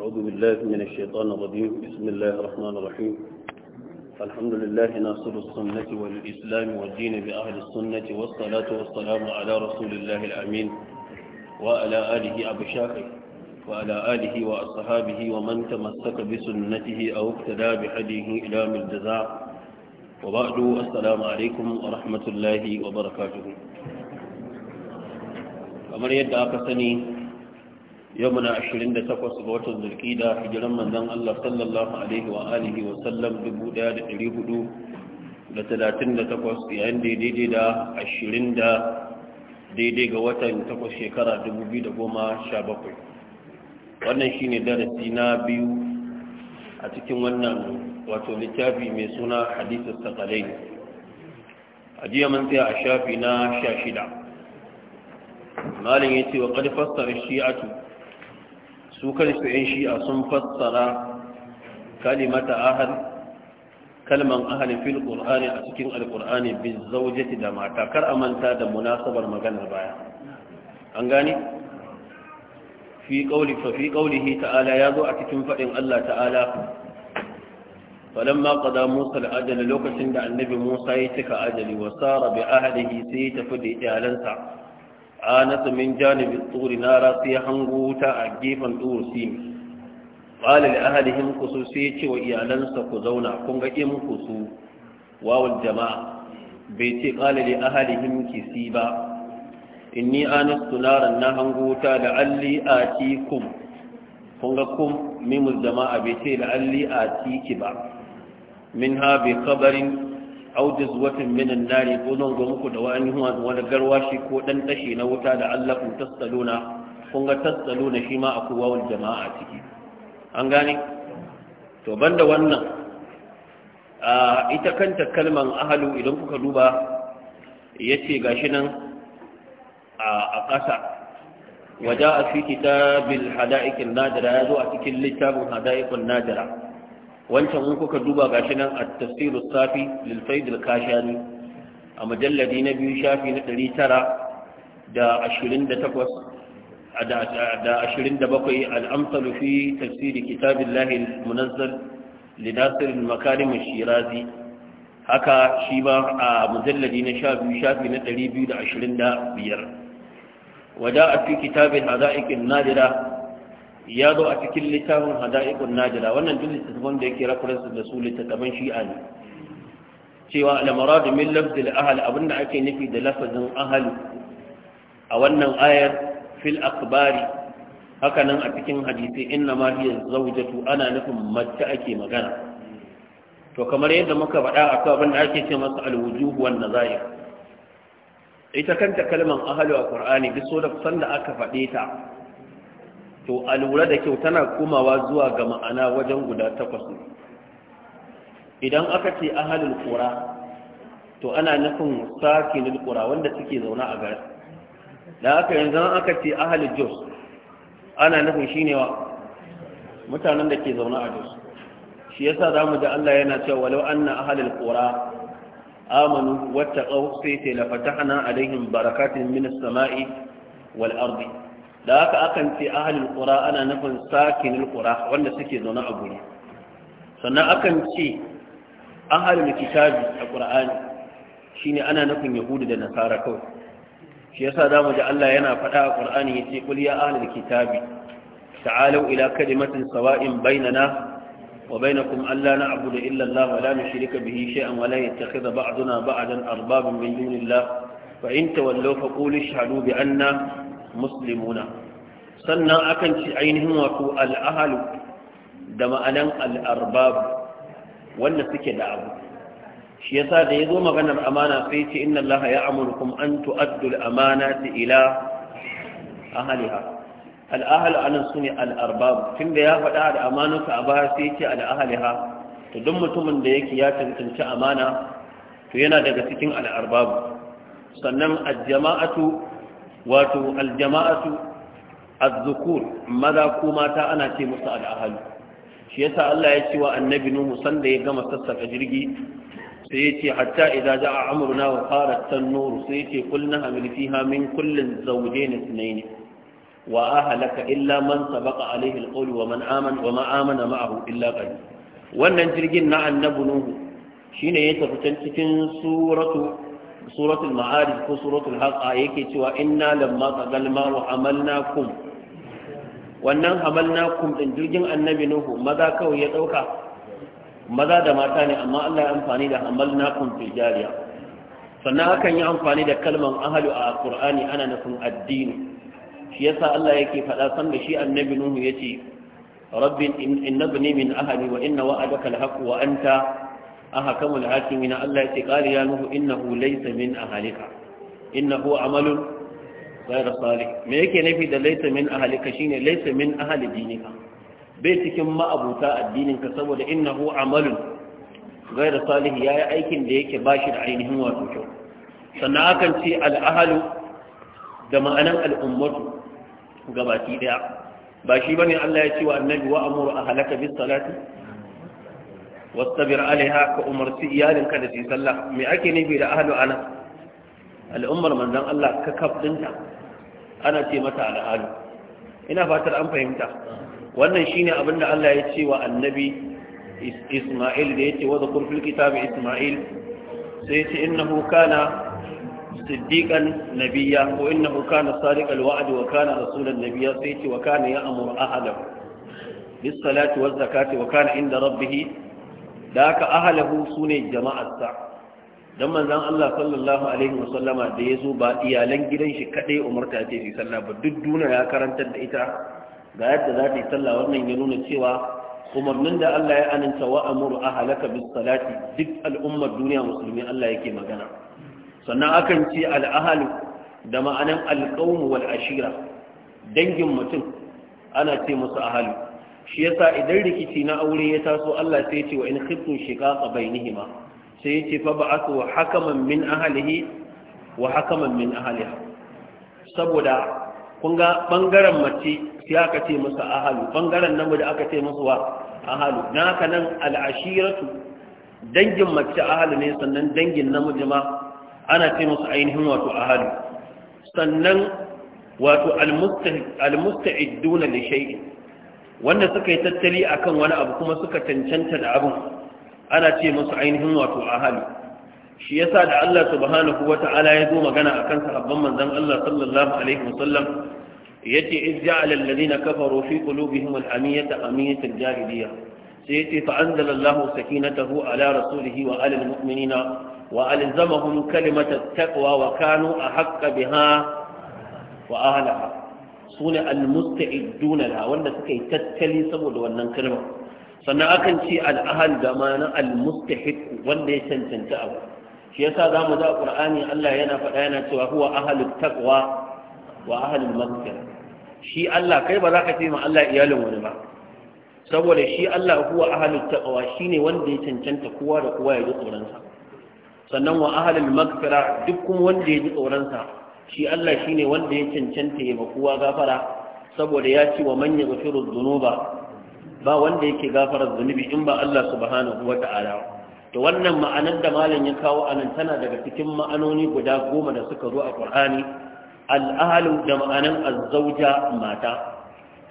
أعوذ بالله من الشيطان الرجيم بسم الله الرحمن الرحيم الحمد لله ناصر السنة والإسلام والدين بأهل السنة والصلاة والسلام على رسول الله الأمين وعلى آله أبو شاكر وعلى آله وأصحابه ومن تمسك بسنته أو اقتدى بحديه إلى من الجزاء وبعد السلام عليكم ورحمة الله وبركاته kamar yadda aka sani yau muna 28 ga watan zulkida hijiran manzon Allah sallallahu alaihi wa alihi wa sallam 1438 yayin da daidai da 20 da daidai ga watan 8 shekara 2017 wannan shine darasi na biyu a cikin wannan wato littafi mai suna hadisus saqalain ajiya mun tsaya a shafi na 16 malin yace wa qad fassara shi'atu su kansu 'yan shi'a sun fassara kalimata ahal kalman ahal fil qur'ani a cikin alqur'ani bin zawjati da mata kar a manta da munasabar maganar baya an gane fi qawli fa fi qawlihi ta'ala yazo a cikin fadin Allah ta'ala falamma qada Musa al-ajala lokacin da annabi Musa ya cika ajali wa sara bi ahlihi sai tafi da iyalansa anasa min janibi turi nara sai hango wuta a gefen turu sini qala li ahadihim kusu sai ce wa iyalansa ku zauna kun ga in kusu jama'a bai ce qala li ahadihim kisi ba inni anastu naran na hango wuta da alli atikum kun ga kum mimul jama'a bai ce da alli atiki ba min ha bi Audu jazwatan minan an ko zan ga muku da wani wani garwashi ko dan tashi na wuta da Allah ku tasaluna kun ga tasaluna shi ma akwai wawul jama'a ciki an gane to banda wannan ita kanta kalman ahalu idan kuka duba yace gashi nan a ƙasa waja a fi kitabil hada'iqin nadira yazo a cikin littafin hada'iqun nadira wancan in kuka duba gashi nan a tafsirus safi lil faidil kashani a mujalladi na biyu shafi na 928 da ashirin da bakwai al'amsalu fi tafsiri kitabin lahil munazzar lidasirin makarimin shirazi haka shi ba a mujalladi na sha biyu shafi na ɗari biyu da ashirin da biyar wada a fi kitabin haza'ikin nadira ya zo a cikin littafin hada'ikun najila wannan duk littafin da yake reference da su shi shi'a ne cewa al'amara marad min lafzil ahal abinda ake nufi da lafazin ahal. a wannan ayar fil akbari haka nan a cikin hadisi inna ma hiya zawjatu ana nufin mace ake magana to kamar yadda muka faɗa akwai abinda ake ce masa al-wujuh wan nazair ita kanta kalmar ahalu a qur'ani duk so da sanda aka faɗe ta to a lura da kyau tana komawa zuwa ga ma'ana wajen guda takwas ne idan aka ce ahalul qura to ana nufin sakinul qura wanda suke zauna a gari da aka yanzu aka ce ahalul jos ana nufin shine wa mutanen da ke zauna a jos shi yasa mu da Allah yana cewa walau anna ahalul qura amanu wattaqaw sai ta lafatahna alaihim barakatin minas sama'i wal ardi da haka akan ce ahalin ƙura ana nufin sakinin ƙura wanda suke zaune a guri sannan akan ce ahalin kitabi a ƙura'ani ne ana nufin yahudu da nasara kawai shi yasa za mu ji Allah yana faɗa a ƙura'ani ya ce ƙuli ya ahalin kitabi ta'alau ila kalimatin sawa'in bainana wa bainakum abu da illa Allah wa la nushrika bihi shay'an wa la yattakhidha ba'duna ba'dan arbaban min dunillah fa in tawallaw faqulu ishhadu bi anna muslimuna sannan akan ci ainihin wato al'ahalu da ma'anan al'arbabu wanda suke da abu shi yasa da ya zo maganar amana sai ce inna allaha ya amurkum an tu'addu amana ta ila ahaliha. Al'ahalu ahl anan sune al'arbabu arbab tunda ya faɗa da amanarsa a baya sai ce al'ahaliha, to duk mutumin da yake ya tantance amana to yana daga cikin al'arbabu. sannan al-jama'atu wato aljama'atu azzukur maza ko mata ana ce musu al'ahalu shi yasa Allah ya ce wa annabi Nuhu sanda ya gama sassaka jirgi sai ya ce hatta idza ja'a amruna wa qarat tanur sai ya ce kulna hamil fiha min kullin zawjayn ithnayn wa ahlaka illa man sabaqa alayhi alqawl wa man amana wa ma amana ma'ahu illa qalil wannan jirgin na annabi Nuhu shine ya tafi cikin suratu suratul ma'arij ko suratul haqa yake cewa inna lamma taqal ma'u kum. wannan kum din jirgin annabi nuhu maza kawai ya dauka maza da mata ne amma Allah ya amfani da hamalnakum fil jariya sannan akan yi amfani da kalman ahali a qur'ani ana nufin addini shi yasa Allah yake faɗa san da shi annabi nuhu yace rabbi inna ibni min ahli wa inna wa'adaka al-haqq wa anta aha kama da hakimi na Allah ya ce ƙari ya nuhu inna hu laisa min a halika inna hu amalun zaira salik me yake nufi da laisa min a halika shine laisa min a bai cikin ma'abuta addinin ka saboda inna hu amalun zaira salik ya yi aikin da yake ba shi da ainihin wato kyau sannan akan ce al'ahalu da ma'anan al'ummatu gabaki daya ba shi ne Allah ya ce wa annabi wa amuru a halaka bis salati wasabir alaiha ka umarci iyalinka da su sallah me ake nufi da ahlu ana al'ummar manzon Allah ka kafdinta ana ce mata al'adu ina fatar an fahimta wannan shine abin da Allah ya ce wa annabi Isma'il da yace wa zakur kitabi Isma'il sai yace innahu kana siddiqan nabiyya ko innahu kana sadiqal wa'd wa kana rasulan nabiyya sai yace wa kana ya'muru ahlahu bis salati waz zakati wa kana inda rabbihi da haka ahalahu su ne jama'arsa don manzan Allah sallallahu Alaihi wasallama da ya zo ba iyalan gidan shi kaɗai umarta ce fi sallah ba duk duna ya karantar da ita ga yadda za ta yi sallah wannan ya nuna cewa umarnin da Allah ya ananta wa amuru ahalaka bis salati duk al'ummar duniya musulmi Allah yake magana sannan akan ce al'ahalu da ma'anan alƙawmu wal ashira dangin mutum ana ce musu ahalu shi yasa idan rikici na aure ya taso Allah sai ya ce wa in khiftum shiqaqa bainihima sai ya ce fa ba'athu hakaman min ahlihi wa hakaman min ahliha saboda kun ga bangaren mace sai aka ce musu ahalu bangaren namiji aka ce musu wa ahalu na haka nan al'ashiratu dangin mace ahalu ne sannan dangin namiji ma ana ce musu ainihin wato ahalu sannan wato almusta'iduna li shay'in wanda suka yi tattali akan wani abu kuma suka cancanta da abin ana ce musu ainihin wato ahali shi yasa da Allah subhanahu ta'ala) ya zo magana akan sahabban manzan Allah sallallahu alaihi wasallam yace iz ja'ala alladhina kafaru fi qulubihim al-amiyata amiyata al-jahiliyya sai yace fa anzala Allahu sakinatahu ala rasulihi wa ala al-mu'minina wa alzamahum kalimata at-taqwa wa kanu ahqqa biha wa ahliha su ne almusta'iduna da wanda suka yi tattali saboda wannan kalma sannan akan ce al'ahal da ma na almustahiq wanda ya cancanta abu shi yasa zamu ga qur'ani Allah yana faɗa yana cewa huwa ahlut taqwa wa ahlul maghfirah shi Allah kai ba za ka ce ma Allah iyalin wani ba saboda shi Allah huwa ahlul taqwa shine wanda ya cancanta kowa da kowa ya ji tsoron sa sannan wa ahlul maghfirah duk kuma wanda ya ji tsoron sa shi Allah ne wanda ya cancanta ya makuwa gafara saboda ya ce wa man yaghfiru ba wanda yake gafara zunubi in ba Allah subhanahu ta'ala. to wannan ma'anar da malam ya kawo anan tana daga cikin ma'anoni guda goma da suka zo a Qur'ani al da ma'anan az mata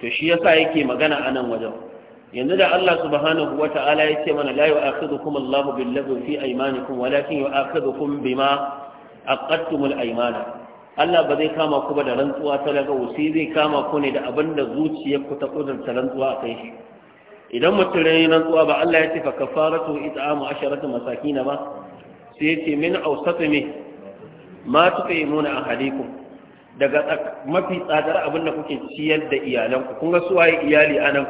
to shi yasa yake magana anan wajen yanzu da Allah subhanahu ta'ala ya ce mana la yu'akhidhukum Allahu bil-lagwi fi aymanikum walakin yu'akhidhukum bima aqadtumul aymana Allah ba zai kama ku ba da rantsuwa ta lagawo sai zai kama ku ne da abin da zuciyar ku ta kudurta rantsuwa a kai shi idan mutum ya yi rantsuwa ba Allah ya ce fa kafaratu it'amu asharatu masakin ba sai ya ce min awsatu me ma tuqimuna ahadikum daga mafi tsadar abin da kuke ciyar da iyalanku kun ga su waye iyali anan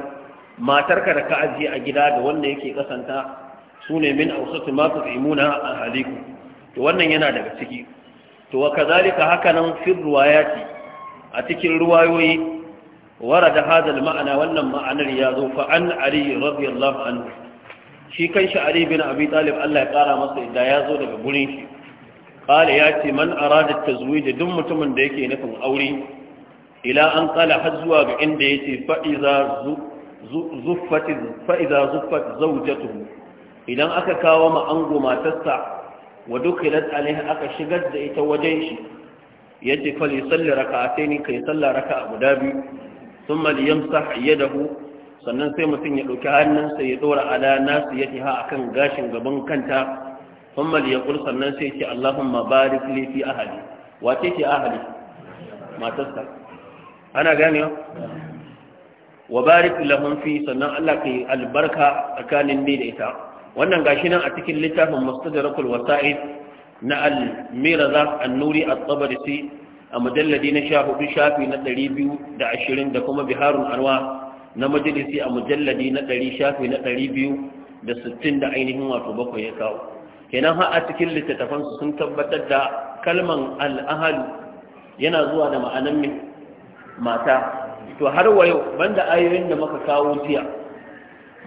matarka da ka ajiye a gida da wanda yake kasanta su ne min awsatu ma tuqimuna ahadikum to wannan yana daga ciki to wa kazalika hakanan fi ruwayati a cikin ruwayoyi warada hadal ma'ana wannan ma'anar ya zo fa an ali radiyallahu anhu shi kanshi ali bin abi talib Allah ya kara masa idan ya zo daga gurin shi qala ya ce man arada tazwij duk mutumin da yake nufin aure ila an qala har zuwa ga inda yace fa iza zuffat fa iza zuffat zawjatuhu idan aka kawo ma ango matarsa wa duk dukhilat alaihi aka shigar da ita wajen shi Ya ce, yace fal yusalli raka'ataini kai salla raka'a guda biyu thumma yamsah yadahu sannan sai mutum ya ɗauki hannunsa ya dora ala a kan gashin gaban kanta thumma yaqul sannan sai ce Allahumma barik li fi ahli wace ce ahli matarsa ana ganewa wa barik lahum fi sannan Allah yi albarka tsakanin ni da ita wannan gashi nan a cikin littafin mustadrakul wasa'id na al-mirazaq an-nuri at-tabarisi a mujalladi na 14 shafi na 220 da da kuma biharun arwa na majalisi a mujalladi na 100 shafi na 260 da da ainihin wato bakwai ya kawo kenan har a cikin littattafan su sun tabbatar da kalman al-ahal yana zuwa da ma'anar mata to har wayo banda ayoyin da muka kawo jiya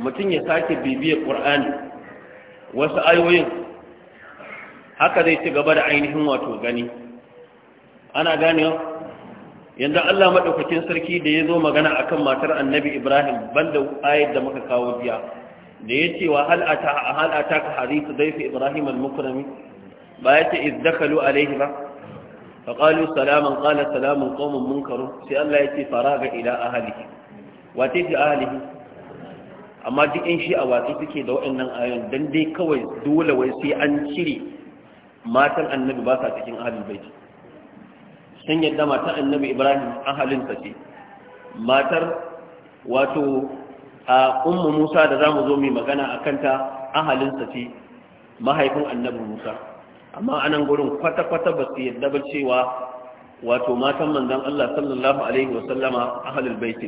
mutum ya sake bibiyar ƙur'ani wasu ayoyin haka zai ci gaba da ainihin wato gani ana gane yanzu Allah maɗaukakin sarki da ya zo magana akan matar annabi Ibrahim banda ayar da muka kawo biya da ya ce wa hal'ata a hal'ata ka hadisu daifi Ibrahim al-mukrami ba ya ce izdakalu alaihi ba faƙalu salaman ƙala salamun ƙaumin munkaru sai Allah ya ce fara ga ila ahalihi wace ce ahalihi amma duk in shi a watsi suke da waɗannan ayoyin dan dai kawai dole wai sai an cire matan annabi ba sa cikin ahalin baiti sun yadda matan annabi ibrahim ahalinsa ce matar wato a ummu musa da za mu zo mai magana a kanta ahalinsa ce mahaifin annabi musa amma anan gurin kwata-kwata ba su yadda ba cewa wato matan manzon Allah sallallahu alaihi wasallama ahalin baiti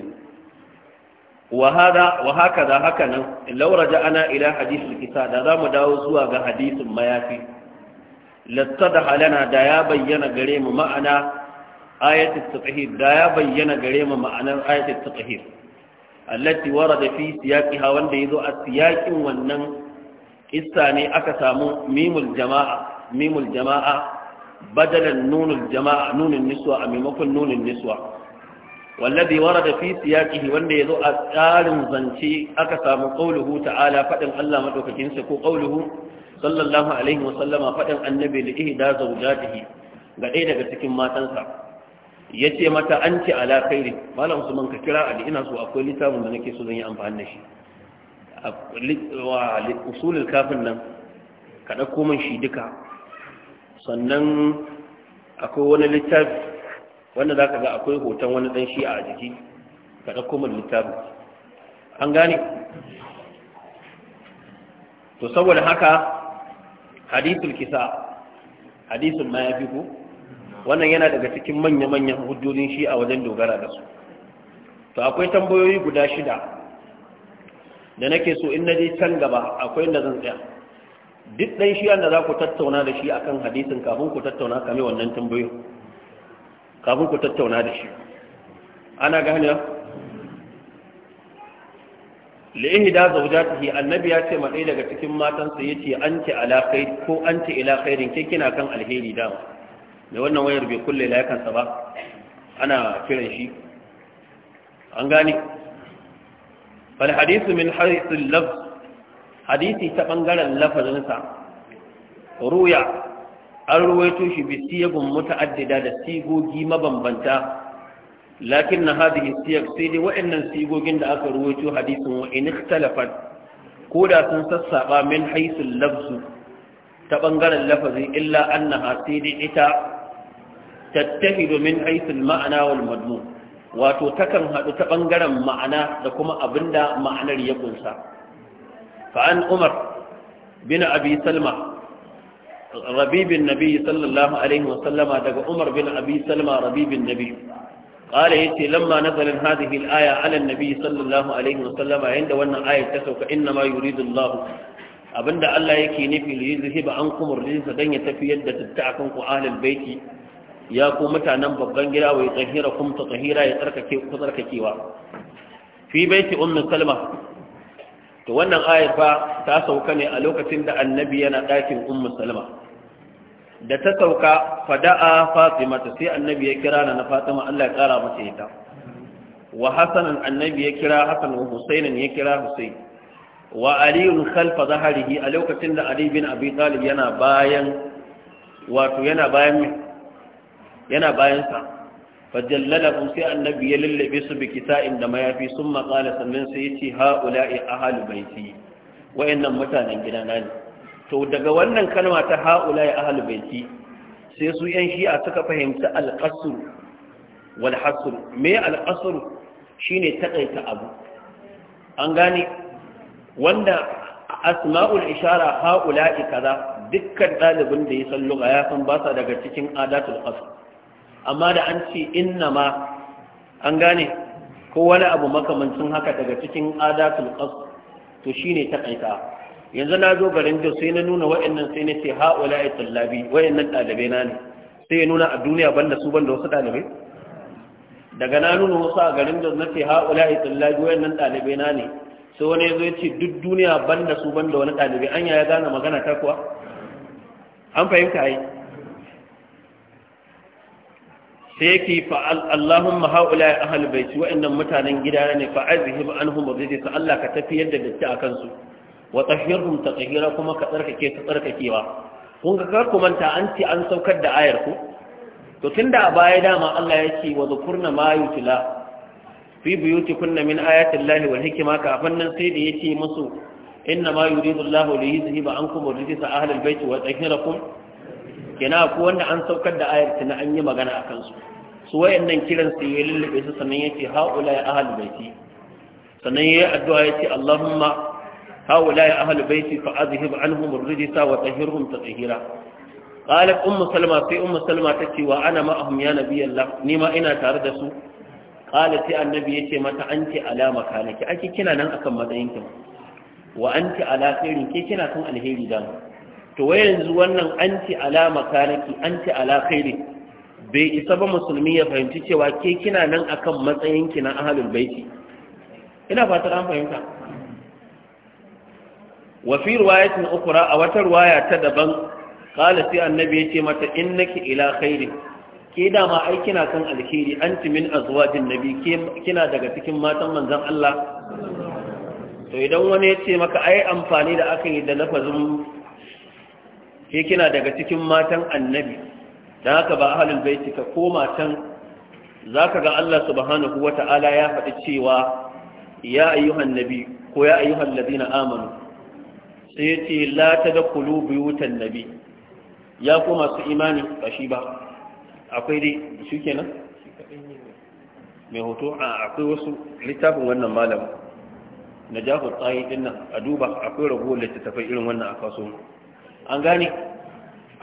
وهذا وهكذا هكذا لو رجعنا إلى حديث الكساء هذا مداو زوا حديث ما يافي لاتضح لنا دايا بين قريم معنى آية التطهير دايا بين قريم معنى آية التطهير التي ورد في سياقها وندي ذو السياق والنم إساني أكسام ميم الجماعة ميم الجماعة بدل النون الجماعة نون النسوة أمامكم نون النسوة da fisi ya siyaqihi wanda ya zo a tsarin zance aka samu qauluhu ta'ala Faɗin Allah madaukakin sa ko qauluhu sallallahu alaihi wa sallama fadin annabi li ihda zawjatihi ga ɗaya daga cikin matansa yace mata anti ala khairi malam Usman ka kira ali ina so akwai littafin da nake so zan yi amfani da shi wa usulul kafin nan ka dauko min shi duka sannan akwai wani littafi wanda za ka ga akwai hoton wani ɗan shi a jiki ka ɗauko mai littafi an gane to saboda haka hadisul kisa hadisul ma ya fi ku wannan yana daga cikin manya-manyan hujjojin shi a wajen dogara da su to akwai tambayoyi guda shida da nake so in na je can gaba akwai inda zan tsaya duk ɗan shi da za ku tattauna da shi akan hadisin kafin ku tattauna kame wannan tambayoyin kafin ku tattauna da shi ana gane lihi da za'u zaujatihi annabi ya ce matsayi daga cikin matansa ya yace anti ala khair ko anti ila khairin ke kina kan alheri dama? mai wannan wayar bai kulle layakansa ba ana kiran shi an gane fal hadithu min haythu lafz hadisi ta bangaren lafazinsa ruya an ruwaito shi bi siyagun muta'addida da sigogi mabambanta lakin na hadhihi siyag sai dai waɗannan sigogin da aka ruwaito hadisin wa in ikhtalafat ko da sun sassaba min haythu lafzu ta bangaren lafazi illa annaha sai dai ita tattahidu min haythu al-ma'na wal madmun wato takan hadu ta bangaren ma'ana da kuma abinda ma'anar ya kunsa fa an umar bin abi salma rabibin nabi sallallahu daga umar bin abi salma rabibin nabi qala yace lamma nazalat hadhihi alaya ala nabi sallallahu alaihi wasallam wannan aya ta sauka inna ma yuridu allah abinda allah yake nufi yuzhiba ankum ar-rijsa dan ya tafi yadda tatta akan ku ahlul baiti ya ku mutanen babban gida wai tsahira kum tsahira ya tsarkake ku tsarkakewa fi baiti ummu salma to wannan ayar fa ta sauka ne a lokacin da annabi yana ɗakin ummu salma da ta sauka fada'a fatimata sai annabi ya kira na fatima Allah ya kara mata ita wa hasanan annabi ya kira hasan wa husainan ya kira husain wa aliyun khalfa zaharihi a lokacin da ali bin abi talib yana bayan wato yana bayan yana bayan sa fajallalahu sai annabi ya lallabe su bi kita'in da mayafi sun maqala sannan sai ya ce ha'ula'i ahlu baiti wa'annan mutanen gidana ne to daga wannan kalma ta haula ya ahlul baiti sai su yan a suka fahimta al-qasr wal hasr me al-qasr shine takaita abu an gane wanda asma'ul ishara ha'ula kaza dukkan dalibin da ya san lugha ya san basa daga cikin adatul qasr amma da an ce inna ma an gane ko wani abu makamancin haka daga cikin adatul qasr to shine takaita yanzu na zo garin jos sai na nuna wa'annan sai na ce ha'ula ya tallabi wa'annan ɗalibai na ne sai ya nuna a duniya ban da su ban da wasu ɗalibai daga na nuna wasu a garin jos na ce ha'ula ya tallabi wa'annan ɗalibai na ne sai wani ya zo ya ce duk duniya ban da su ban da wani ɗalibai an ya gane magana ta kuwa an fahimta yi sai yake fa Allahumma haula ya ahalibai bait wa'annan mutanen gidana ne fa azhib anhum rijsa Allah ka tafiyar da datti akan su wa tahhirhum tatheera kuma ka tsarkake su tsarkakewa kun ga kar ku manta an ce an saukar da ayar ku to tunda a baya dama Allah ya ce wa zukurna ma yutla fi buyutikunna min ayati Allahi wal hikma kafin nan sai da yace musu inna ma yuridu Allahu li yuzhiba ankum rijsa ahli al wa yutahhirakum kina ku wanda an saukar da ayar tana an yi magana akan su su wayannan kiran su ya lullube su sannan yace haula ya ahli baiti sannan yayi addu'a yace Allahumma هؤلاء أهل بيتي فأذهب عنهم الرجس وتهرهم تطهيرا قالت أم سلمة في أم سلمة تكي وأنا معهم يا نبي الله نما إنا تردسوا قالت يا النبي يتي متى أنت على مكانك أكي كنا نن أكم مدينك وأنت على خير كي كنا كن الهير دام توين زوانا أنت على مكانك أنت على خير bai isa ba musulmi ya fahimci cewa ke kina nan akan matsayinki na ahalul baiti ina fatan an fahimta wa fi riwayatin a wata riwaya ta daban kala sai annabi yace mata innaki ila khairin ke dama ai kina kan alkhairi anti min azwajin nabi kina daga cikin matan manzon Allah to idan wani ya ce maka ai amfani da aka yi da lafazin ke kina daga cikin matan annabi da haka ba ahalul baiti ka ko matan zaka ga Allah subhanahu wata'ala ya faɗi cewa ya ayyuhan nabi ko ya ayyuhan ladina amanu sai ya ce la ta da kulu buyutan nabi ya ku masu imani ba shi ba akwai dai shi nan? mai hoto a akwai wasu littafin wannan malam na jafin tsayi din nan a duba akwai ragowar littattafai irin wannan a kaso an gane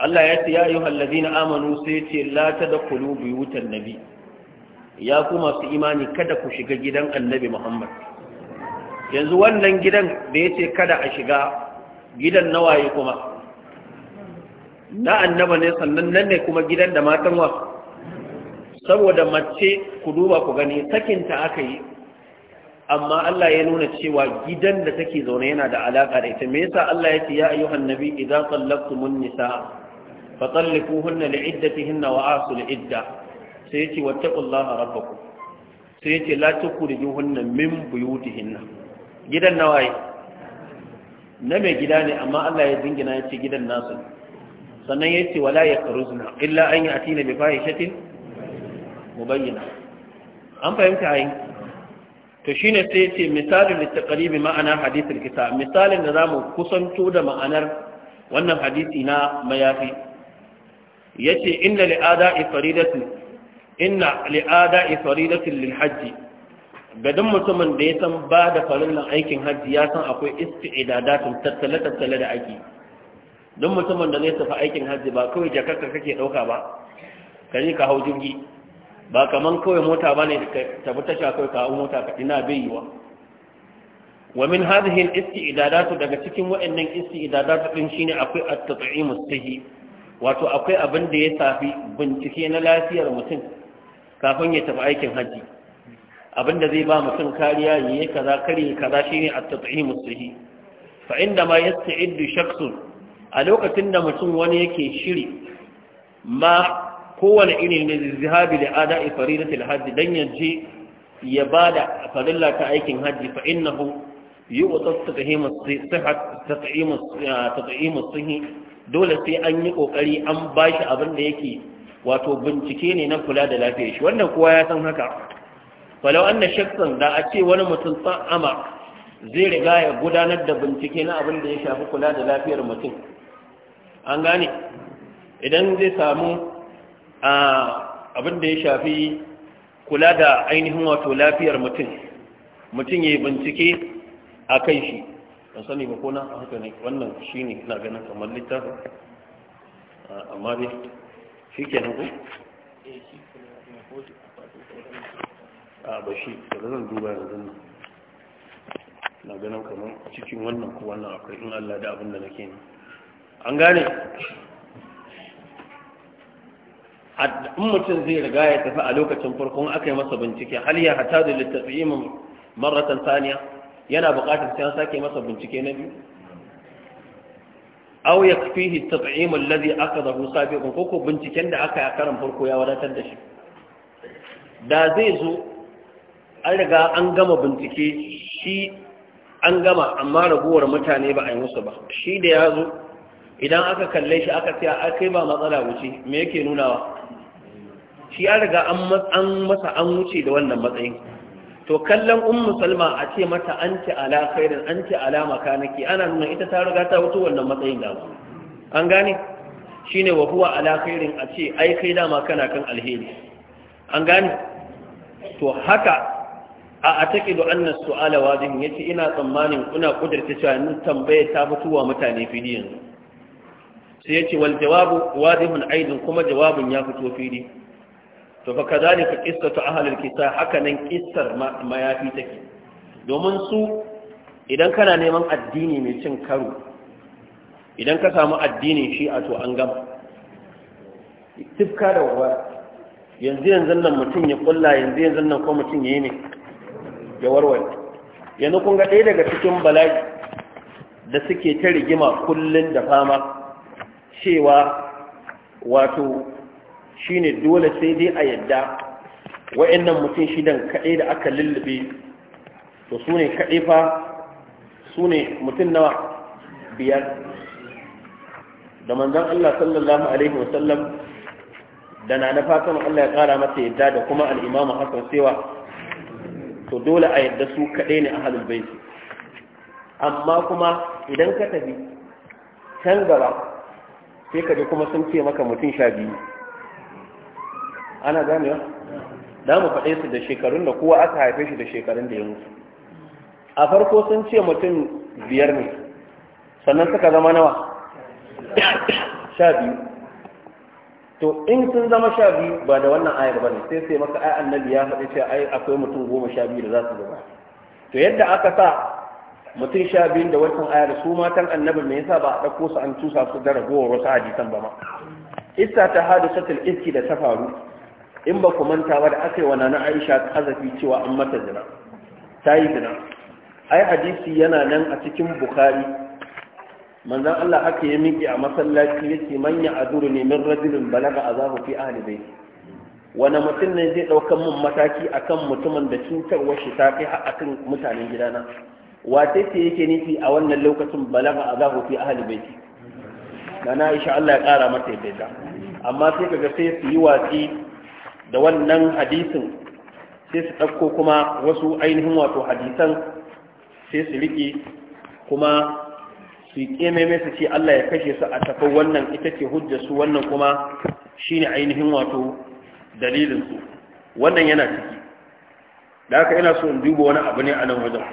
Allah ya ce ya yi na amanu sai ce la ta da kulu buyutan nabi ya ku masu imani kada ku shiga gidan annabi muhammad yanzu wannan gidan da ya ce kada a shiga gidan waye kuma na annaba ne sannan nan ne kuma gidan da matan wa saboda mace ku duba ku gani sakinta aka yi amma Allah ya nuna cewa gidan da take zaune yana da alaka da ita me yasa Allah ya ce ya ayyuhan nabi idza tallaqtumun nisaa fa talliquhunna li'iddatihinna wa asul idda sai yace wattaqullaha rabbakum sai yace la tukhrijuhunna min buyutihinna gidan waye? na mai gida ne amma Allah ya dingina ya ce gidan nasu sannan ya ce wala ya karuzna illa an yi a tina mai shatin mu bayyana an fahimta hain to shi ne sai ce misalin da taƙaribi ma'ana hadisul kisa misalin da za mu kusanto da ma'anar wannan hadisi na mayafi ya ce inna li'ada ifaridatu inna li'ada ifaridatun lil hajji Ga dan mutumin da ya san ba da farillan aikin hajji ya san akwai isti'idadatun tattale-tattale da ake don mutumin da zai tafi aikin hajji ba kawai jakarta kake ɗauka ba ka je ka hau jirgi ba kaman kawai mota ba ne ka tafi tasha kawai ka hau mota ka ina bai yiwa wa min hadhihi al-isti'dadatu daga cikin wa'annan isti'dadatu din shine akwai at-tat'imu sahi wato akwai abin da ya safi bincike na lafiyar mutum kafin ya tafi aikin hajji abinda zai ba mutum kariya yi kaza kare kaza shine at-tat'im sahi fa inda ma yasta'iddu shakhsun a lokacin da mutum wani yake shiri ma kowane irin ne zihabi da ada'i faridatul hajji dan yaje ya bada da ta aikin hajji fa innahu yu'ta tat'im as-sihat tat'im tat'im sahi dole sai an yi kokari an bashi abin da yake wato bincike ne na kula da lafiyar shi wannan kowa ya san haka falau an na shakkan da a ce wani mutum tsa'ama zai riga ya gudanar da bincike na abin da ya shafi kula da lafiyar mutum an gane idan zai samu abin da ya shafi kula da ainihin wato lafiyar mutum mutum ya yi bincike a kan shi don sani ba kona a haka ne wannan shi ne na ganin kamar littafin amma dai shi ke nan ku? a bashi da zan duba yanzu nan na ganin kamar cikin wannan ko wannan akwai in Allah da abin da ke ne an gane in mutum zai riga ya tafi a lokacin farkon aka yi masa bincike hal ya hata da littafi maratan saniya yana buƙatar sai an sake masa bincike na biyu aw yakfihi at-tat'im alladhi akadahu sabiqan koko binciken da aka yi a karan farko ya wadatar da shi da zai zo an riga an gama bincike shi an gama amma ragowar mutane ba a yi musu ba shi da ya zo idan aka kalle shi aka ce a kai ba matsala wuce me yake nunawa shi ya riga an masa an wuce da wannan matsayin to kallon un musulma a ce mata an ci ala khairin an ci ala makanaki ana nuna ita ta riga ta wuce wannan matsayin da an gane Shi ne wa huwa ala khairin a ce ai kai dama kana kan alheri an gane to haka a da annas su'ala wadin yace ina tsammanin kuna kudirce cewa ni tambaye ta fituwa mutane fili yanzu sai yace wal jawabu wadihun aidin kuma jawabin ya fito fili to fa kadhalika qissatu ahli al-kitab haka nan qissar mayafi take domin su idan kana neman addini mai cin karo idan ka samu addini shi a to an gama tifka da wawa yanzu yanzu nan mutum ya kulla yanzu yanzu nan ko mutum ya yi ne ya warware yanzu kun ga ɗaya daga cikin bala'i da suke ta rigima kullum da fama cewa wato shine dole sai dai a yadda wa'annan mutum shidan kaɗai da aka lullube to su ne kaɗai fa su ne mutum na biyar da manzan Allah sallallahu Alaihi wasallam da na na fatan Allah ya ƙara masa yadda da kuma al'imamu hasan sewa to dole a yadda su kaɗai ne ahlul su. amma kuma idan ka tafi can gaba sai ka ji kuma sun ce maka mutum sha biyu ana ganewa da mu faɗe su da shekarun da kowa aka haife shi da shekarun da ya mutu a farko sun ce mutum biyar ne sannan suka zama nawa sha biyu to in sun zama sha biyu ba da wannan ayar ba ne sai sai maka ai annabi ya faɗi cewa ai akwai mutum goma sha biyu da za su zama to yadda aka sa mutum sha biyu da wancan ayar su matan annabi me yasa ba a ɗauko su an cusa su da ragowar wasu hadisan ba ma issa ta satul iski da ta faru in ba ku manta ba da aka yi wa nana aisha kazafi cewa an mata zina ta yi zina ai hadisi yana nan a cikin bukhari manzon Allah haka ya miƙe a masallaci yake manya ya azuru ne min rajulun balaga azabu fi ahli bai wani mutum ne zai ɗaukan mun mataki a kan mutumin da cutarwar shi ta kai ha'akan mutanen gidana wace ce yake nufi a wannan lokacin balaga a azabu fi ahli Na na Aisha Allah ya ƙara mata yadda amma sai kaga sai su yi watsi da wannan hadisin sai su ɗauko kuma wasu ainihin wato hadisan sai su riƙe kuma su yi ƙememe su ce Allah ya kashe su a tafi wannan ita ce hujjar su wannan kuma shi ne ainihin wato dalilinsu wannan yana ciki da haka ina so in duba wani abu ne a nan wajen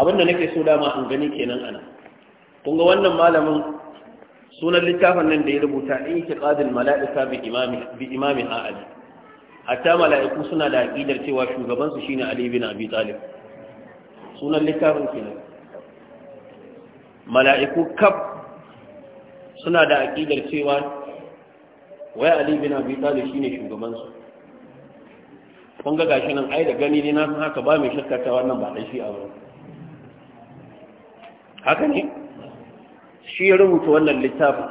abinda nake so dama in gani kenan ana Kunga wannan malamin sunan littafin nan da ya rubuta in tiqadul mala'ika bi imami bi imami ali hatta mala'iku suna da aqidar cewa shugaban su shine ali bin abi talib sunan littafin kenan mala'iku kaf suna da aqidar cewa wai ali bin abi talib shine shugaban su kun ga gashi nan ai da gani ne na san haka ba mai shakkata wannan ba dai shi a wurin haka ne shi ya rubuta wannan littafin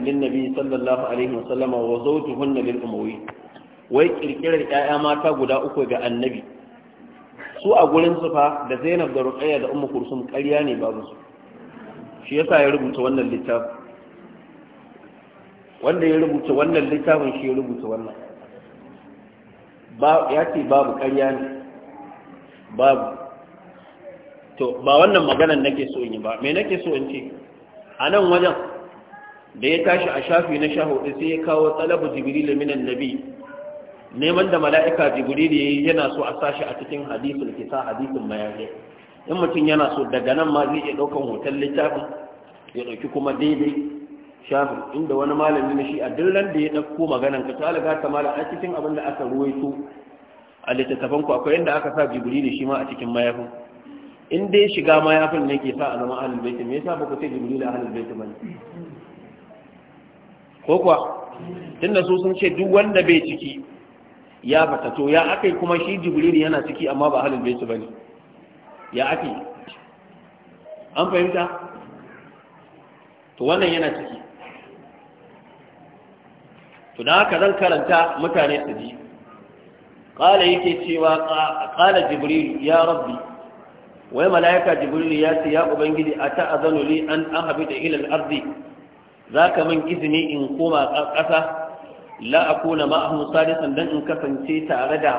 lin nabi sallallahu alaihi wasallam wa الله عليه umawi Wai kirkirar 'ya'ya mata guda uku ga Annabi. su a gurin sufa da zainab da ruqayya da ummu kursum ƙarya ne babu su shi yasa ya rubuta wannan littafin wanda ya rubuta wannan littafin shi ya rubuta wannan ya ce babu ƙarya ne babu to ba wannan maganan nake so yi ba me nake so in ce a nan wajen da ya tashi a shafi na sha hudu sai ya kawo talabu jibril minan nabi neman da mala'ika jibril yi yana so a sashi a cikin hadisul kisa hadisin mayaje in mutum yana so daga nan ma zai iya daukan hoton littafin ya dauki kuma daidai shafin inda wani malami na shi a dillan da ya dauko maganan ka ta alga ta cikin abin da aka ruwaito a littattafan ku akwai inda aka sa jibril shi ma a cikin mayafin in dai shiga ma yafin ne ke sa a zama ahlul bait me yasa ba ku ce jibril ahlul bait ba ko kuwa tunda su sun ce duk wanda bai ciki ya fata to ya akai kuma shi jibril yana ciki amma ba ahlul bait bane ya akai an fahimta to wannan yana ciki to da haka zan karanta mutane su ji qala yake cewa qala jibril ya rabbi wai mala'ika jibril ya ce ya ubangiji a ta'azanu li an ahbita ila al-ardi zaka min izini in koma ƙasa la akuna ma'ahum salisan dan in kasance tare da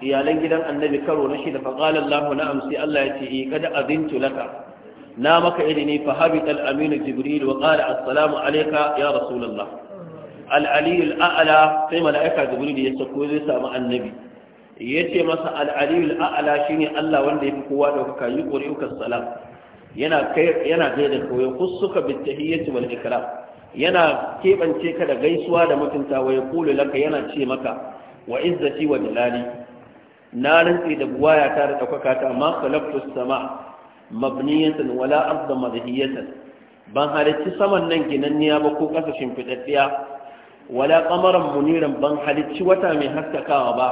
iyalan gidan annabi karo na da fa qala Allah na'am sai Allah ya ce eh, kada azintu laka na maka idini fa habita al-amin jibril wa qala assalamu alayka ya rasulullah al-ali al-a'la sai mala'ika jibril ya sako zai samu annabi yace masa al-aliyul a'la shine Allah wanda yafi kowa da kuka yi qur'ukas salam yana kai yana gaida ka koyo kusuka bi tahiyyati wal ikram yana kebance ka da gaisuwa da mutuntawa ya kula laka yana ce maka wa izzati wa jalali na rantsi da buwaya ta da daukaka ta ma khalaqtu sama mabniyatan wala arda madhiyatan ban halicci saman nan ginanniya ba ko kasa shimfidaddiya wala qamaran muniran ban halicci wata mai haskakawa ba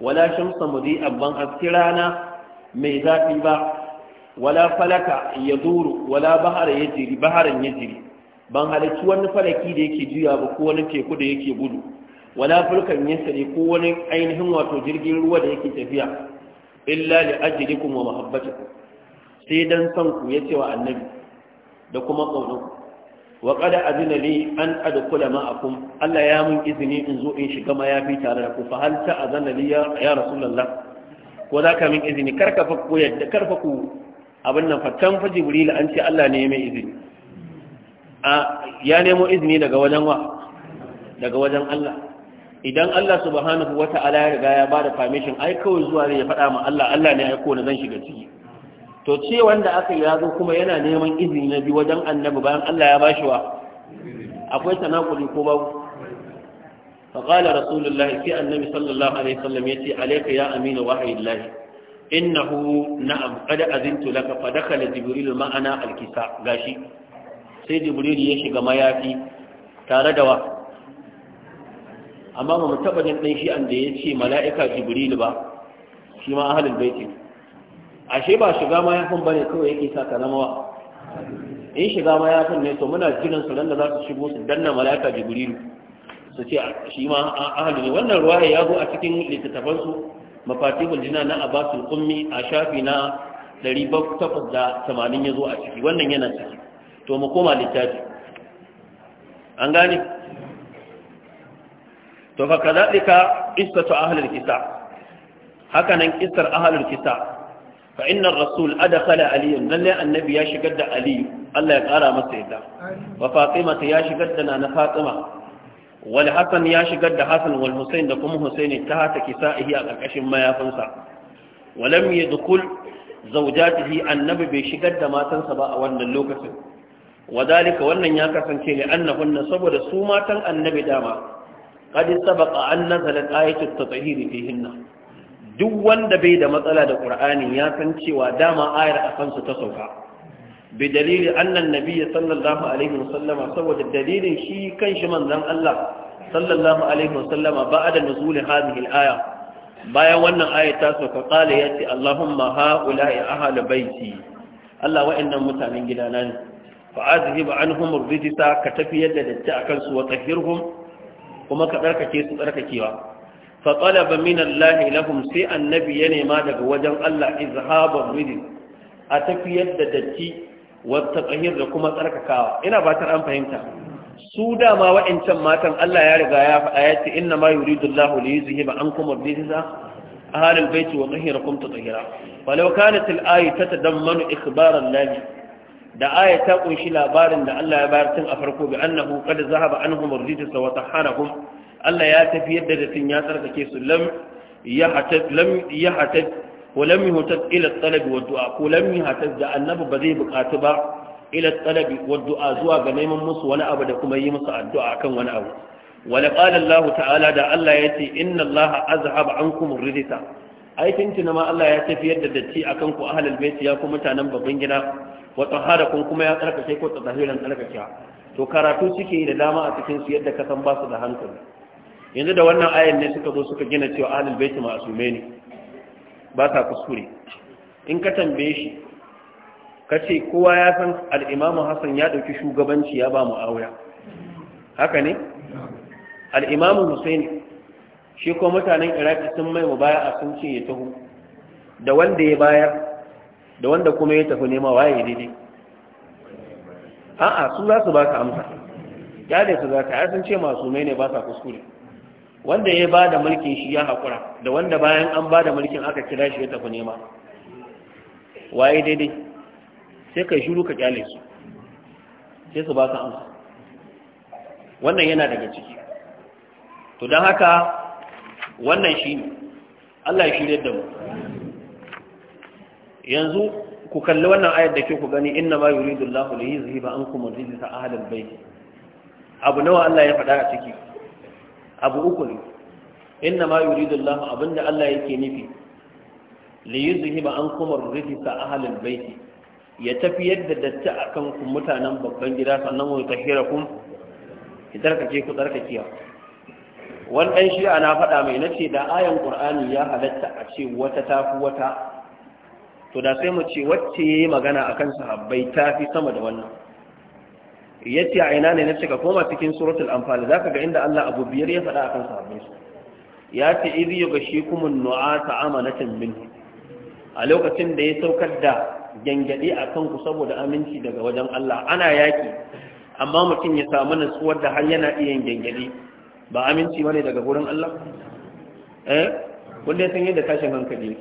wala shamsa mudi'an ban haske rana mai zafi ba wala falaka ya duru wala bahar ya jiri ya jiri ban halarci wani falaki da yake juya ba ko wani teku da yake gudu wala fulkan ya sare ko wani ainihin wato jirgin ruwa da yake tafiya illa li ajlikum wa mahabbatikum sai dan san ku yace wa annabi da kuma kaunar wa qada azina li an adkhula ma'akum Allah ya mun izini in zo in shiga ma mayafi tare da ku fa hal ta azana li ya rasulullah ko za ka min izini karka fa ko yadda karfa ku abin nan fatan fa jibril an ce Allah ne mai izini a ya nemo izini daga wajen wa daga wajen Allah idan Allah subhanahu wata'ala ya riga ya bada permission ai kawai zuwa ne ya faɗa ma Allah Allah ne aiko na zan shiga ciki to ce wanda aka yi zo kuma yana neman izini na bi wajen annabi bayan Allah ya ba bashi wa akwai tanakuli ko babu fa qala rasulullah fi annabi sallallahu alaihi wasallam yace alayka ya aminu wahidillah innahu na'am qad azintu laka fa dakhala jibril ma'ana alkisa shi. sai jibril ya shiga mayafi tare da wa amma ba taba jin dan shi an da yace mala'ika jibril ba shima ma ahlul baiti ne ashe ba shiga mayafin bane kawai yake sa ka zama in shiga mayafin ne to muna jiran su nan da za su shigo su danna malaka jibrilu su ce shi ma ahli ne wannan ruwaya ya zo a cikin littattafansu, su mafatihul jina na abasul ummi a shafi na 780 ya zo a ciki wannan yana ciki to mu koma littafi an gane to fa kadalika istatu ahli al-kitab haka nan qissar ahli kitab fa inna rasul adkhala aliyan lalle annabi ya shigar da ali Allah ya kara masa yadda wa fatima ya shigar da nana fatima wal hasan ya shigar da hasan wal husain da kuma husaini ta hata kisa'ihi a karkashin mayafinsa walam yadkhul zawjatihi annabi bai shigar da matansa ba a wannan lokacin wadalika wannan ya kasance ne annahunna saboda su matan annabi dama qad sabaqa an nazalat ayatu at-tathhir fihinna duk wanda bai da matsala da ƙur'ani ya san cewa dama ayar a kansu ta sauka Bai dalili annan nabiyyi sallallahu alaihi wasallama saboda dalilin shi kanshi manzan Allah sallallahu alaihi wasallama ba'da nuzul hadhihi al-aya bayan wannan aya ta sauka qala ce allahumma haula'i ahlu baiti Allah wa'annan mutanen gidana ne fa ba anhum ar ka tafiyar da datti akan su wa tahhirhum kuma ka tsarkake su tsarkakewa fa talaba min Allah lahum sai annabi ya nema daga wajen Allah izhabar ridin a tafiyar da datti wata tsahir da kuma tsarkakawa ina batar an fahimta su dama wa'ancan matan Allah ya riga ya faɗa ya ce inna ma yuridu Allahu li yuzhiba ankum ar-rijsa أهل البيت وطهركم تطهيرا ولو كانت الآية تتضمن إخبار الله da aya ta kunshi labarin da Allah ya bayar tun a farko bi annahu qad zahaba anhum ar-rijs wa tahharahum Allah ya tafiyar da datin ya tsarkake su lam ya hatat lam ya hatat lam ila talab wa du'a ko lam yuhtat da annabi ba zai bukatu ba ila talab wa du'a zuwa ga neman musu wani abu da kuma yi musu addu'a akan wani abu wala qala Allah ta'ala da Allah ce inna Allah azhaba ankum ridita ai tintina ma Allah ya tafiyar da datti akan ku ahlul bait ya ku mutanen babban gida wa taharakum kuma ya tsarkake ku tsahiran tsarkake to karatu suke da dama a cikin su yadda ka san ba su da hankali yanzu da wannan ayan ne suka zo suka gina cewa ahlul baiti ma'asume ne ba sa kuskure in ka tambaye shi ka ce kowa ya san al-imamu hasan ya dauki shugabanci ya ba muawiya haka ne al-imamu shi ko mutanen iraki sun mai a sun ce ya taho da wanda ya bayar da wanda kuma ya tafi nema waye daidai a'a su za su ka amsa Ya dai su za ka sun ce masu ne ba sa kuskure wanda ya ba da mulkin shi ya haƙura da wanda bayan an ba da mulkin aka kira shi ya tafi nema waye daidai sai ka shuru ka kyale su sai su ba ka amsa wannan yana daga ciki to don haka wannan shi ne Allah ya shirya da mu yanzu ku kalli wannan ayar da ke ku gani inna ma yuridu Allahu li yuzhiba ankum ar-rijsa ahla al-bayt abu nawa Allah ya faɗa a ciki abu uku ne inna ma yuridu Allah abinda Allah yake nufi li yuzhiba an ar rufi ahli ahalin bayt ya tafi yadda datti akan ku mutanen babban gida sannan wa tahirakum ki tarkace ku tarkaciya wannan shi na faɗa mai nace da ayan Kur'ani ya halatta a ce wata tafi wata to da sai mu ce wacce yayi magana akan sahabbai tafi sama da wannan yace a ina ne na cika koma cikin suratul anfal zaka ga inda Allah abu biyar ya faɗa akan sahabbai su ya ce kuma nua ta amanatan min a lokacin da ya saukar da gangade a kanku saboda aminci daga wajen Allah ana yaki amma mutum ya samu nutsuwar da har yana iya gangade ba aminci bane daga gurin Allah eh kun sun yi da tashin hankali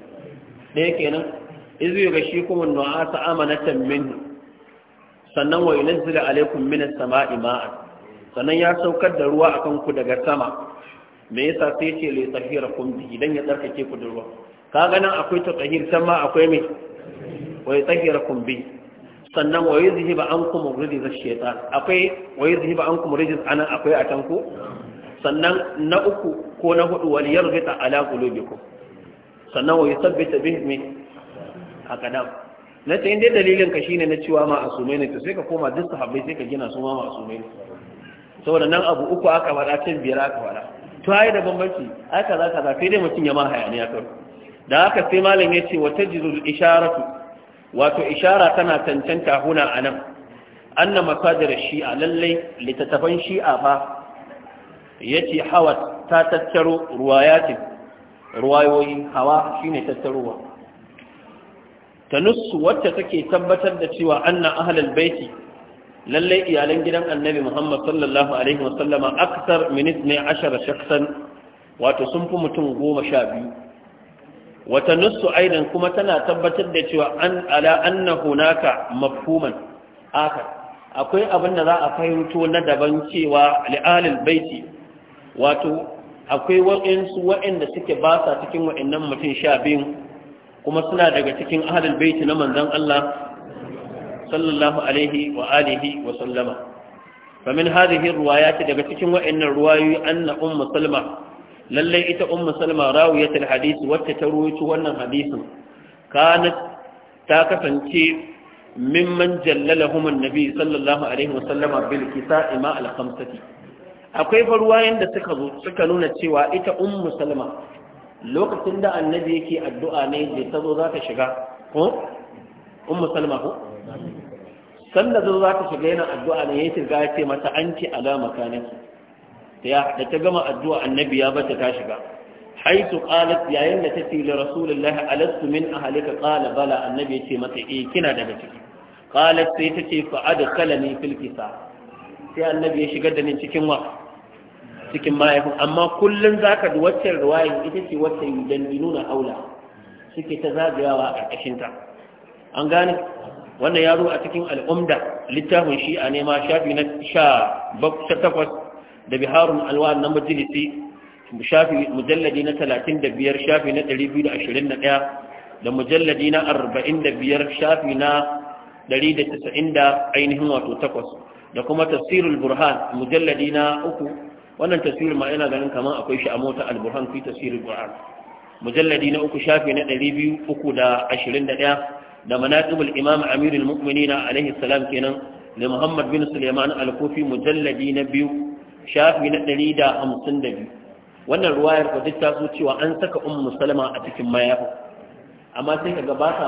Ne kenan izu ga shi kuma ta amanatan minhu sannan wa yunzila alaikum minas sama'i ma'a sannan ya saukar da ruwa akan ku daga sama me yasa sai ce li tahirakum bi idan ya tsarkake ku da ruwa ga nan akwai tahir san ma akwai me wa yatahirakum bi sannan wa yuzhiba ankum rijza ash-shaytan akwai wa yuzhiba ankum rijza anan akwai a tanku sannan na uku ko na hudu wal yarghita ala qulubikum sannan wa yusabbita bihi min hakadan na ce inda dalilin ka shine na cewa ma asume ne to sai ka koma duk sahabbai sai ka gina su ma asume ne saboda nan abu uku aka faɗa can biyar aka faɗa to ai da bambanci ai kaza kaza sai dai mutum ya ma hayaniya kawai da haka sai malam ya ce wata jirul isharatu wato ishara tana tantanta huna anan anna masadir shi'a lallai litatafan shi'a fa yace hawa ta tattaro ruwayatin ruwayoyi hawa shine tattarowa tanussu wacce take tabbatar da cewa anna ahlal baiti lallai iyalan gidan annabi Muhammad sallallahu alaihi wasallama akthar min 12 shakhsan wato sun fi mutum biyu. wata nussu aidan kuma tana tabbatar da cewa an ala anna hunaka mafhuman akar akwai abin da za a fahimto na daban cewa li baiti wato akwai waɗansu wa'inda suke ba sa cikin waɗannan mutum sha biyu kuma suna daga cikin ahlul baiti na manzon Allah sallallahu alaihi wa alihi wa sallama famin hadhihi riwayati daga cikin wa'annan riwayoyi anna ummu salma lalle ita ummu salma rawiyatul hadith wacce ta ruwaito wannan hadisin kanat ta kasance mimman jallalahum annabi sallallahu alaihi wa sallama bil kisa'i ma al khamsati akwai farwayen da suka zo suka nuna cewa ita ummu salma lokacin da annabi yake addu'a ne da ta zo za ta shiga ko un musalma ko sanda zo za ta shiga yana addu'a ne ya shiga ya ce mata an ce alama kanaki ya da ta gama addu'a annabi ya bata ta shiga haitu qalat yayin da ta tace li rasulullahi alastu min ahlika qala bala annabi ya ce mata eh kina daga ciki qalat sai ta ce fa kala ne filkisa. sai annabi ya shigar da ni cikin wa cikin mahaifin amma kullum za ka waccan ruwayin ita ce wacce nuna aula suke ta zagayawa a ƙarƙashinta an gane wannan ya zo a cikin al'umda littafin shi a nema shafi na sha takwas da biharun alwa na majalisi shafi mujalladi na talatin da biyar shafi na ɗari biyu da ashirin na ɗaya da mujalladi na arba'in da biyar shafi na ɗari da tasa'in da ainihin wato takwas da kuma tafsirul burhan mujalladi na uku wannan tasirin ma yana ganin kamar akwai shi a mota alburhan fi tasirin qur'an mujalladi na uku shafi na ɗari biyu uku da ashirin da da ɗaya manaqibul imam amirul na alaihi salam kenan da muhammad bin suleiman al-kufi mujalladi na biyu shafi na ɗari da da hamsin biyu. wannan ruwayar ko duk ta so cewa an saka ummu musulma a cikin mayafi amma sai kaga ba sa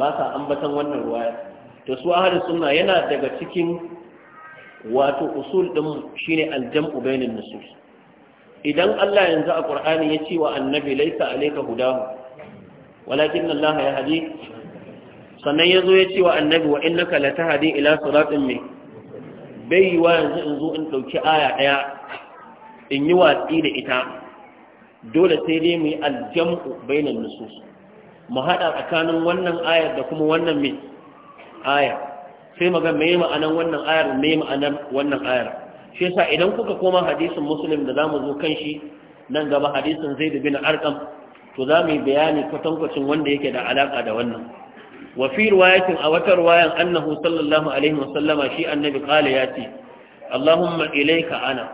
ba sa ambatan wannan ruwayar. to su ahlus sunna yana daga cikin wato usul din shine aljam'u bainan nusus idan Allah yanzu a Qur'ani ya ce wa annabi laisa alayka hudahu walakin Allah ya hadi sannan yazo ya ce wa annabi wa innaka tahdi ila siratin min bai wa yanzu in zo in dauki aya daya in yi watsi da ita dole sai dai mu yi aljam'u bainan nusus mu haɗa tsakanin wannan ayar da kuma wannan min aya sai maga me ma'anan wannan ayar me ma'anan wannan ayar shi yasa idan kuka koma hadisin muslim da zamu zo kan shi nan gaba hadisin zaid bin arqam to za bayani kwatankwacin wanda yake da alaka da wannan wa fi riwayatin a wata riwayan annahu sallallahu alaihi wa sallama shi annabi qala yati allahumma ilayka ana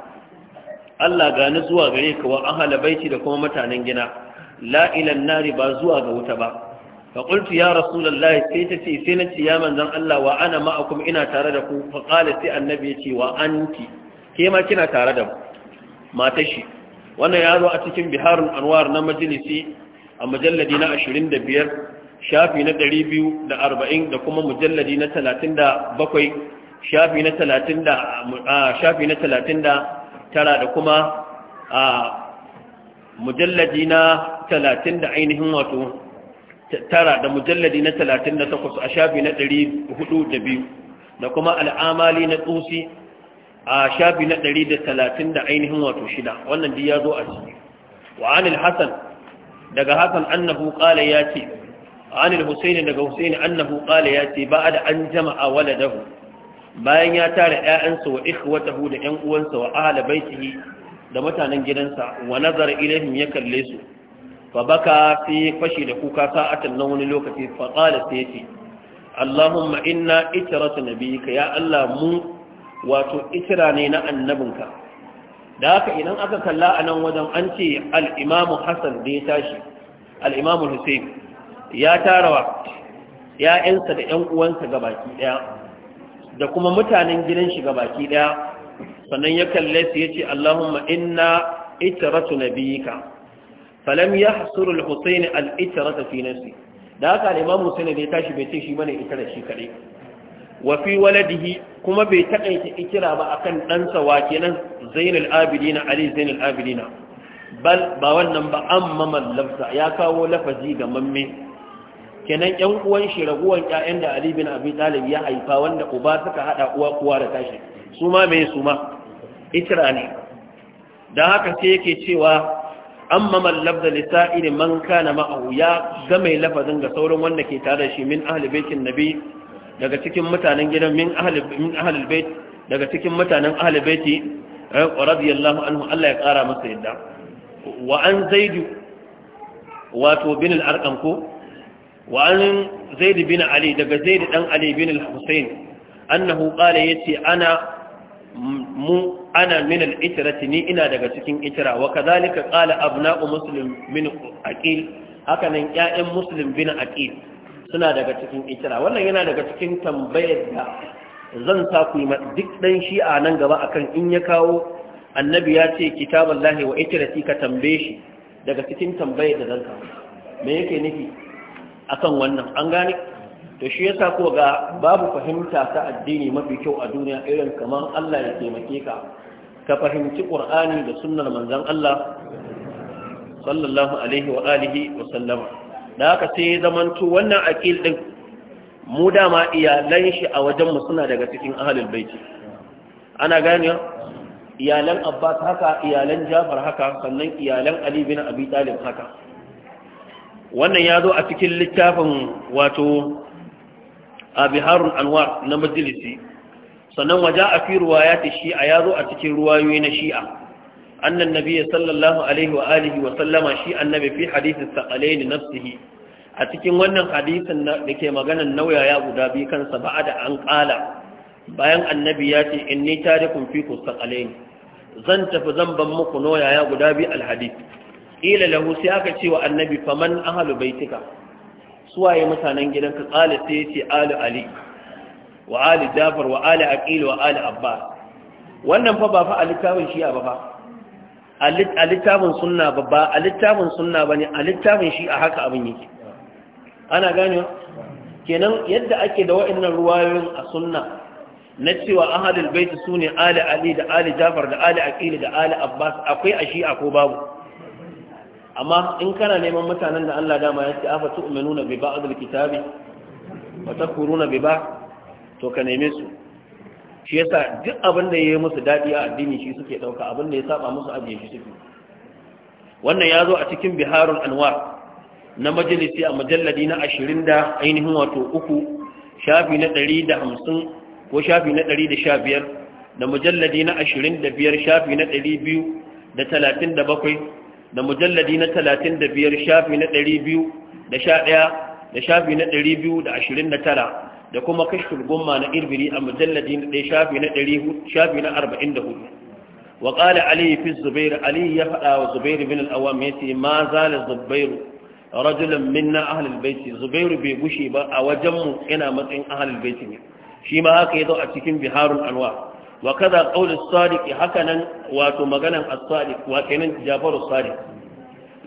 Allah gani zuwa gare ka wa ahla baiti da kuma mutanen gina la ila nari ba zuwa ga wuta ba fa qultu ya rasulullah sai ta ce sai nace ya manzon Allah wa ana ma'akum ina tare da ku fa qala sai annabi ya ce wa ke ma kina tare da mu matar shi wannan ya a cikin biharun anwar na majalisi a mujalladi na 25 shafi na 240 da kuma mujalladi na 37 na da shafi na da kuma a mujalladi na 30 da ainihin wato tara da mujalladi na talatin da takwas a shafi na ɗari hudu da biyu da kuma al'amali na tsosi a shafi na ɗari da talatin da ainihin wato shida wannan duk ya zo a ciki wa anil hasan daga Hassan annahu qala ya ce anil husaini daga husaini annahu qala ya ce ba da an jama'a wala dahu. bayan ya tara 'ya'yansa wa ikhwatahu da 'yan uwansa wa ahla baitihi da mutanen gidansa wa nazara ilaihim ya kalle su fa baka sai fashe da kuka sa'atan na wani lokaci fa qala sai yace Allahumma inna itratu nabiyika ya Allah mu wato itira ne na annabinka da haka idan aka kalla a nan wajen an ce al'imamu hassan da ya tashi al'imamu hussein ya tarawa ‘ya'yansa da ‘yan uwansa ga baki ɗaya da kuma mutanen gidan shi ga baki ɗaya sannan ya kalle su ya ce allahumma inna itiratu nabiyika falam yahsuru al-husayn al-itrata fi nafsi da haka al-imam ya tashi bai ce shi bane itara shi kadai wa fi waladihi kuma bai takaita ikira ba akan ɗansa wa kenan zainul abidina ali zainul abidina bal ba wannan ba amma mallafsa ya kawo lafazi ga mamme kenan yan uwan shi raguwan ƴaƴan da ali bin abi talib ya haifa wanda uba suka hada uwa uwa da tashi Suma mai suma. su ne dan haka sai yake cewa amma mallabda lisa'in man kana ma'ahu ya ga mai lafazin ga sauran wanda ke tare da shi min ahli baitin nabi daga cikin mutanen gidan min ahli min ahli bait daga cikin mutanen ahli baiti eh, radiyallahu anhu Allah ya kara masa yadda wa an zaid wato bin al-arqam ko wa an zaid bin ali daga zaid dan ali bin al-husayn annahu qala yace ana mu ana min al-itrati ni ina daga cikin itra wa kadhalika qala abna'u muslim min aqil haka nan ƴaƴan muslim bin aqil suna daga cikin itra wannan yana daga cikin tambayar da zan sa ku yi duk dan shi'a nan gaba akan in ya kawo annabi ya ce kitaballahi wa itrati ka tambaye shi daga cikin tambayar da zan kawo me yake nufi akan wannan an gane da shi yasa ko ga babu fahimta ta addini mafi kyau a duniya irin kamar Allah ya taimake ka ka fahimci Qur'ani da sunnar manzon Allah sallallahu alaihi wa alihi wa sallama da haka sai zamanto wannan aqil din mu dama iyalan shi a wajen mu suna daga cikin ahlul baiti ana gane iyalan Abbas haka iyalan Jafar haka sannan iyalan Ali bin Abi Talib haka wannan ya zo a cikin littafin wato a biharun anwar na majalisi sannan waje a fi ruwayati shi'a ya zo a cikin ruwayoyi na shi'a annan nabi sallallahu alaihi wa alihi wa sallama shi annabi fi hadithin saqalaini nafsihi a cikin wannan hadisin da ke maganan nauya ya guda bi kansa ba'a da an kala bayan annabi ya ce inni tarikum fikum saqalaini zan tafi zan ban muku nauya ya guda bi alhadith ila lahu sai aka ce wa annabi faman ahlu baitika suwaye mutanen gidan ka qala sai yace ali ali wa ali jafar wa ali aqil wa ali abbas wannan fa ba fa a littafin shi'a ba fa a littafin sunna ba ba a littafin sunna bane a littafin shi'a haka abin yake ana gane kenan yadda ake da wa'annan ruwayoyin a sunna na cewa ahalul bait sune ali ali da ali jafar da ali aqil da ali abbas akwai a shi'a ko babu amma in kana neman mutanen da Allah dama ya ce afa tu'minuna bi ba'd ba kitabi wa na bai ba? to ka neme su shi yasa duk abin da yayi musu dadi a addini shi suke dauka abin da ya saba musu ajiye shi suke wannan ya zo a cikin biharul anwar na majalisi a majalladi na 20 da ainihin wato uku shafi na 150 ko shafi na 115 da mujalladi na 25 shafi na 237 da mujalladi na talatin da biyar shafi na ɗari biyu da sha ɗaya da shafi na ɗari biyu da ashirin da tara da kuma kashfin gumma na irbiri a mujalladi na ɗaya shafi na ɗari arba'in da hudu wa ƙala aliyu fi zubairu aliyu ya faɗa wa zubairu bin al'awwa mai ce ma zala zubairu rajulun minna ahlul baiti zubairu bai gushe ba a wajenmu yana matsayin ahlul baiti ne shi ma haka ya zo a cikin biharun anwar wa kaza qawl as-sadiq hakanan wato maganan as-sadiq wa kenan Jafar sadiq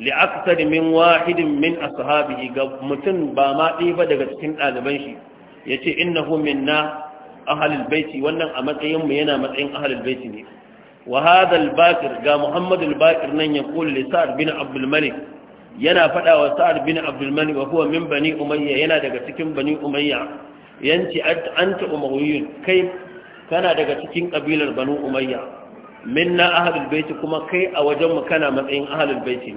li akthar min wahidin min ashabihi ga mutun ba ma dai ba daga cikin ɗaliban shi yace innahu minna ahlul baiti wannan a matsayin mu yana matsayin ahlul baiti ne wa hadha al-baqir ga Muhammad al-Baqir nan ya kula li Sa'd bin Abdul Malik yana fada wa Sa'd bin Abdul Malik wa huwa min bani Umayya yana daga cikin bani Umayya yanci anta umawiyyun kai kana daga cikin ƙabilar banu umayya minna ahlul baiti kuma kai a wajenmu kana matsayin ahlul baiti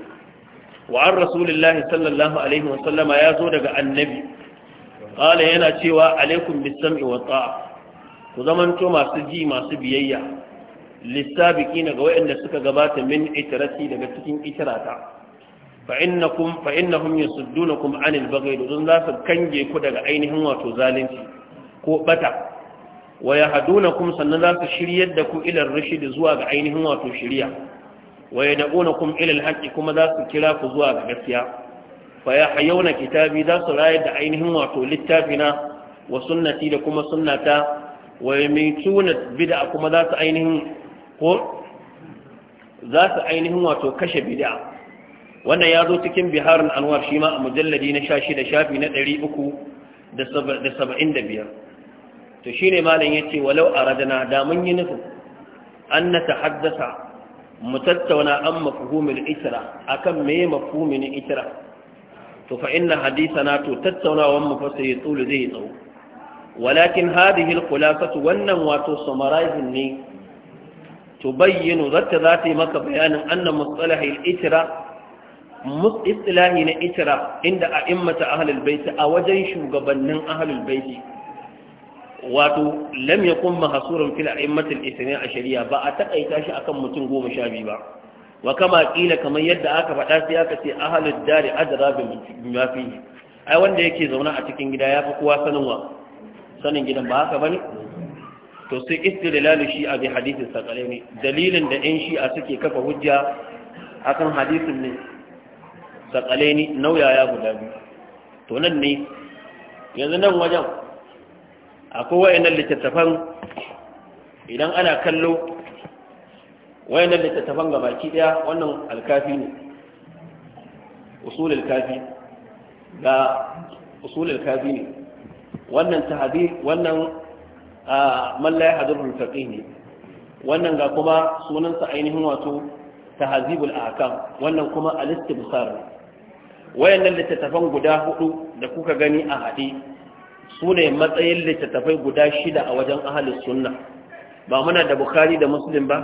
wa an sallallahu alaihi wa sallama ya zo daga annabi qala yana cewa alaikum bis wa ta'a ku zamanto masu ji masu biyayya lissabiqina ga wayanda suka gabata min itrati daga cikin itrata fa innakum fa innahum yasuddunakum anil baghi dun za su kange ku daga ainihin wato zalunci ko bata wa yahdunakum sannan za su shiryar da ku ila rashid zuwa ga ainihin wato shiriya wa yad'unakum ila al-haqqi kuma za su kira ku zuwa ga gaskiya fa yahyawna kitabi za su rayar da ainihin wato littafina wa sunnati da kuma sunnata wa yamituna bid'a kuma za su ainihin ko za su ainihin wato kashe bid'a wannan ya zo cikin biharin anwar shi ma a mujalladi na 16 shafi na 375 to shine malam yace walau aradna da mun yi nufin an na tahaddasa mu tattauna an mafhumul isra akan me mafhumin isra to fa inna na to tattaunawan mu fa tsulu zai tsawo walakin hadhihi alqulasatu wannan wato summarizing ne tubayyinu zata zata maka bayanin anna mustalahi al-isra na itira inda a immata ahalul baiti a wajen shugabannin ahalul baiti wato lam kun mahasuran fil a'immatil ithni a shari'a ba a takaita shi akan mutum goma sha biyu ba wa kama kila kamar yadda aka faɗa sai aka ce ahalud dari adra bi mafi ai wanda yake zauna a cikin gida yafi kowa sanin wa sanin gidan ba haka bane to sai istidlal shi a bi hadisin sakalaini dalilin da shi a suke kafa hujja akan hadisin ne sakalaini nauyaya guda biyu to nan ne yanzu nan wajen akwai wayannan littattafan idan ana kallo wayannan littattafan ga baki daya wannan alkafi ne usulul kafi ga usulul kafi ne wannan tahdhib wannan man la yahdhurul faqih ne wannan ga kuma sunansa ainihin wato tahzibul ahkam wannan kuma alistibsar istibsar wayannan littattafan guda hudu da kuka gani a hadisi su ne matsayin littattafai guda shida a wajen ahalis sunna ba muna da bukari da muslim ba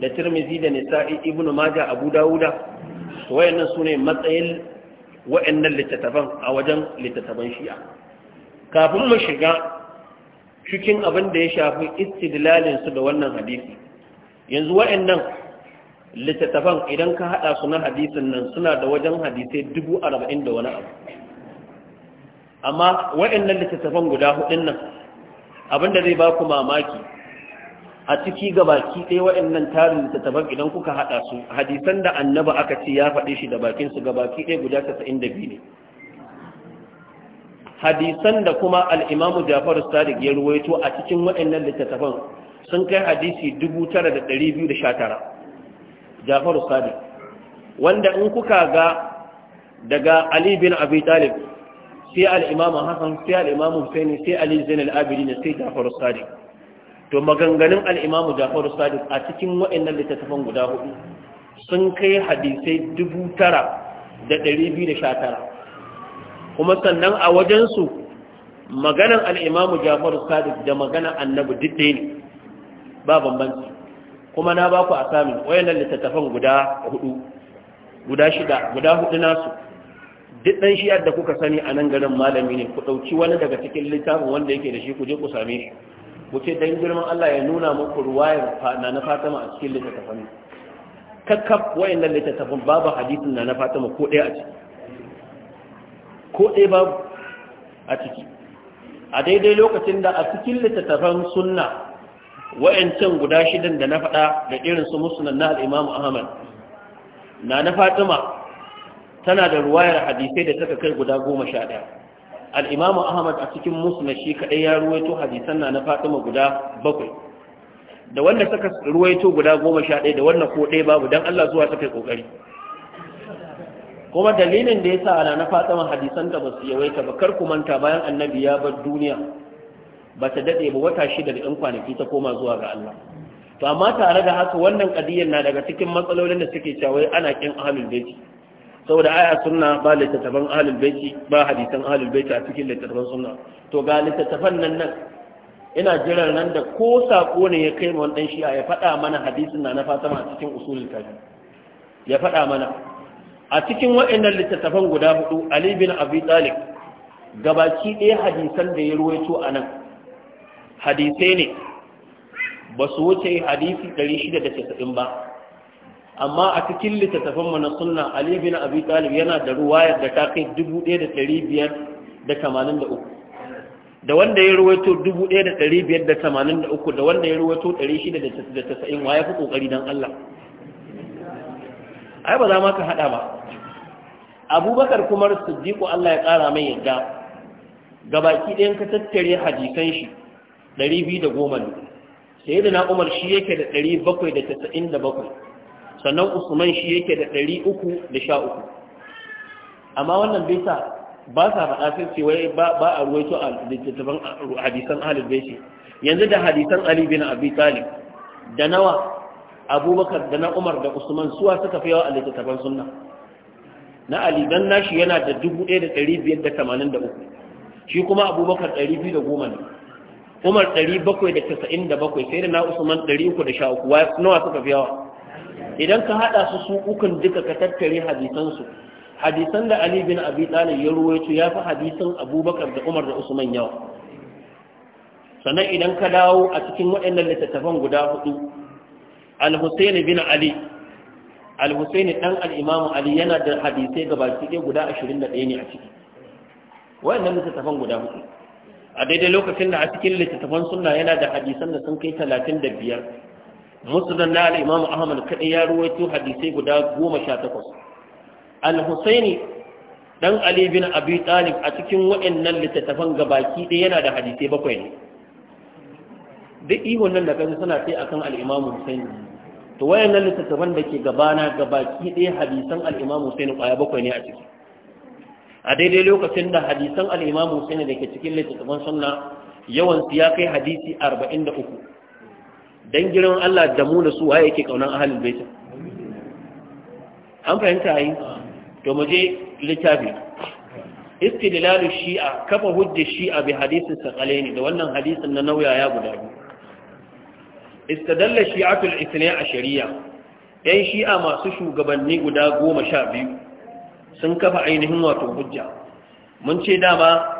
da tirmizi da nisa'i ibn maja abu dawuda su wayannan su ne matsayin wayannan littattafan a wajen littattafan shi'a kafin mu shiga cikin abin da ya shafi istidlalin su da wannan hadisi yanzu wayannan littattafan idan ka hada su na hadisin nan suna da wajen hadisai dubu arba'in da wani abu amma wa'annan littattafan guda hudun nan abinda zai ba ku mamaki a ciki ga baki ɗaya wa'annan tarin littattafan idan kuka haɗa su hadisan da annaba aka ce ya faɗe shi da bakinsu ga baki ɗaya guda biyu ne hadisan da kuma al'imamu jafaru sadiq ya ruwaito a cikin wa'annan littattafan sun kai hadisi dubu tara da da ɗari biyu sha tara jafaru sadiq wanda in kuka ga daga ali bin abi talib sai al'imamu hassan sai al’imam hussaini sai ali zain al'abiri ne sai jafaru sadiq to maganganun al’imam jafaru sadiq a cikin waɗannan littattafan guda hudu sun kai hadisai dubu tara da ɗari biyu da sha tara kuma sannan a wajensu maganan al’imam jafaru sadiq da maganan annabi duk ne ba bambanci kuma na ba ku a samun wayannan littattafan guda hudu guda shida guda hudu nasu duk ɗan shi da kuka sani a nan garin malami ne ku ɗauki wani daga cikin littafin wanda yake da shi ku je ku same shi ku ce dan girman Allah ya nuna muku ruwayar na na Fatima a cikin littafin kakkaf wayannan littafin babu hadisin na na Fatima ko ɗaya a ciki ko ɗaya babu a ciki a daidai lokacin da a cikin littafin sunna wayancan guda shidan da na faɗa da irin su musnad na al-Imam Ahmad na na Fatima tana da ruwayar hadisai da suka kai guda goma sha ɗaya al'imamu ahmad a cikin musna shi kaɗai ya ruwaito hadisan na na fatima guda bakwai da wanda suka ruwaito guda goma sha ɗaya da wannan ko ɗaya babu don allah zuwa suka yi ƙoƙari kuma dalilin da ya sa ana na fatima hadisan ta ba su yawaita ba kar ku manta bayan annabi ya bar duniya ba ta daɗe ba wata shida da ɗan kwanaki ta koma zuwa ga allah to amma tare da haka wannan ƙadiyyar na daga cikin matsalolin da suke cawai ana kin ahlul baiti saboda aya sunna ba littattafan ahlul baiti ba hadisan ahlul baiti a cikin littattafan sunna to ga littattafan nan nan ina jiran nan da ko sako ne ya kai mun dan shi'a ya faɗa mana hadisin na na fata a cikin usulul kafi ya faɗa mana a cikin wa'annan littattafan guda hudu ali bin abi talib gabaki ɗaya hadisan da ya ruwaito a nan hadisai ne ba su wuce hadisi 690 ba amma a cikin littattafan mu na sunna Ali bin Abi Talib yana da ruwayar da ta kai 1583 da wanda ya ruwaito 1583 da wanda ya ruwaito 690 waye fi kokari dan Allah ai ba za ma ka hada ba Abubakar kuma Siddiq Allah ya kara mai yadda gabaki ɗayan ka tattare hadisan shi 210 ne sai da na Umar shi yake da 797 sannan usman shi yake da ɗari uku da sha uku amma wannan bai sa ba sa faɗa sai ce wai ba a ruwaito a littattafan hadisan bai ce yanzu da hadisan ali bin abi talib da nawa abubakar da na umar da usman suwa suka fi yawa a littattafan sunna na ali dan nashi yana da 1583 shi kuma abubakar 210 ne umar 797 sai da na usman 313 nawa suka fi yawa idan ka haɗa su su ukun duka ka tattare hadisansu hadisan da ali bin abi talib ya ruwaito ya fi hadisan abubakar da umar da usman yawa sannan idan ka dawo a cikin waɗannan littattafan guda hudu al-husaini bin ali al-husaini dan al-imam ali yana da hadisai gabaki ɗaya guda 21 ne a ciki waɗannan littattafan guda hudu a daidai lokacin da a cikin littattafan sunna yana da hadisan da sun kai 35 musulun na al-imam ahmad kadai ya ruwaito hadisai guda goma takwas. al-husaini dan ali bin abi talib a cikin waɗannan littattafan gabaki ɗaya yana da hadisai bakwai ne duk ihun nan da kai suna sai akan al’imamu husaini to wayannan littattafan da ke gabana gabaki ɗaya hadisan al’imamu husaini ƙwaya bakwai ne a ciki a daidai lokacin da hadisan al’imamu husaini da ke cikin littattafan sunna yawan su ya kai hadisi arba'in da uku. dan girman Allah da mu da su waye yake kaunan ahlul bait an fahimta yi. to mu je littafi istidlalu shi'a kafa hujja shi'a bi hadisin saqalaini da wannan hadisin na nauya ya guda biyu istadalla shi'atul ithnay shari'a yan shi'a masu shugabanni guda goma sha biyu sun kafa ainihin wato hujja mun ce dama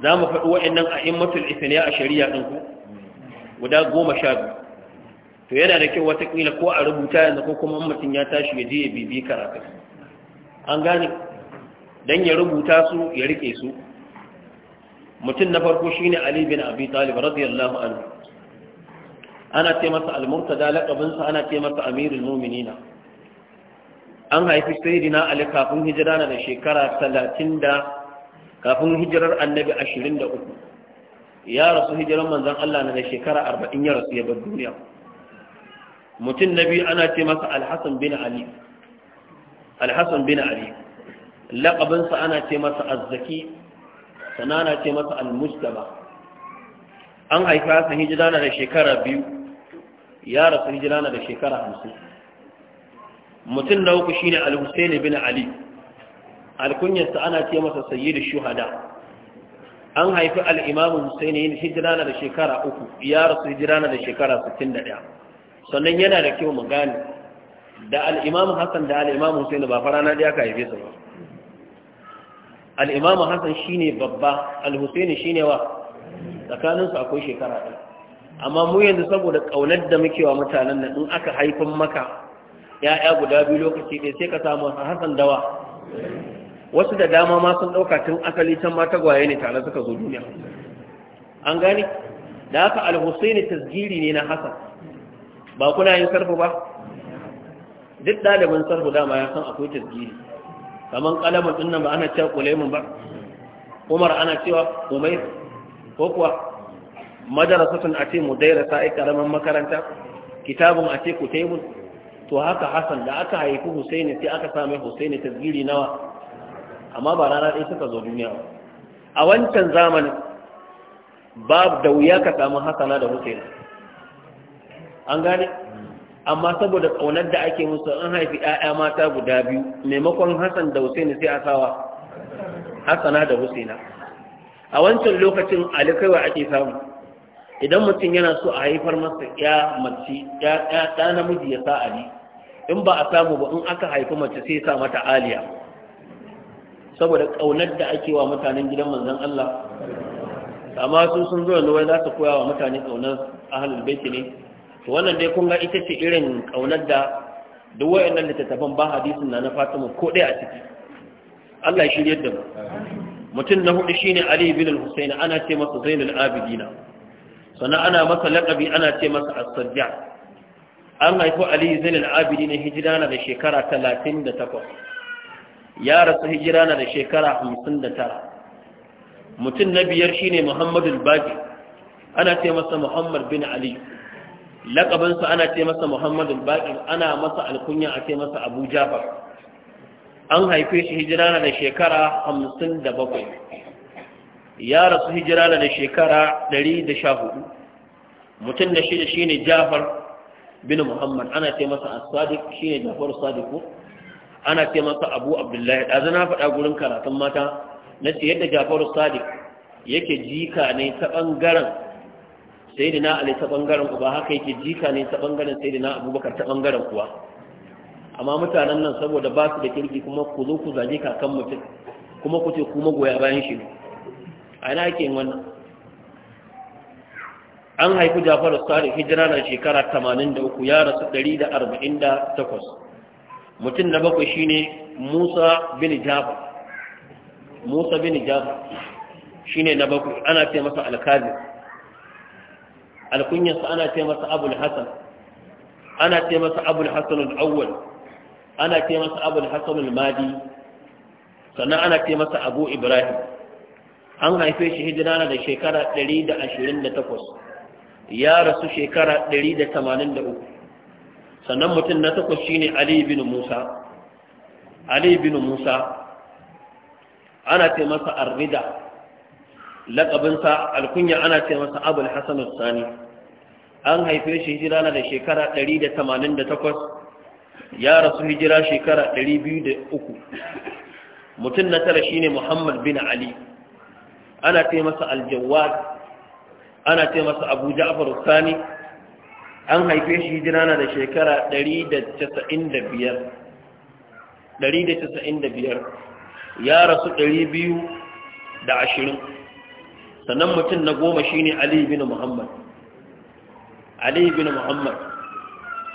za mu faɗi wa'annan a'immatul ithnay ashariya din ku guda goma sha biyu to yana da kyau watakila ko a rubuta yanzu ko kuma mutum ya tashi ya je ya bibi karatu an gane dan ya rubuta su ya rike su mutum na farko shine Ali bin Abi Talib radiyallahu anhu ana ce masa al-murtada laqabin sa ana ce masa amirul mu'minina an haifi sayyidina Ali kafin hijira na da shekara 30 da kafin hijirar annabi 23 ya rasu hijiran manzon Allah na da shekara 40 ya rasu ya bar duniya mutum na biyu ana ce masa alhassan bin ali alhassan bin ali laƙabinsa ana ce masa Arziki, sana ana ce masa almustaba an haifa sa hijira na da shekara biyu ya rasu hijira na da shekara hamsin mutum na uku shine al-husaini bin ali alkunyarsa ana ce masa sayyidu shuhada an haifi al'imamu husaini hijira na da shekara uku ya rasu hijira na da shekara 61 sannan yana da kyau mu gane da al'imamu hassan da al'imamu husaini ba fara na ya ka haife su ba al'imamu hassan shi ne babba al-husaini shi ne wa tsakaninsu akwai shekara ɗaya amma mu yanzu saboda ƙaunar da muke wa mutanen nan in aka haifin maka ya'ya guda biyu lokaci ɗaya sai ka samu hassan dawa wasu da dama ma sun ɗauka tun asali can ma tagwaye ne tare suka zo duniya an gane da haka al-husaini tasgiri ne na hassan ba kuna yin sarfu ba duk ɗalibin sarfu dama ya san akwai tasgiri kamar kalamun ɗin nan ba ana cewa kulaimun ba umar ana cewa umai ko kuwa madarasatun a ce mu dairasa ai karamin makaranta kitabun a ce kutaimun to haka Hassan da aka haifi husaini sai aka same husaini tasgiri nawa amma ba rana ɗaya suka zo duniya a wancan zamanin babu da wuya ka samu hasana da husaini an gane amma saboda kaunar da ake musu an haifi 'ya'ya mata guda biyu maimakon hassan da husaini sai a sawa hassana da husaina a wancan lokacin alikaiwa ake samu idan mutum yana so a haifar masa ya mace ya ɗa namiji ya sa ali in ba a samu ba in aka haifi mace sai sa mata aliya saboda ƙaunar da ake wa mutanen gidan manzon Allah amma su sun zo da wai za su koya wa mutane kaunar ahlul baiti ne to wannan dai kun ga ita ce irin kaunar da duk wayannan littattafan ba hadisin na na Fatima ko dai a ciki Allah ya shirye da mu mutum na hudu shine Ali ibn al-Husayn ana ce masa Zainul Abidina sannan ana masa laqabi ana ce masa As-Sajjad an haifi Ali Zainul Abidina hijira na da shekara 38 ya rasu hijira na da shekara 59 mutum na biyar shine Muhammadul Baqi ana ce masa Muhammad bin Ali laƙabinsa ana ce masa muhammadin baƙin ana masa alkunya a ce masa abu jafar an haife shi hijira na da shekara hamsin da bakwai ya rasu hijira na da shekara ɗari da sha hudu mutum da shida shi ne jafar bin muhammad ana ce masa asadik shi ne jafar sadiku ana ce masa abu abdullahi ɗazu na faɗa gurin karatun mata na ce yadda jafar sadik yake jika ne ta ɓangaren sayyidina ali ta bangaren uba haka yake jika ne ta bangaren sayyidina abubakar ta bangaren kuwa amma mutanen nan saboda ba su da kirki kuma ku zo ku zage kakan mutum kuma ku ce kuma goya bayan shi a ina yake wannan an haifi jafaru sari hijira na shekara 83 ya rasu 148 mutum na bakwai shine musa bin jafar musa bin jafar shine na bakwai ana ce masa alkazir alkunyarsa ana ce masa abul hasan ana ce masa abul hasan al'awwal ana ce masa abul hasan al-madi sannan ana ce masa abu ibrahim an haife shi hijira da shekara 128 ya rasu shekara 183 sannan mutum na takwas shi ne Ali bin Musa Ali bin Musa ana ce masa ar-rida lakabinsa alkunya ana ce masa abul hasan sani an haife shi hijira na da shekara 188 ya rasu hijira shekara 203 mutum na tara shi ne muhammad bin ali ana ce masa aljawad ana ce masa abu ja'far sani an haife shi hijira na da shekara 195 195 ya rasu 220 sannan mutum na goma shine Ali bin Muhammad Ali bin Muhammad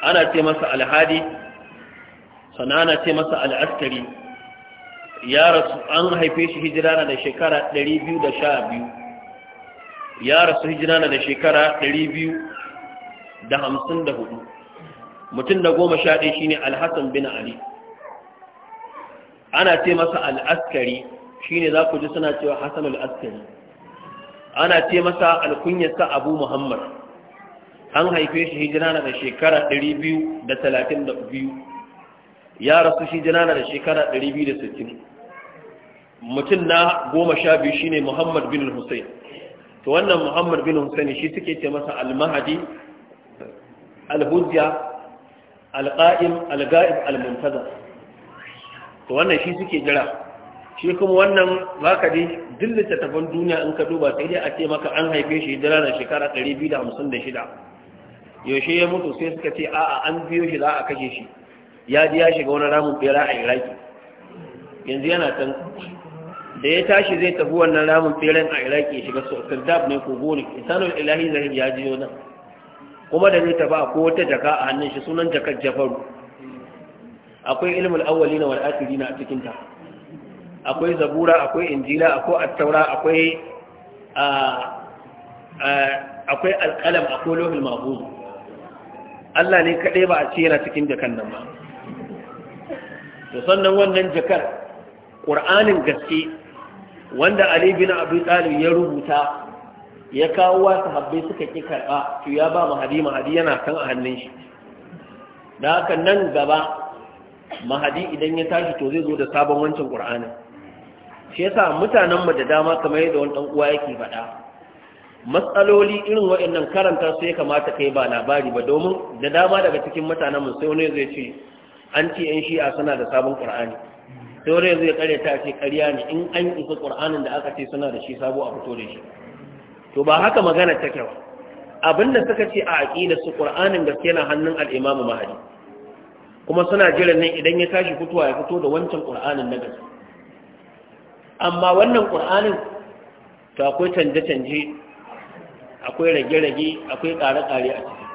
ana ce masa alhadi sannan ana ce masa al'askari ya rasu an haife shi hijira na da shekara 212 ya rasu hijira na da shekara 254 mutum na goma sha ɗaya shine alhassan bin ali ana ce masa al'askari shine za ku ji suna cewa hassan al'askari ana ce masa alkunyarsa abu muhammad an haife shi hijira na da shekara 232 ya rasu hijira na da shekara 260 mutum na goma sha biyu shine muhammad bin hussein to wannan muhammad bin hussein shi suke ce masa almahadi alhujja alƙa'im alga'im almuntaza to wannan shi suke jira shi kuma wannan za ka dai ta littattafan duniya in ka duba sai dai a ce maka an haife shi da na shekara 256 yaushe ya mutu sai suka ce a'a an biyo shi za a kashe shi ya ji ya shiga wani ramin bera a iraki yanzu yana can da ya tashi zai tafi wannan ramin beren a iraki ya shiga sardab ne kogo ne isanin ilahi zahir ya ji nan kuma da zai tafi a wata jaka a hannun shi sunan jakar jafaru akwai ilimin awali na wal'asiri na cikinta akwai zabura akwai injila akwai attaura akwai akwai alƙalam akwai lohul mahfuz Allah ne kaɗai ba a ce yana cikin jakan nan ba to sannan wannan jakar ƙur'anin gaske wanda Ali bin Abi Talib ya rubuta ya kawo wa sahabbai suka ki karɓa to ya ba mahadi mahadi yana kan a hannun shi da haka nan gaba mahadi idan ya tashi to zai zo da sabon wancan ƙur'anin shi yasa mutanen mu da dama kamar yadda wani ɗan'uwa uwa yake faɗa matsaloli irin waɗannan karanta su ya kamata kai ba labari ba domin da dama daga cikin mutanenmu sai wani zai ce an ce yan shi'a suna da sabon ƙur'ani. sai wani zai kare ta ce ƙarya ne in an isa ƙur'anin da aka ce suna da shi sabo a fito da shi to ba haka magana ta kyau. Abin da suka ce a aqida su da ke na hannun al'imamu mahadi mahdi kuma suna jiran ne idan ya tashi fitowa ya fito da wancan ƙur'anin na gaske amma wannan ƙur'anin ta akwai canje-canje akwai rage-rage akwai ƙare-ƙare a ciki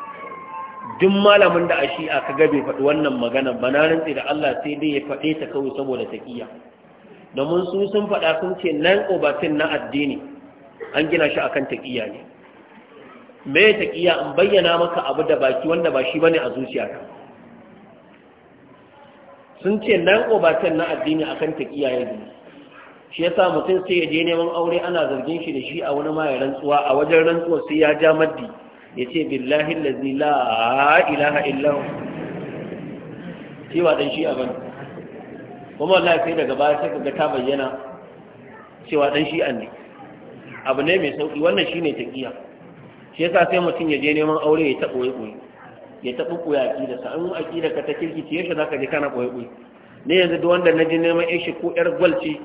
duk malamin da a shi aka gabe faɗi wannan magana banarin tsira Allah sai dai ya faɗe ta kawai saboda ƙiya domin su sun faɗa sun ce nan ƙobatin na addini an gina shi akan ƙiya ne me ya ƙiya in bayyana maka abu da baki wanda ba shi ba ne a zuciyarka sun ce nan ƙobatin na addini akan ƙiya ya gina shi yasa mutum sai ya je neman aure ana zargin shi da shi a wani mai rantsuwa a wajen rantsuwa sai ya ja maddi ya ce billahi lazi la ilaha illahu shi ba dan shi a bane kuma wallahi sai daga baya sai kaga ta bayyana cewa dan shi an ne abu ne mai sauki wannan shi ne taqiya shi yasa sai mutum ya je neman aure ya tabo ya koyi ya tabo koyi aqida sa an aqida ka ta kirkice shi zaka je kana koyi koyi ne yanzu duk wanda naji neman ishi ko yar gwalci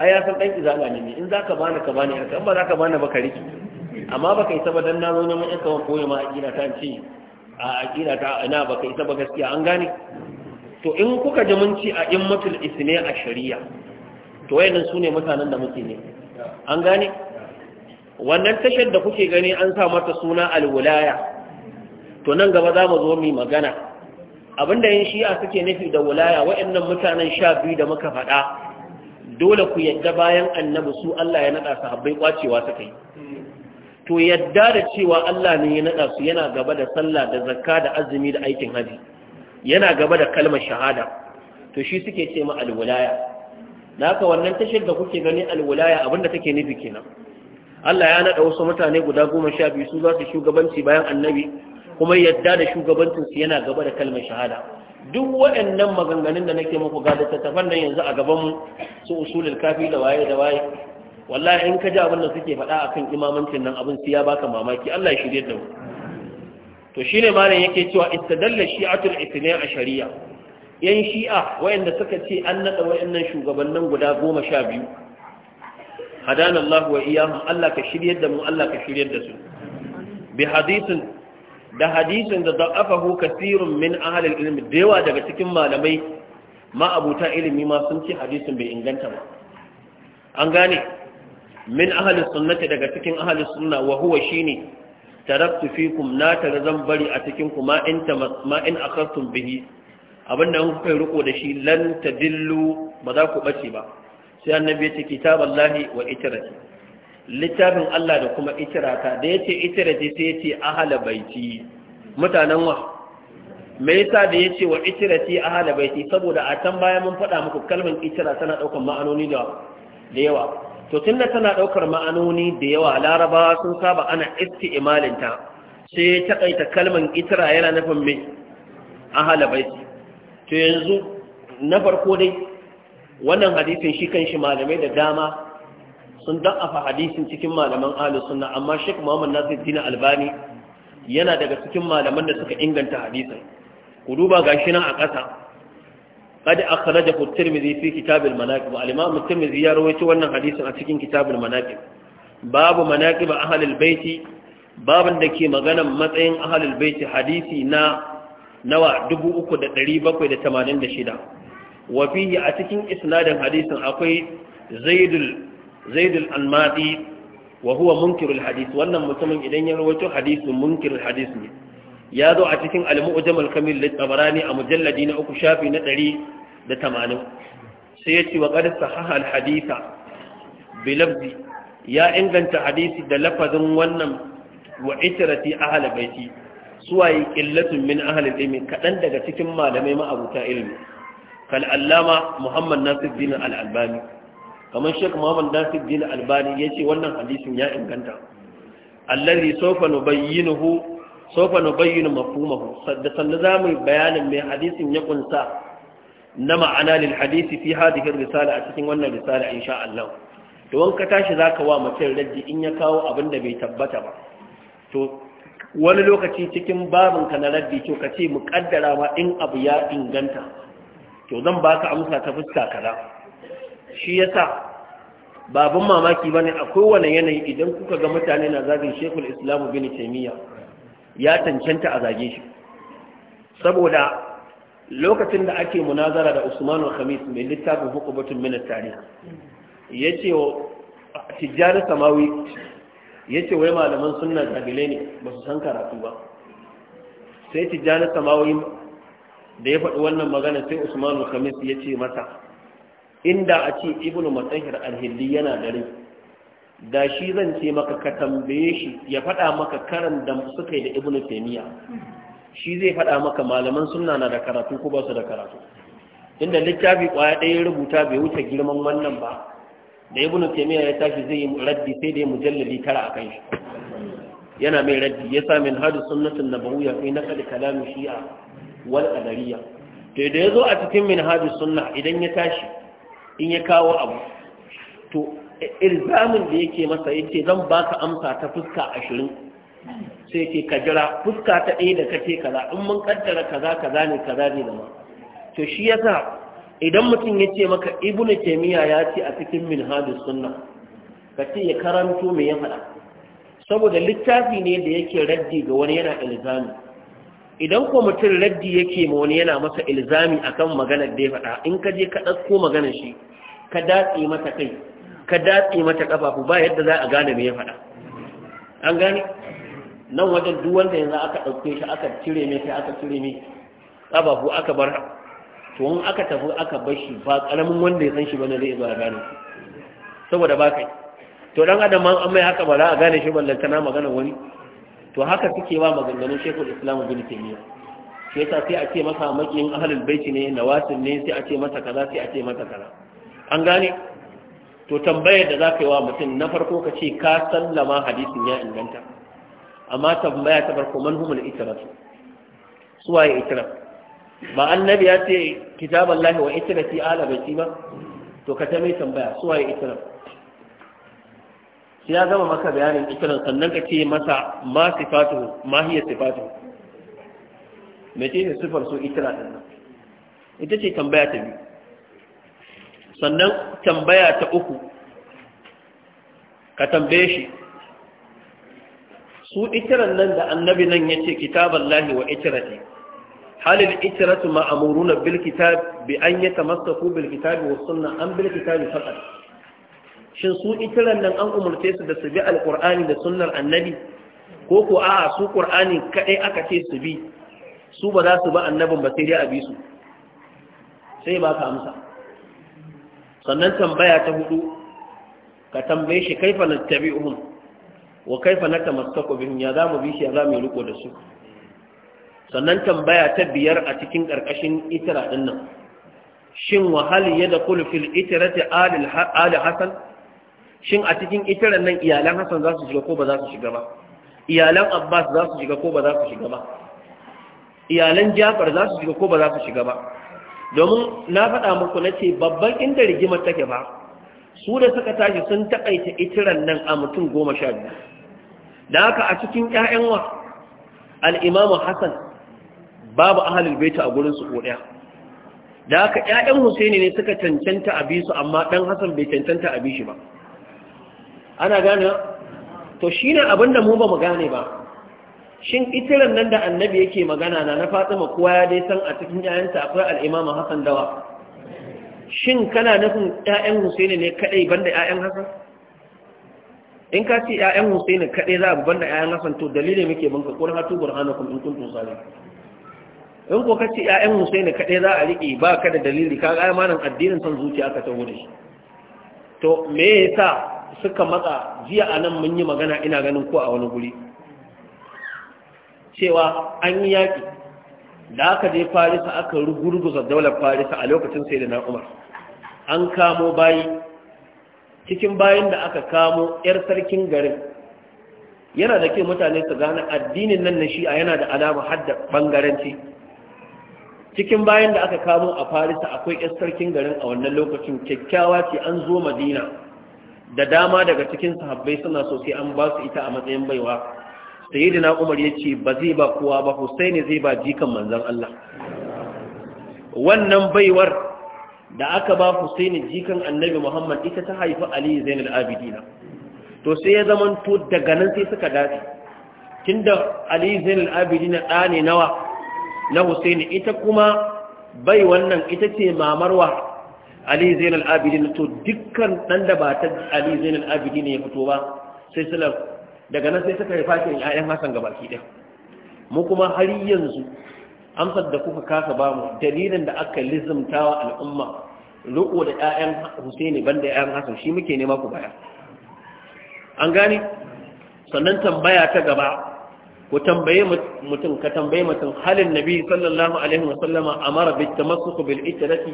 ai ya san dan izala ne ni in ka bani ka bani yarka in ba ka bani ba ka riki amma baka isa ba don na zo neman yarka ko ya ma akida ta ce a akida ta ina baka isa ba gaskiya an gane to in kuka ji mun ci a immatul isne a shari'a to wayannan sune mutanen da muke ne an gane wannan tashar da kuke gani an sa mata suna alwulaya to nan gaba za mu zo mu magana abinda yin shi'a suke nufi da wulaya waɗannan mutanen sha biyu da muka faɗa dole ku yadda bayan annabi su Allah ya nada sahabbai kwacewa suka yi to yadda da cewa Allah ne ya nada su yana gaba da sallah da zakka da azumi da aikin haji yana gaba da kalmar shahada to shi suke ce ma alwilaya naka wannan tashar da kuke gani alwilaya abinda take nufi kenan Allah ya nada wasu mutane guda goma sha biyu su za su shugabanci bayan annabi kuma yadda da shugabancinsu yana gaba da kalmar shahada duk waɗannan maganganun da nake muku ga littattafan nan yanzu a gabanmu su usulul kafi da waye da waye wallahi in ka ji abin da suke faɗa akan imamancin nan abin sai ya baka mamaki Allah ya shirye da mu to shine malam yake cewa istadalla shi'atul a shari'a. yan shi'a wayanda suka ce an nada wayannan shugabannin guda 12 hadana Allah wa iyyahum Allah ka shirye da mu Allah ka shirye da su bi hadithin da hadisin da da'afahu kasirun min ahalil ilmi da yawa daga cikin malamai abuta ilimi ma sun ce hadisin bai inganta ba an gane min ahalin sunnati daga cikin ahalin sunna wa huwa shine taraktu fikum na tare zan bari a cikin ku ma in ma in bihi abinda in kuka riko da shi lan tadillu ba za ku bace ba sai annabi ya ce kitaballahi wa itrati littafin Allah da kuma itirata da yace itirati sai yace ahala baiti mutanen wa me yasa da yace wa itirati ahala baiti saboda a can baya mun faɗa muku kalmar itira tana daukar ma'anoni da yawa to tunda tana daukar ma'anoni da yawa larabawa sun saba ana isti'malinta sai ta kaita kalmar itira yana nufin me ahala baiti to yanzu na farko dai wannan hadisin shi kan shi malamai da dama sun da'afa hadisin cikin malaman ahlus sunna amma Sheikh Muhammad Nasiruddin Albani yana daga cikin malaman da suka inganta hadisin ku duba gashi nan a ƙasa Kada akhrajahu at-Tirmidhi fi kitab al-manaqib al-Imam at ya rawaito wannan hadisin a cikin kitab al babu manaqib ahli al-baiti babin da ke maganan matsayin ahli al-baiti hadisi na nawa 3786 wa fihi a cikin isnadin hadisin akwai Zaidul zaidul almadi wa huwa munkirul hadis wannan mutumin idan ya rawaito hadisin munkirul hadis ne ya zo a cikin al-mu'jam al-kamil lit a mujalladi na uku shafi na 180 sai tamanin. ce wa qad sahaha al-haditha bi lafzi ya inganta hadisi da lafazin wannan wa itrati ahli baiti suwaye qillatun min ahli ilmi kadan daga cikin malamai ma'abuta ilmi kal allama muhammad nasiruddin al-albani kamar shek Muhammad Nasir albari Albani ce wannan hadisin ya inganta allazi sawfa nubayyinuhu sawfa nubayyinu mafhumahu sadda sanda zamu bayanin mai hadisin ya kunsa na ma'ana lil hadisi fi hadhihi risala a cikin wannan risala sha Allah to wanka tashi zaka wa mutum raddi in ya kawo abin da bai tabbata ba to wani lokaci cikin ka na raddi to ka ce mu kaddara ma in abu ya inganta to zan baka amsa ta fuska kaza shi ya sa babin mamaki ba ne akwai wani yanayi idan kuka ga mutane na zagin shekul islamu bin taimiyya ya cancanta a zage shi saboda lokacin da ake munazara da Usmanu khamis mai littafin Hukubatun min ya ce wa tijjari samawi ce wai malaman suna zagile ne ba su san karatu ba sai tijjari samawi da ya faɗi wannan magana sai Usmanu Khamis ya ce masa inda a ce ibnu matsahir alhilli yana da rai da shi zan ce maka ka tambaye shi ya faɗa maka karan da suka yi da ibnu taymiya shi zai faɗa maka malaman sunna na da karatu ko ba su da karatu inda littafi kwaya ɗaya rubuta bai wuce girman wannan ba da ibnu taymiya ya tashi zai yi raddi sai da mujallali tara akan shi yana mai raddi ya sa min hadu sunnatin nabawiyya fi naqd kalam shi'a wal adariya to da zo a cikin min hadu sunna idan ya tashi in ya kawo abu to irzamin da yake masa yace zan baka amsa ta fuska ashirin sai ke ka jira fuska ta ɗaya da kace kaza in mun kaddara kaza kaza ne kaza ne da ma to shi yasa idan mutum ya ce maka ibnu taymiya ya ce a cikin minhajus sunna ka ce ya karanto me ya faɗa saboda littafi ne da yake raddi ga wani yana ilzami idan ko mutum laddi yake ma wani yana masa ilzami akan maganar da ya faɗa in ka je ka ɗasko maganar shi ka datse mata kai ka datse mata ƙafafu, ba yadda za a gane me ya faɗa an gane nan wajen duk wanda yanzu aka ɗauke shi aka cire mai sai aka cire mai ƙafafu aka bar to in aka tafi aka bar shi ba ƙaramin wanda ya san shi bane zai zo a gane shi saboda ba kai to dan adam an mai haka ba za a gane shi ballantana maganar wani to haka suke wa maganganun shekul islamu bin taymiya shi yasa sai a ce masa makiyin ahlul bait ne nawasil ne sai a ce masa kaza sai a ce masa kaza an gane to tambayar da zaka yi wa mutum na farko ka ce ka sallama hadisin ya inganta amma tambaya ta farko man humul itiraf suwaye itiraf ba annabi ya ce kitaballahi wa itirafi ala baiti ba to ka ta mai tambaya suwaye itiraf sai ya gama maka bayanin ikirar sannan ka ce masa ma sifatu ma hiya sifatu ce ne sifar su ikira din nan ita ce tambaya ta biyu sannan tambaya ta uku ka tambaye shi su ikiran nan da annabi nan ya ce lahi wa ikirati yi tamasta ku بالكتاب بأن يتمسكوا بالكتاب an أم بالكتاب فقط shin su ikiran nan an umarce su da su bi alkur'ani da sunnar annabi ko ko a su qur'ani kadai aka ce su bi su ba za su ba annabin ba sai dai a bi su sai ba ka amsa sannan tambaya ta hudu ka tambaye shi kaifa na nattabi'uhum wa kaifa na natamassaku bihim ya zamu bi shi ya zamu riko da su sannan tambaya ta biyar a cikin karkashin itira din nan shin wahal yadkhulu fil itirati ali hasan shin a cikin itiran nan iyalan Hassan za su shiga ko ba za su shiga ba iyalan Abbas za su shiga ko ba za su shiga ba iyalan Jafar za su shiga ko ba za su shiga ba domin na faɗa muku na ce babban inda rigimar take ba su da suka tashi sun taƙaita itiran nan a mutum goma sha biyu da haka a cikin ƴaƴan wa al'imamu Hassan babu ahlul bait a gurin su ko ɗaya da haka ƴaƴan Husaini ne suka cancanta a bisu amma ɗan Hassan bai cancanta a bishi ba ana gane to shi ne abinda mu ba mu gane ba shin itiran nan da annabi yake magana na na fatima kowa ya dai san a cikin yayanta akwai al'imama hassan dawa shin kana nufin 'ya'yan husaini ne kadai banda 'ya'yan hassan in ka ce 'ya'yan husaini kadai za a banda 'ya'yan hassan to dalilin muke banka ƙurin hatu burhanakum in kuntum ne? in ko ka ce ƴaƴan Husaini kaɗai za a riƙe ba ka da dalili ka ga malam addinin san zuciya ka ta da shi to me yasa suka matsa jiya a nan mun yi magana ina ganin ko a wani guri cewa an yi yaƙi da aka je farisa aka rugurguza daular farisa a lokacin sai da na umar an kamo bayi cikin bayan da aka kamo 'yar sarkin garin yana da ke mutane su gane addinin nan na shi'a yana da alama hadda bangaranci cikin bayan da aka kamo a farisa akwai 'yar sarkin garin a wannan lokacin kyakkyawa ce an zo madina da dama daga cikin sahabbai suna so sai an ba su ita a matsayin baiwa sayyidina Umar ce ba zai ba kowa ba Husaini zai ba jikan manzon Allah wannan baiwar da aka ba Husaini jikan Annabi Muhammad ita ta haifi Ali Zainul Abidin to sai ya zaman to daga nan sai suka dace tunda Ali Zainul Abidin da ne nawa na Husaini ita kuma bai wannan ita ce mamarwa ali zain al-abidin to dukkan dan da ba ta ali zain al-abidin ya fito ba sai suna daga nan sai suka yi fashin ƴaƴan hasan baki ɗaya mu kuma har yanzu amsar da kuka kasa ba mu dalilin da aka lizumtawa al'umma riko da 'ya'yan husaini banda 'ya'yan hasan shi muke nema ku baya an gane sannan tambaya ta gaba ku tambaye mutum ka tambaye mutum halin nabi sallallahu alaihi wasallama amara bit tamassuk bil ittadati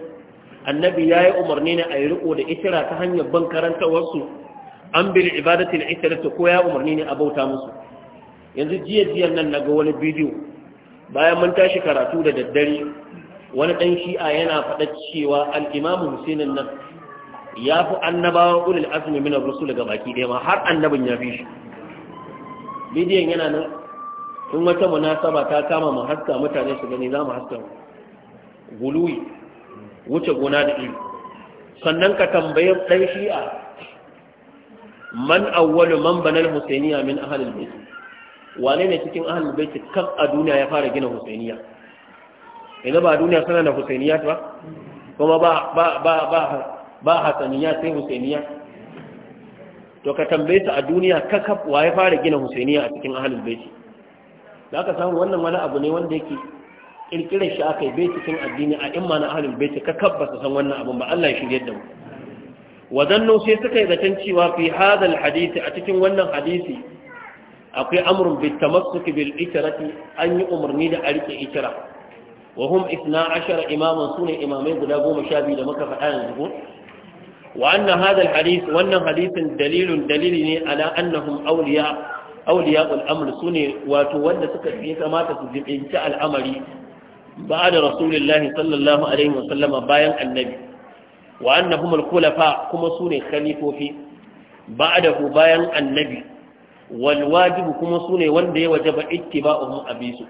annabi ya yi umarni ne a yi riko da itira ta hanyar ban karantawarsu an bil ibadatin itirata ko ya umarni ne a bauta musu yanzu jiya jiyan nan na ga wani bidiyo bayan mun tashi karatu da daddare wani dan shi'a yana faɗa cewa al'imamu husainin nan ya fi annabawa ulil min minar rusul ga baki ɗaya ma har annabin ya fi shi bidiyon yana nan in wata munasaba ta kama mu haska mutane su gani za mu haska guluwi wuce gona da iri sannan ka tambaye ɗan shi'a man awwalu man banal husainiya min ahlul bait wane ne cikin ahlul bait kan a duniya ya fara gina husainiya ina ba duniya sana da husainiya ba kuma ba ba ba ba ba hasaniya sai husainiya to ka tambaye ta a duniya kakaf wa ya fara gina husainiya a cikin ahlul bait da aka samu wannan wani abu ne wanda yake kirkirar shi aka yi bai cikin addini a in mana ahlul baiti ka kabbasa san wannan abin ba Allah ya shirye da mu wadannu sai suka yi zaton cewa fi hadal hadisi a cikin wannan hadisi akwai amrun bit tamassuki bil ikrati an yi umarni da a rike ikra wa hum 12 imaman sune imamai guda 12 da muka faɗa yanzu wa anna hadal wannan hadisin dalilun dalili ne ala annahum awliya awliya al-amr sune wato wanda suka yi kamata su jibinci al'amari ba da rasulullahi sallallahu alaihi wasallama bayan annabi wa annahum al-khulafa kuma sune khalifofi ba'dahu bayan annabi wal wajibu kuma sune wanda ya wajaba ittiba'uhum abisu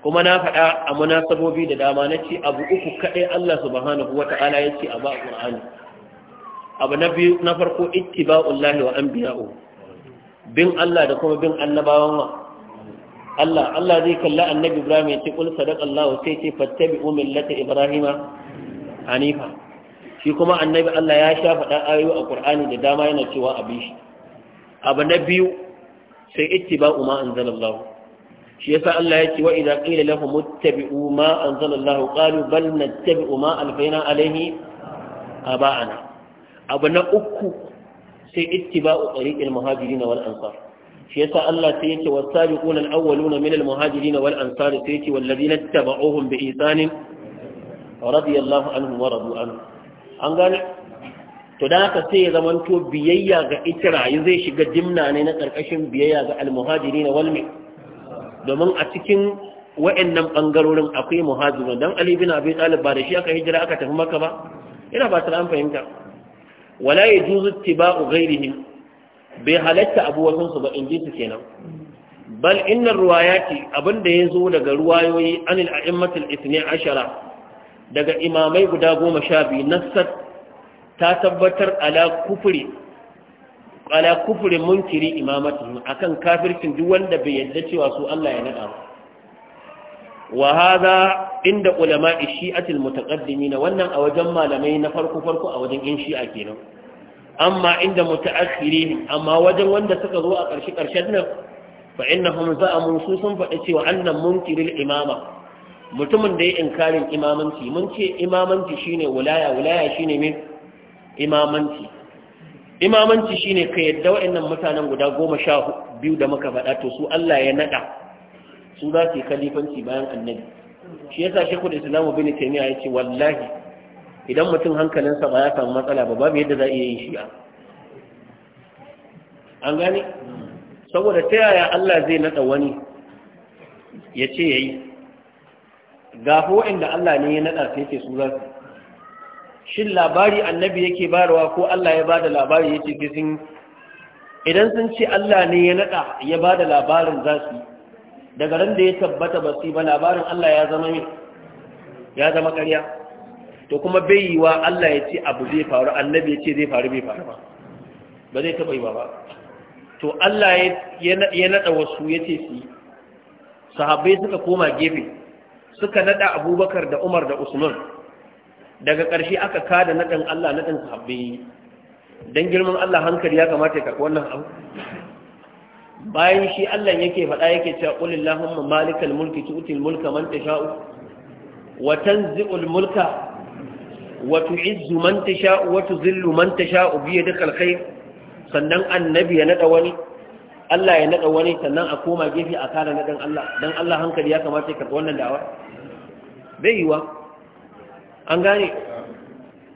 kuma na faɗa a munasabobi da dama na ce abu uku kaɗai Allah subhanahu wa ta'ala ya ce a ba Qur'ani abu na biyu na farko ittiba'ullahi wa anbiya'u bin Allah da kuma bin annabawan Allah Allah zai kalla annabi Ibrahim ya ce kul sadaqallahu sai ce fattabi'u millata ibrahima hanifa shi kuma annabi Allah ya sha faɗa ayoyi a Qur'ani da dama yana cewa abi shi abu na biyu sai ittiba'u ma anzalallahu shi yasa Allah ya ce wa idza qila lahum ittabi'u ma anzalallahu qalu bal nattabi'u ma alfayna alayhi aba'ana abu na uku sai ittiba'u tariqil muhajirin wal ansar shi yasa Allah sai yake wasabiquna al-awwaluna min al-muhajirin wal ansar sai yake wallazina tabauhum bi ihsan radiyallahu anhum wa radu anhu an gane to dan aka sai ya zamanto biyayya ga ikrayi zai shiga dimna ne na karkashin biyayya ga al-muhajirin wal mi domin a cikin wa'annan bangarorin akwai muhajirin dan Ali bin Abi Talib ba da shi aka hijira aka tafi Makka ba ina ba ta an fahimta wala yajuzu ittiba'u ghairihim bai halatta abu ba in ji su kenan bal inna ruwayati abinda ya zo daga ruwayoyi anil a'immatul ithni ashara daga imamai guda goma sha biyu nassar ta tabbatar ala kufuri ala kufurin munkiri imamatihim akan kafircin duk wanda bai yarda cewa su Allah ya nada ba wa hadha inda ulama shi'atil mutaqaddimin wannan a wajen malamai na farko farko a wajen in shi'a kenan amma inda mutaakhirihim amma wajen wanda suka zo a ƙarshe ƙarshen nan fa innahum za'amu su sun faɗi cewa annan munkiril imama mutumin da ya inkarin imamanci mun ce imamanci shine wilaya wilaya shine min imamanci imamanci shine ka yadda wa'annan mutanen guda goma sha biyu da muka faɗa to su Allah ya naɗa su za su yi kalifanci bayan annabi shi yasa shekul islamu bin taymiya ya ce wallahi idan mutum hankalinsa ba ya samu matsala ba babu yadda za a iya yin shi'a an gane saboda ta yaya Allah zai nada wani ya ce ya yi gafi waɗanda Allah ne ya nada sai ke su su shin labari annabi yake barawa ko Allah ya bada labari ya ce ke sun idan sun ce Allah ne ya nada ya bada labarin za su daga ran da ya tabbata ba su ba labarin Allah ya zama ya zama ƙarya to kuma bai yi wa Allah ya ce abu zai faru annabi ya ce zai faru bai faru ba ba zai taɓa yi ba ba to Allah ya naɗa wasu ya ce su sahabbai suka koma gefe suka naɗa abubakar da umar da usman daga ƙarshe aka kada naɗin Allah naɗin sahabbai don girman Allah hankali ya kamata ya karɓi wannan abu bayan shi Allah yake faɗa yake cewa ƙulin lahun malikal mulki tu'til mulka man sha'u. wa tanzi'ul mulka ta وتعز من تشاء وتذل من تشاء da الخير sannan annabi ya naɗa wani Allah ya naɗa wani sannan a koma gefe a kara na dan Allah don Allah hankali ya kamata ya karɓi wannan da'awa bai yi wa? an gane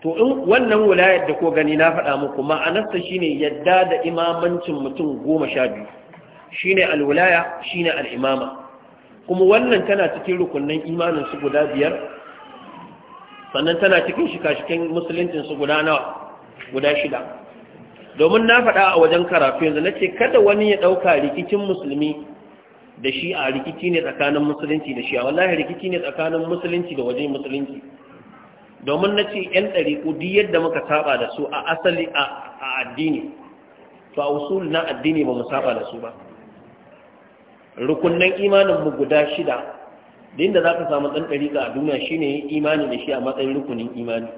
to in wannan wulayar da ko gani na faɗa muku ma'anarsa ne yadda da imamancin mutum goma sha biyu shi ne alwulaya shi ne al'imama kuma wannan tana cikin rukunnan imanin su guda biyar sannan tana cikin shika shikin musuluncin su guda nawa guda shida domin na faɗa a wajen karatu yanzu na ce kada wani ya ɗauka rikicin musulmi da shi a rikici ne tsakanin musulunci da shi a wallahi rikici ne tsakanin musulunci da wajen musulunci domin na ce 'yan ɗariƙu duk yadda muka saba da su a asali a addini to a usul na addini ba mu saba da su ba rukunnan imaninmu guda shida din da ka samu dan dariƙa a duniya shi shine imani da shi a matsayin rukunin imani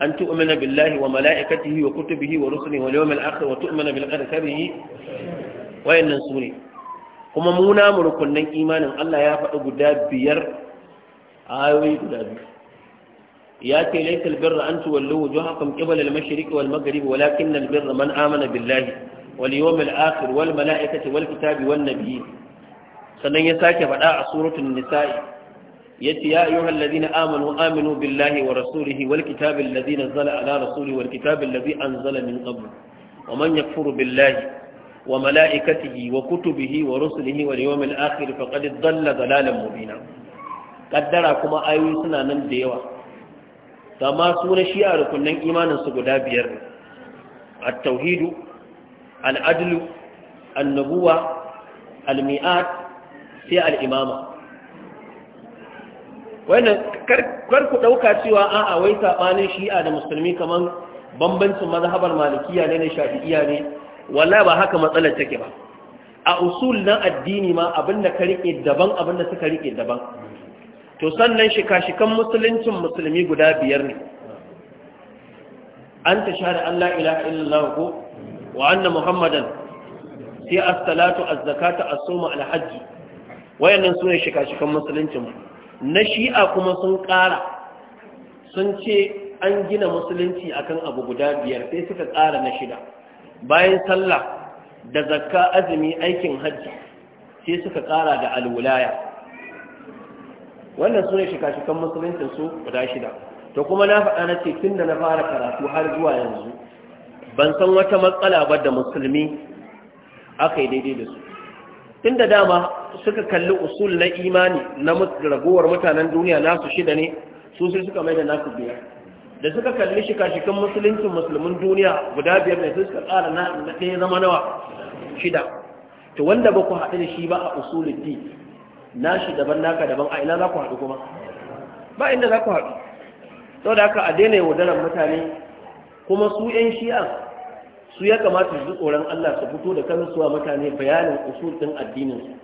an tu'umina billahi wa mala'ikatihi wa kutubihi wa rusulihi wal yawmil akhir wa tu'mina bil qadari wayannan sune kuma mu na mu rukunin imanin Allah ya faɗi guda biyar ayoyi guda biyu ya ce laysa al birra an tuwallu wujuhakum qibala al mashriq wal maghrib walakin al birra man amana billahi wal yawmil akhir wal mala'ikati wal kitabi wan nabiyyin sannan ya sake faɗa a suratul nisa'i yace ya ayyuhal ladina amanu aminu billahi wa rasulihi wal kitabil ladzi nazzala ala rasulihi wal kitabil ladzi anzala min qabl wa man yakfuru billahi wa malaikatihi wa kutubihi wa rusulihi wal yawmil akhir faqad dhalla dhalalan mubina kaddara kuma ayoyi suna nan da yawa kama su shi a rukunin imanin su guda biyar at-tauhidu al-adlu an-nubuwa al-mi'at sai al'imama wannan ku ɗauka cewa a'a wai saɓanin shi'a da musulmi kamar bambancin mazhabar malikiya ne na shafi'iya ne walla ba haka matsalar take ba a usul na addini ma abinda ka rike daban abinda suka riƙe daban to sannan shika-shikan musuluncin musulmi guda biyar ne an ta shahada Allah ilaha illallah ko wa anna muhammadan sai as-salatu az-zakatu as-sawmu al wayannan su ne shika-shikan musuluncinmu na shi'a kuma sun ƙara sun ce an gina musulunci akan abu guda biyar sai suka ƙara na shida bayan sallah da zakka azumi aikin hajji sai suka ƙara da alwulaya wannan su ne shika-shikan musuluncinsu guda shida to kuma na faɗa na ce tun da na fara karatu har zuwa yanzu ban san wata matsala ba da musulmi aka yi daidai da su tunda dama suka kalli usul na imani na ragowar mutanen duniya nasu shida ne su sai suka mai da nasu biyar da suka kalli shika-shikan musuluncin musulmin duniya guda biyar ne suka tsara na ɗaya zama nawa shida to wanda ba ku haɗu da shi ba a usulun di na shi daban naka daban a ina za ku haɗu kuma ba inda za ku haɗu sau da a daina yaudarar mutane kuma su 'yan shi'a su ya kamata su tsoron Allah su fito da kansu a mutane bayanin usul din addinin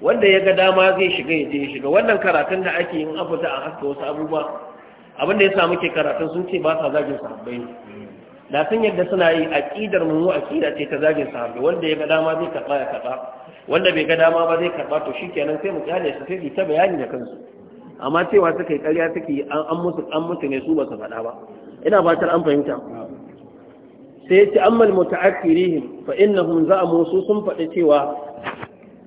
wanda ya ga dama zai shiga ya je ya shiga wannan karatun da ake yin abuta a haska wasu abubuwa abin da ya samu ke karatun sun ce ba sa zagin sahabbai ne da sun yadda suna yi aqidar mu aqida ce ta zagin sahabbai wanda ya ga dama zai karba ya karba wanda bai ga dama ba zai karba to shikenan sai mu kyale su sai ta bayani da kansu amma cewa suka yi ƙarya suke an musu an musu ne su ba su faɗa ba ina fatar an fahimta sai ya ce ammal muta'akkirihim fa innahum za'amu su sun faɗi cewa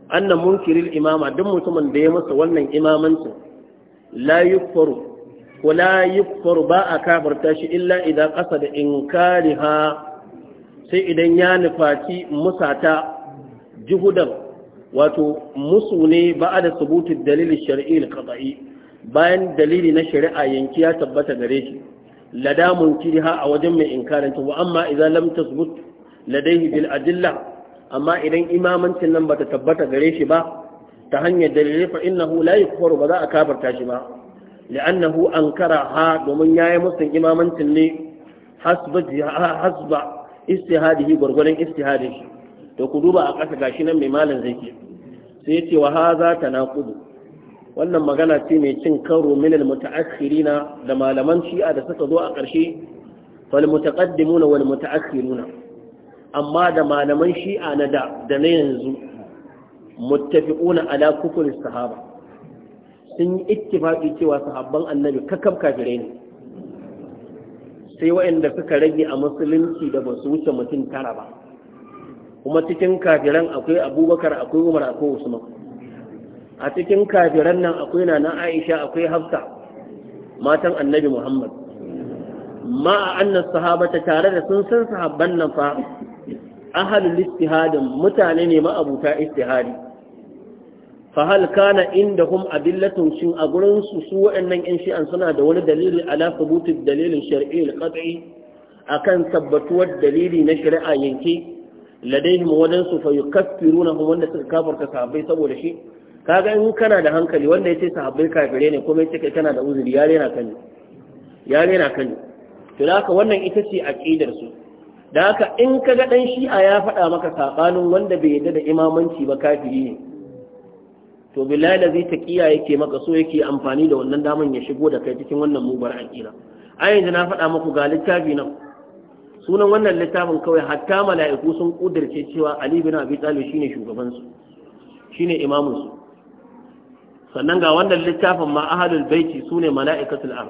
annan munkiril imama duk mutumin da ya masa wannan imamancin la yukfaru ko la yukfaru ba a kafarta shi illa idan ƙasa da inkariha sai idan ya nufaci musata juhudan wato musu ne ba a da subutu dalilin shari'i kaɗa'i bayan dalili na shari'a yanki ya tabbata gare shi lada Kiriha a wajen mai inkarin wa amma idan lam tasbut ladaihi bil adilla amma idan imamancin nan bata tabbata gare shi ba ta hanyar dalilai fa innahu la yukfaru ba za a kafarta shi ba li'annahu ankara ha domin yayi musu imamancin ne hasba hasba istihadihi gurgurun istihadihi to ku duba a ƙasa gashi nan mai malam zai ke sai ya ce wa haza tanaqudu wannan magana ce mai cin karo min almutaakhirina da malaman shi'a da suka zo a ƙarshe fal mutaqaddimuna wal mutaakhiruna amma da malaman shi'a na da da na yanzu muttafiquna ala kufur sahaba sun yi ittifaqi cewa sahabban annabi kakab kafirai ne sai waɗanda suka rage a musulunci da ba su wuce mutum tara ba kuma cikin kafiran akwai abubakar akwai umar akwai usman a cikin kafiran nan akwai na na aisha akwai hafsa matan annabi muhammad ma a annan sahabata tare da sun san sahabban nan fa ahalul istihadin mutane ne ma'abuta istihadi fa hal kana indahum adillatun shin a gurin su su waɗannan yan shi'an suna da wani dalili ala thubutid dalilin shar'i al-qat'i akan tabbatuwar dalili na shari'a yanke ladaihim wadansu fa yukaffiruna hum wanda suka kafarta sahabbai saboda shi kaga in kana da hankali wanda ya ce sahabbai kafirai ne kuma ya ce kai kana da uzuri ya rena kani ya rena kani to haka wannan ita ce aqidar su da haka in kaga dan shi'a ya faɗa maka sabanin wanda bai yarda da imamanci ba kafiri ne to billahi da zai kiya yake maka so yake amfani da wannan daman ya shigo da kai cikin wannan mubar aqida a yanzu na faɗa muku ga littafi nan sunan wannan littafin kawai hatta mala'iku sun kudirce cewa ali bin abi talib shine shugabansu shine imamunsu sannan ga wannan littafin ma ahalul baiti sune mala'ikatul ar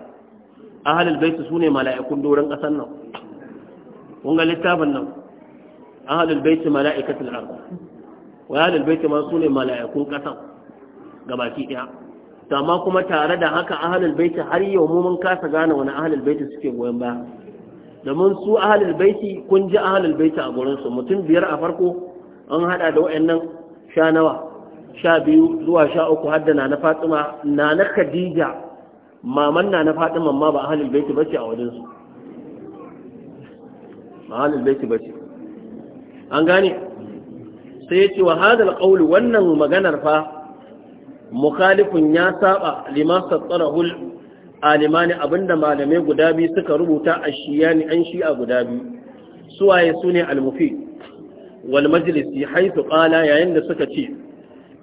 ahalul baiti sune mala'ikun doron kasan nan kun ga littafin nan ahalul baiti mala'ikatul ar wa ahalul baiti ma sune mala'ikun ƙasar gabaki ɗaya to amma kuma tare da haka ahalul baiti har yau mu mun kasa gane wani ahalul baiti suke goyon baya domin su ahalul baiti kun ji ahalul baiti a gurin su mutum biyar a farko an hada da wayannan sha nawa sha biyu zuwa sha uku hadda na na fatima na na khadija maman na na fatima ma ba ahalul baiti bace a wajensu ba ahalul baiti bace an gane sai ya ce wa hadal qawl wannan maganar fa mukhalifun ya saba lima sattarahul alimani abinda malamai guda biyu suka rubuta a shiyani an a guda biyu suwaye sune al almufi? wal majlisi haythu qala yayin da suka ce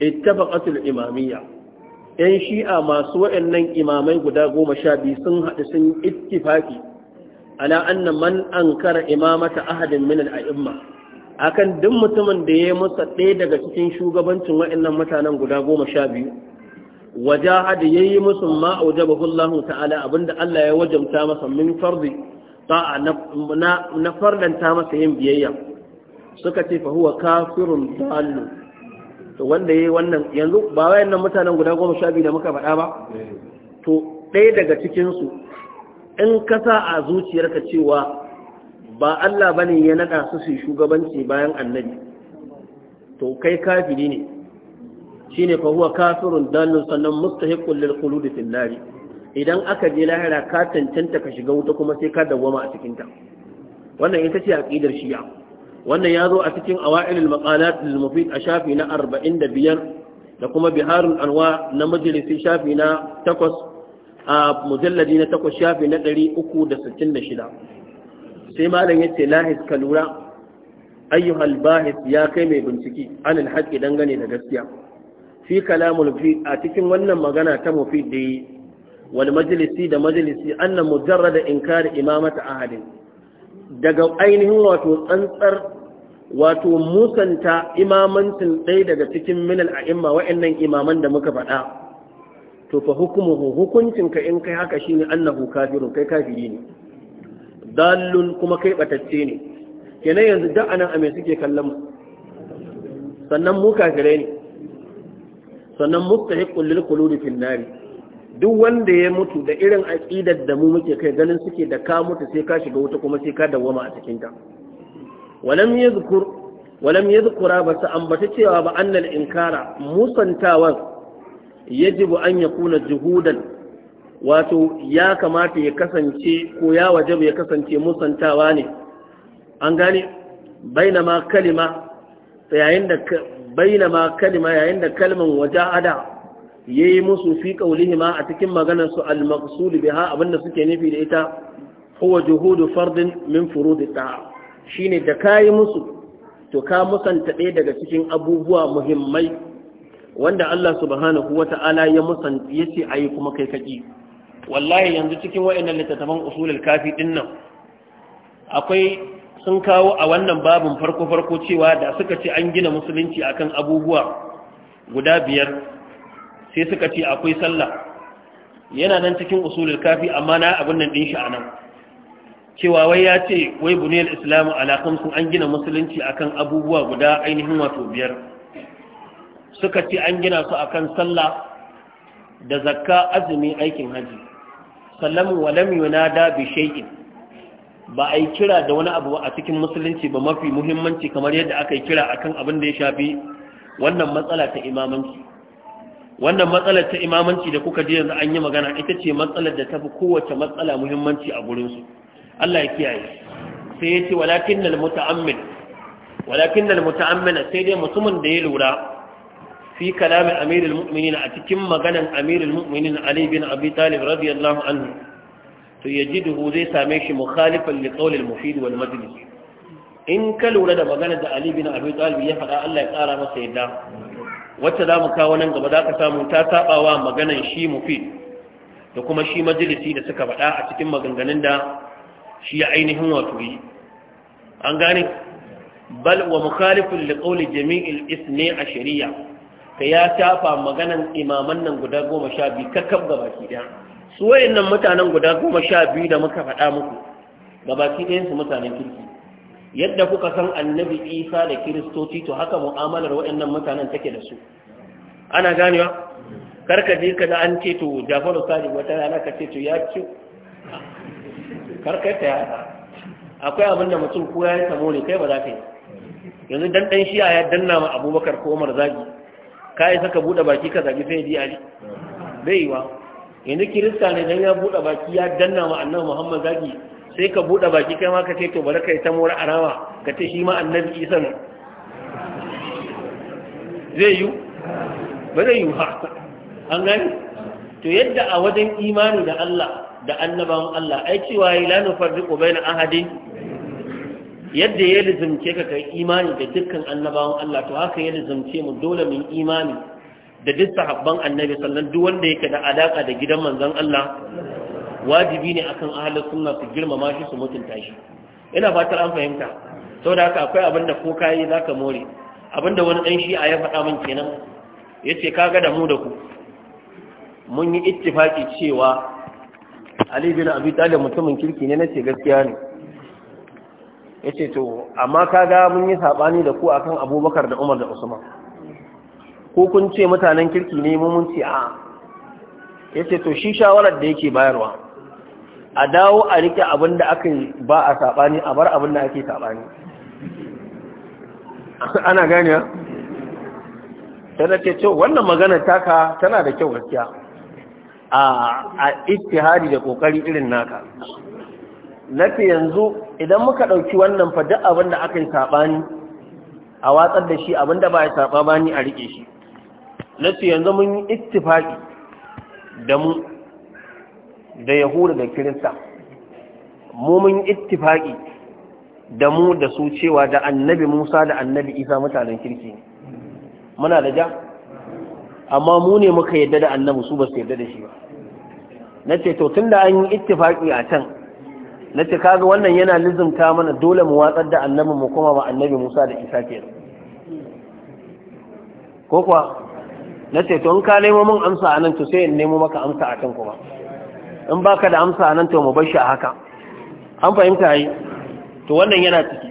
ittabaqatul imamiyya yan shi'a masu waɗannan imamai guda goma sha biyu sun haɗu sun ittifaki ala anna man ankara imamata ahadin min al-a'imma akan duk mutumin da ya masa ɗaya daga cikin shugabancin waɗannan mutanen guda goma sha biyu wajahada yayi musu ma aujabahu ta'ala abinda Allah ya wajamta masa min fardi ta'a na na fardanta masa yin biyayya suka ce fa huwa kafirun dalil to wanda yayi wannan yanzu ba wayannan mutanen guda goma sha biyu da muka faɗa ba to ɗaya daga cikin su in ka sa a zuciyarka cewa ba Allah bane ya naɗa su su shugabanci bayan annabi to kai kafiri ne shine fa huwa kafirun dalil sannan mustahiqul lil da fil nar idan aka je lahira ka tantanta ka shiga wuta kuma sai ka dawwama a cikinta. ta wannan ita ce aqidar shi'a wannan ya zo a cikin awa'ilul maqalat lil mufid a shafi na 45 da kuma biharul anwa na majalisi shafi na 8 a mujalladi na 8 shafi na 366 sai malam yace lahis ka ayyuhal bahis ya kai mai bincike anil haqqi dangane da gaskiya fi kalamul fi a cikin wannan magana ta mufid da wal majlisi da majlisi anna mujarrada inkar imamata ahadin daga ainihin wato tsantsar wato musanta imamantin ɗaya daga cikin minal a'imma wa'annan imaman da muka faɗa to fa hukumuhu hukuncin ka in kai haka shine annahu kafirun kai kafiri ne dallun kuma kai batacce ne kenan yanzu da anan me suke kallon mu sannan mu kafirai ne sannan mustahiqqul lil khuludi fil nari duk wanda ya mutu da irin aƙidar da mu muke kai ganin suke da ka mutu sai ka shiga wuta kuma sai ka dawwama a cikin ta walam yadhkur walam yadhkura ba sa ambata cewa ba annal inkara musantawan yajibu an yakuna juhudan wato ya kamata ya kasance ko ya wajaba ya kasance musantawa ne an gane bainama kalima yayin da bainama kalima yayin da kalman yayi musu fi ma a cikin maganar su al-maqsud biha abinda suke nufi da ita huwa juhudu fardin min furudi ta'a shine da kai musu to ka musanta ɗaya daga cikin abubuwa muhimmai wanda Allah subhanahu ta'ala ya musanta yace ayi kuma kai kaƙi. wallahi yanzu cikin wayannan littattafan usulul kafi dinnan. akwai sun kawo a wannan babin farko farko cewa da suka ce an gina musulunci akan abubuwa guda biyar sai suka ce akwai sallah yana nan cikin usulul kafi amma na abin nan din shi a nan cewa wai ya ce wai buniyar islamu ala kamsin an gina musulunci akan abubuwa guda ainihin wato biyar suka ce an gina su akan sallah da zakka azumi aikin haji sallamu walam yunada bi shay'in ba a yi kira da wani abu a cikin musulunci ba mafi muhimmanci kamar yadda aka yi kira akan abin da ya shafi wannan matsala ta imamanci wannan matsalar ta imamanci da kuka ji yanzu an yi magana ita ce matsalar da tafi kowace matsala muhimmanci a gurinsu Allah ya kiyaye sai ya ce walakin nal muta'ammin walakin nal muta'ammin sai dai mutumin da ya lura fi kalamin amirul mu'minin a cikin maganan amirul mu'minin Ali bin Abi Talib radiyallahu anhu to yajiduhu zai same shi mukhalifan li qawlil mufid wal majlis in ka lura da maganar da Ali bin Abi Talib ya faɗa Allah ya tsara masa yadda wacce za mu kawo nan gaba za ka samu ta sabawa maganan shi mufid da kuma shi majalisi da suka faɗa a cikin maganganun da shi ya ainihin wato yi an gane bal wa mukhalifun liqawli jami'il isne a shari'a ka ya tafa maganan imaman nan guda goma sha biyu kakkab baki ɗaya su wayannan mutanen guda goma sha biyu da muka faɗa muku gabaki ɗayan su mutanen kirki yadda kuka san annabi isa da kiristoci to haka mu'amalar waɗannan mutanen take da su ana ganewa karka je ka da an ce to jafaru sadi wata rana ka ce to ya ci karka ta akwai abin da mutum ko ya samu ne kai ba za ka yi yanzu dan dan shi'a ya danna ma abubakar ko umar zagi ka yi saka buɗe baki ka zagi sai ji ali bai yi wa yanzu kirista ne dan ya buɗe baki ya danna ma annabi muhammad zagi sai ka buɗe baki kai ma ka ce to bari kai ta mura arama ka ce shi ma annabi isa ne zai yi ba zai yi ba an gani to yadda a wajen imani da Allah da annabawan Allah ai cewa yi la nufarriqu baina ahadin yadda ya lizumce ka kai imani da dukkan annabawan Allah to haka ya lizumce mu dole mu imani da duk sahabban annabi wasallam duk wanda yake da alaka da gidan manzon Allah wajibi ne akan ahalin sunna su girmama shi su mutunta shi ina fatar an fahimta sau da haka akwai abinda ko kayi za ka more Abinda wani ɗan shi'a ya faɗa min kenan ya ce kaga da mu da ku mun yi ittifaki cewa ali bin abi talib mutumin kirki ne nace gaskiya ne yace to amma kaga mun yi sabani da ku akan abubakar da umar da usman ko kun ce mutanen kirki ne mu mun ce a yace to shi shawarar da yake bayarwa a dawo a rike abin da aka yi ba a saɓani a bar abin da ake saɓani ana ya? tana ce ce wannan magana taka tana da kyau gaskiya a ittihadi da ƙoƙari irin naka Na fi yanzu idan muka ɗauki wannan fa duk abin da aka yi saɓani a watsar da shi abin da ba ya saɓa bani a rike shi Na fi yanzu mun yi ittifaki da mu da Yahuda da kirista mu mun ittifaki da mu da su cewa da annabi musa da annabi isa mutanen kirki ne muna da ja amma mu ne muka yadda da annabi su ba su yadda da shi ba na ce to tun da an yi ittifaki a can na ce kaga wannan yana lizumta mana dole mu watsar da annabi mu kuma ba annabi musa da isa ke ko kuwa na ce to in ka nemo mun amsa a nan to sai in nemo maka amsa a can kuma in ba ka da amsa nan ta mu bashi a haka an fahimta yi to wannan yana ciki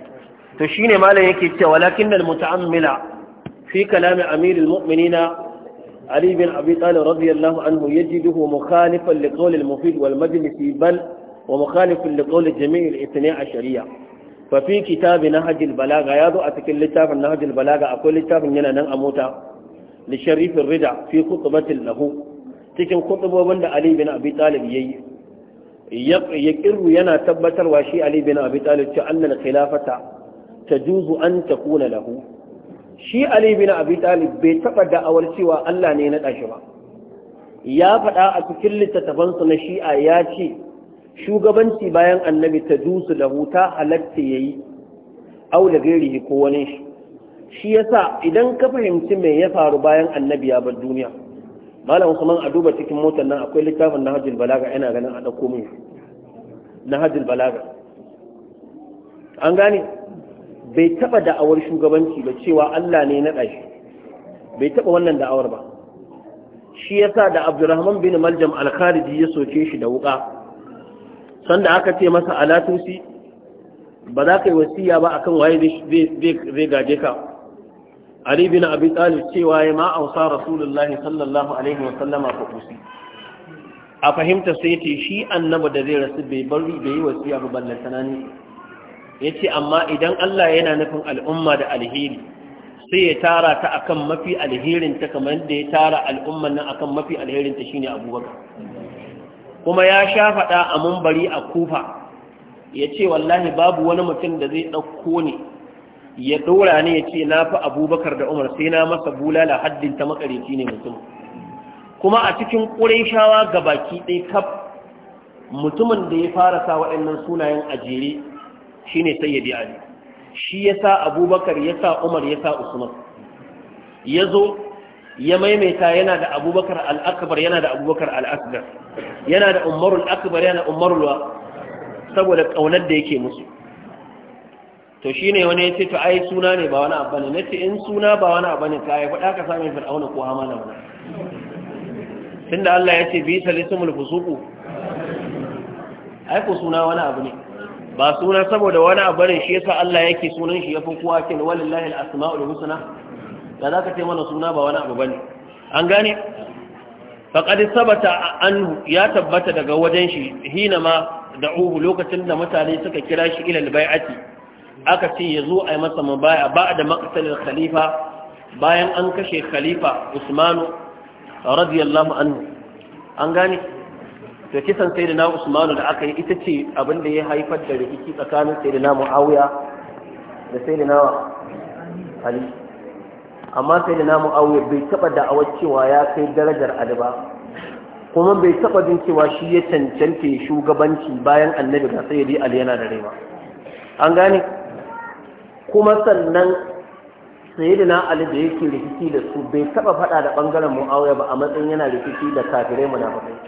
to shi ne malam yake ce walakin da mutu'ammila fi kalami amirin mu'minina ali bin abi talib radiyallahu anhu yaji duhu mukhalifan li qawli al mufid wal majlisi bal wa mukhalifan li qawli jami' al ithni ashariya fa fi kitab a cikin littafin nahj al balagha akwai littafin yana nan a mota li sharif al rida fi khutbat al lahu cikin kudubobin da Ali bin Abi Talib yayi ya kirru yana tabbatarwa shi Ali bin Abi Talib cewa annal khilafata tajuzu an takuna lahu shi Ali bin Abi Talib bai taba da'awar cewa Allah ne na shi ba ya faɗa a cikin littattafansa na Shi'a ya ce shugabanci bayan annabi tajuzu lahu ta halatta yayi au da gairihi ko wani shi shi yasa idan ka fahimci me ya faru bayan annabi ya bar duniya malam usman a duba cikin motar nan akwai littafin nahajin balaga yana ganin a dauko min balaga an gane bai taba da'awar shugabanci ba cewa Allah ne na shi bai taba wannan da'awar ba shi yasa da Abdurrahman bin Maljam al ya soke shi da wuka sanda aka ce masa alatusi ba za ka yi wasiya ba akan waye zai gaje ka Ali bin Abi Talib cewa ya ma ausa Rasulullahi sallallahu alaihi wa sallama fa kusi a fahimta sai ce shi annaba da zai rasu bai bari bai yi wasiya ba ballan sanani yace amma idan Allah yana nufin al'umma da alheri sai ya tara ta akan mafi alherin ta kamar da ya tara al'umma nan akan mafi alherin ta shine Abubakar kuma ya sha faɗa a mumbari a Kufa yace wallahi babu wani mutum da zai ɗauko ne ya dora ne ya ce na fi abubakar da umar sai na masa bulala haddin ta makareci ne mutum kuma a cikin shawa ga baki ɗai kaf mutumin da ya fara sa waɗannan sunayen a jere shi ne sayyadi ali shi ya sa abubakar ya sa umar ya sa usman ya zo ya maimaita yana da abubakar al'akabar yana da abubakar al'asgar yana da umarul akabar yana Umarulwa saboda ƙaunar da yake musu to shi ne wani ya ce to ai suna ne ba wani abu ne Na ce in suna ba wani abu ne ka yi faɗa ka sami fir'auna ko na wani da Allah ya ce bi salisumul fusuku ai ko suna wani abu ne ba suna saboda wani abu ne shi yasa Allah yake sunan shi yafi kowa ke walillahi al-asma'ul husna da ka ce mana suna ba wani abu bane an gane faqad sabata an ya tabbata daga wajen shi hina ma da'uhu lokacin da mutane suka kira shi ila baiati aka ce ya zo a yi masa mubaya ba da makasalar khalifa bayan an kashe khalifa usmanu radiyallahu anhu an gane da kisan na usmanu da aka yi ita ce abin da ya haifar da rikici tsakanin na mu'awuya da nawa ali amma na mu'awuya bai taba da'awar cewa ya kai darajar ali ba kuma bai taba jin cewa shi ya cancanta shugabanci bayan annabi ga sayyidi ali yana da rewa an gane kuma sannan sayidina ali da yake rikici da su bai taba fada da bangaren muawiya ba a matsayin yana rikici da kafirai munafikai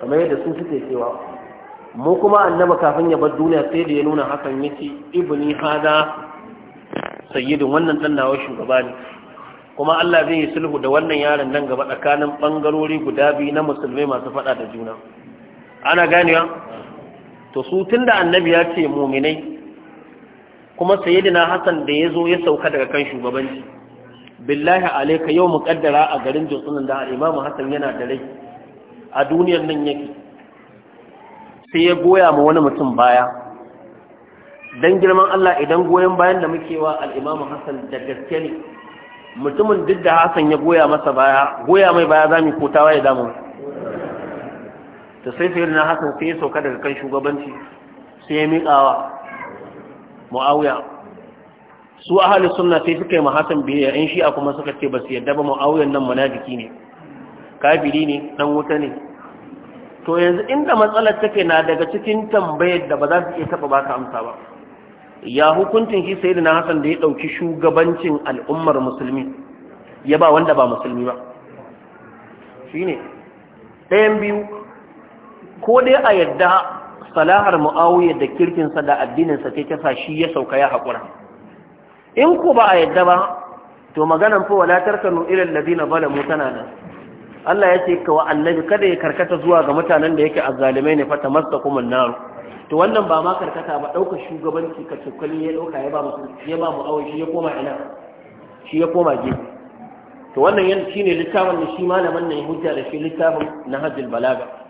kamar yadda su suke cewa mu kuma annaba kafin ya bar duniya sai da ya nuna hakan yace ibni hada sayyidin wannan dan nawa shugaba ne kuma Allah zai yi sulhu da wannan yaron nan gaba tsakanin bangarori guda biyu na musulmai masu fada da juna ana ganewa to su tunda annabi ya ce muminai kuma sayyidina Hassan da ya zo ya sauka daga kan shugabanci billahi alayka yau muqaddara a garin Jotsunan da imamu Hassan yana da rai a duniyar nan yake sai ya goya ma wani mutum baya dan girman Allah idan goyen bayan da muke wa al Hassan da gaske ne mutumin duk da Hassan ya goya masa baya goya mai baya zamu ko tawaye zamu to sai sayyidina Hassan sai ya sauka daga kan shugabanci sai ya miƙawa muawiya su ahli sunna sai suka yi mahasan biyayya in shi'a kuma suka ce ba su yadda ba muawiyan nan munafiki ne kafiri ne dan wuta ne to yanzu inda matsalar take na daga cikin tambayar da ba za su iya taba baka amsa ba ya hukuncin shi sayyidina hasan da ya dauki shugabancin al'ummar musulmi ya ba wanda ba musulmi ba shine ɗayan biyu ko dai a yadda salahar mu'awiyar da kirkinsa da addininsa ta kasa shi ya sauka ya haƙura in ku ba a yadda ba to maganan fa wala tarkanu ila alladhina zalamu tana nan Allah ya ce ka wa annabi kada ya karkata zuwa ga mutanen da yake azzalimai ne fata mastakumun nar to wannan ba ma karkata ba dauka shugabanci ka tukuli ya dauka ya ba mu ya ba mu shi ya koma ina shi ya koma gefe to wannan yana shine littafin da shi malaman nan hujja da shi littafin nahjul balaga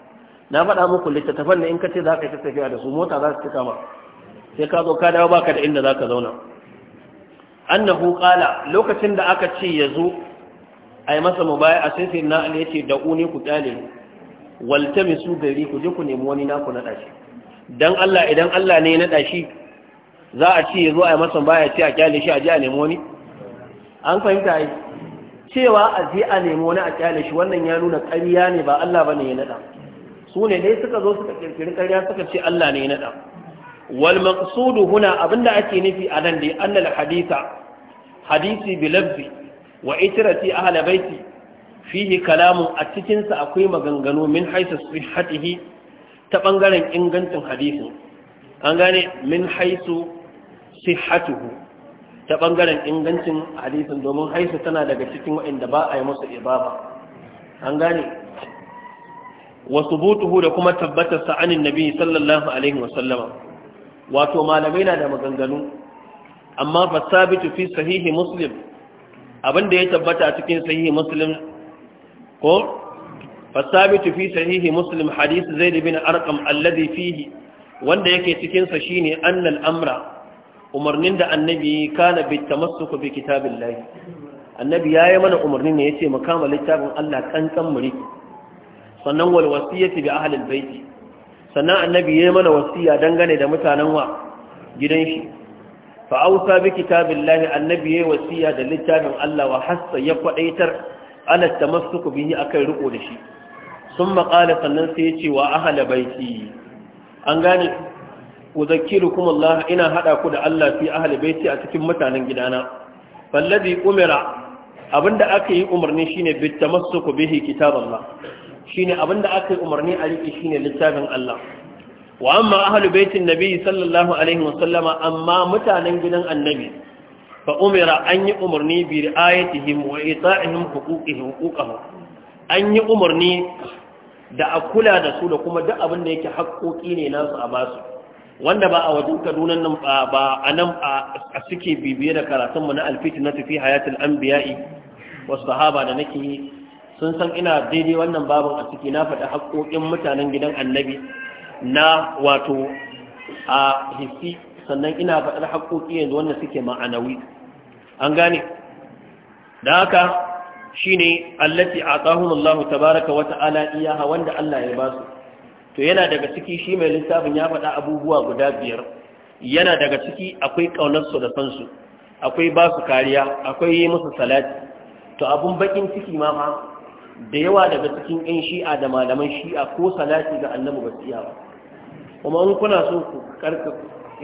na faɗa muku littattafan da in ka ce za ka yi tafiya da su mota za su cika ma sai ka zo ka dawo baka da inda za ka zauna annahu qala lokacin da aka ce ya zo yi masa mubaya a sai sai na ali yace da uni ku tsale su gari ku je ku nemi wani naku na dashi dan Allah idan Allah ne na dashi za a ce ya zo yi masa mubaya ce a kyale shi a je a nemi wani an fahimta ai cewa a je a nemi wani a kyale shi wannan ya nuna ƙarya ne ba Allah bane ya nada su ne dai suka zo suka kirkiri karya suka ce Allah ne na ɗan wal maqsudu huna abinda ake nufi a nan dai annal haditha hadisi bi lafzi wa itrati ahli baiti fihi kalamun a cikin sa akwai maganganu min haisu sihhatihi ta bangaren ingancin hadisin an gane min haisu sihhatuhu ta bangaren ingancin hadisin domin haisu tana daga cikin waɗanda ba a yi musu ibaba an gane Wasu butuhu da kuma tabbatar sa anin nabi sallallahu alaihi wa sallama wato malamai na da maganganu amma fa sabitu fi sahihi muslim abinda ya tabbata a cikin sahihi muslim ko fa sabitu fi sahihi muslim hadith zaid bin arqam alladhi fihi wanda yake cikinsa shi shine annal amra umarnin da annabi kana bi tamassuku bi kitabillahi annabi yi mana umarnin ne ce mu kama littafin Allah kankan mu sannan wal wasiyati bi ahli albayt sannan annabi yayi mana wasiya dangane da mutanen wa gidan shi fa ausa bi kitabillahi annabi yayi wasiya da littafin Allah wa hassa ya kwadaitar ala tamassuku bihi akan riko da shi summa qala sannan sai yace wa ahli baiti an gane uzakkirukum Allah ina hada ku da Allah fi ahli baiti a cikin mutanen gidana fallazi umira abinda aka yi umarni shine bitamassuku bihi kitaballah shine abinda aka yi umarni a rike shine littafin Allah wa amma ahlu baitin nabi sallallahu alaihi wasallama amma mutanen gidan annabi fa umira an yi umarni bi ri'ayatihim wa ita'ihim huquqihim huquqahum an yi umarni da a kula da su da kuma duk abin da yake haƙoƙi ne nasu a basu wanda ba a wajen kaduna nan ba a nan a suke bibiye da karatunmu na alfiti na tafi hayatul anbiya'i wasu sahaba da nake sun san ina daidai wannan babin a ciki na faɗi haƙoƙin mutanen gidan annabi na wato a hissi sannan ina faɗar haƙoƙi yanzu wannan suke ma'anawi an gane da haka shine allati atahum Allah baraka wata ta'ala iyaha wanda Allah ya ba su to yana daga ciki shi mai lissafin ya faɗa abubuwa guda biyar yana daga ciki akwai ƙaunarsu da sansu akwai ba su kariya akwai yi musu salati to abin bakin ciki ma fa da yawa daga cikin 'yan shi'a da malaman shi'a ko salati ga annabi ba su iya ba kuma in kuna so ku karka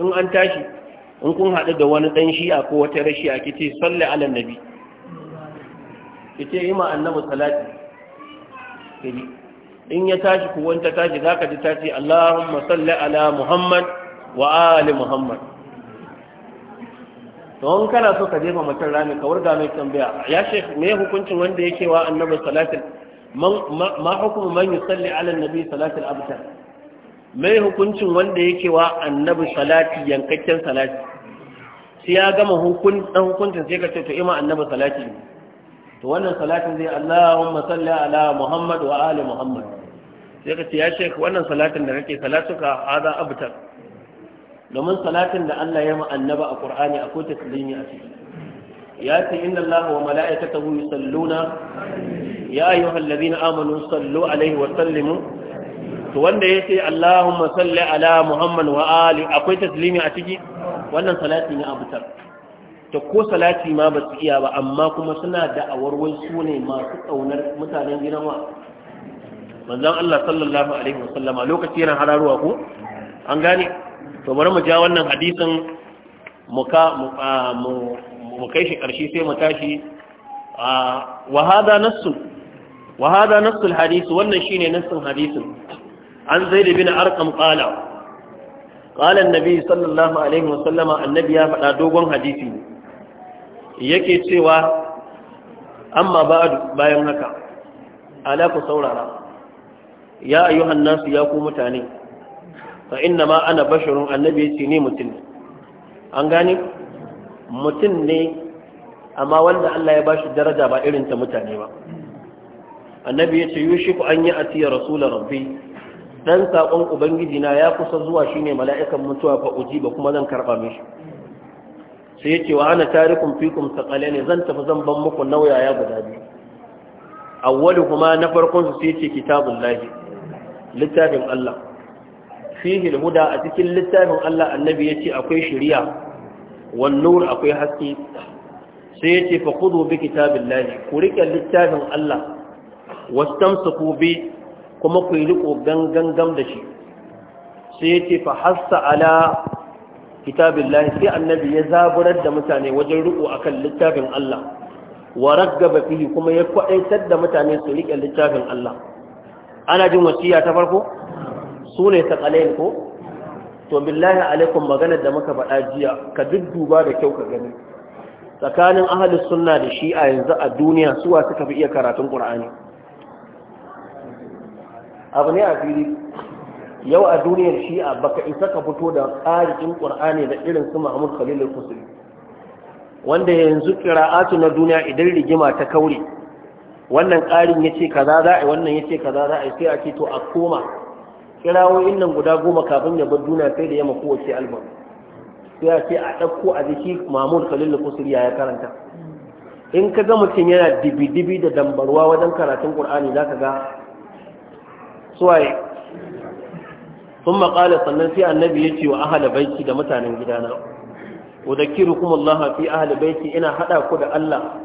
in an tashi in kun haɗu da wani ɗan shi'a ko wata rashiya ki ce salli ala nabi ki ce yi ma annabi salati kiri in ya tashi ku wanta tashi za ka ji ta ce allahumma salli ala muhammad wa ali muhammad to in kana so ka jefa mutum rami ka wurga mai tambaya ya shekh me hukuncin wanda yake wa annabi salatin ma hukumu man yusalli ala annabi salatin abtar me hukuncin wanda yake wa annabi salati yankakken salati sai ya gama hukuncin sai ka ce to ima annabi salati to wannan salatin zai Allahumma salli ala Muhammad wa ali Muhammad sai ka ce ya shekh wannan salatin da kake salatuka hada abtar domin salatin da Allah ya ma'annaba a Qur'ani akwai taslimi a ciki ya ce inna Allah wa mala'ikatahu yusalluna ya ayyuhal ladina amanu sallu alaihi wa sallimu to wanda yace Allahumma salli ala Muhammad wa ali akwai taslimi a ciki wannan salati ne abutar to ko salati ma ba su iya ba amma kuma suna da awarwai su ne masu kaunar mutanen gidan wa manzon Allah sallallahu alaihi wa sallama lokaci yana hararuwa ko an gane to bari mu ja wannan hadisin mu kai shi ƙarshe sai mu tashi wa hada nassu wa hada nassul hadisi wannan shine nassun hadisin an zaid bin arqam qala qala annabi sallallahu alaihi wasallama annabi ya faɗa dogon hadisi yake cewa amma ba bayan haka ala ku saurara ya ayyuhan nasu ya ku mutane fa inna ma ana basharun annabi yace ni mutum ne an gane mutum ne amma wanda Allah ya bashi daraja ba irin ta mutane ba annabi yace yushiku an yi atiya rasul rabbi dan sakon ubangiji na ya kusa zuwa shine mala'ikan mutuwa fa ujiba kuma zan karba mishi sai yace wa ana tarikum fikum ne zan tafi zan ban muku nauyaya guda biyu awwalu kuma na farkon su sai yace kitabullahi littafin Allah fihi huda a cikin littafin Allah annabi ya ce akwai shiriya. Wannan akwai haske sai ce fa khudhu bi lahi, ku riƙe littafin Allah wastamsiku bi kuma ku riko gangangam da shi sai ce fa hassa ala lahi, sai annabi ya zaburar da mutane wajen riko akan littafin Allah wa raggaba fihi kuma ya kwaɗaitar da mutane su rike littafin Allah ana jin wasiya ta farko su ne ta taƙalayin ko to billahi alaikum maganar da muka faɗa jiya ka duk duba da kyau ka gani tsakanin ahalus sunna da a yanzu a duniya suwa suka fi iya karatun ƙura'ani abu ne a fili yau a duniyar shi'a baka isa ka fito da ƙarikin ƙur'ani da irin su mahmud khalil kusuri wanda yanzu ƙira'atu na duniya idan rigima ta kaure wannan ƙarin ya ce kaza za a yi wannan ya ce kaza za a yi sai a ce to a koma kirawo nan guda goma kafin ya bar duniya sai da yamma kowace albam sai a ce a ɗauko a jiki mahmud khalil kusuriya ya karanta in ka ga mutum yana dibi-dibi da dambarwa wajen karatun qur'ani za ka ga suwaye sun maƙala sannan sai annabi ya ce wa ahala baiki da mutanen gidana udakiru kuma Allah fi ahala baiki ina haɗa ku da Allah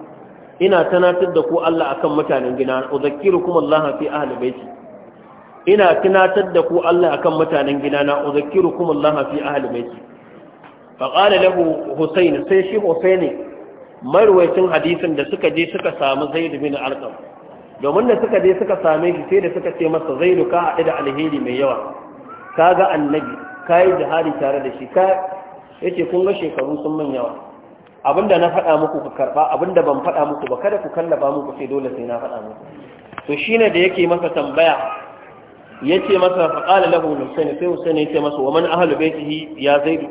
ina tanatar da ku Allah akan mutanen gidana udakiru kuma Allah fi ahala baiki ina tunatar da ku Allah akan mutanen gidana uzakirukum Allah fi ahli baiti fa qala lahu Husayn sai shi Husayn marwayacin hadisin da suka je suka samu Zaid bin Arqam domin da suka je suka same shi sai da suka ce masa Zaid ka haɗu da alheri mai yawa kaga annabi kai jihadi tare da shi ka yace kun ga shekaru sun man yawa abinda na faɗa muku ku karba abinda ban faɗa muku ba kada ku kallaba muku sai dole sai na faɗa muku to shine da yake masa tambaya yace masa fa qala lahu husayn sai husayn yace masa wa man ahlu baitihi ya zaid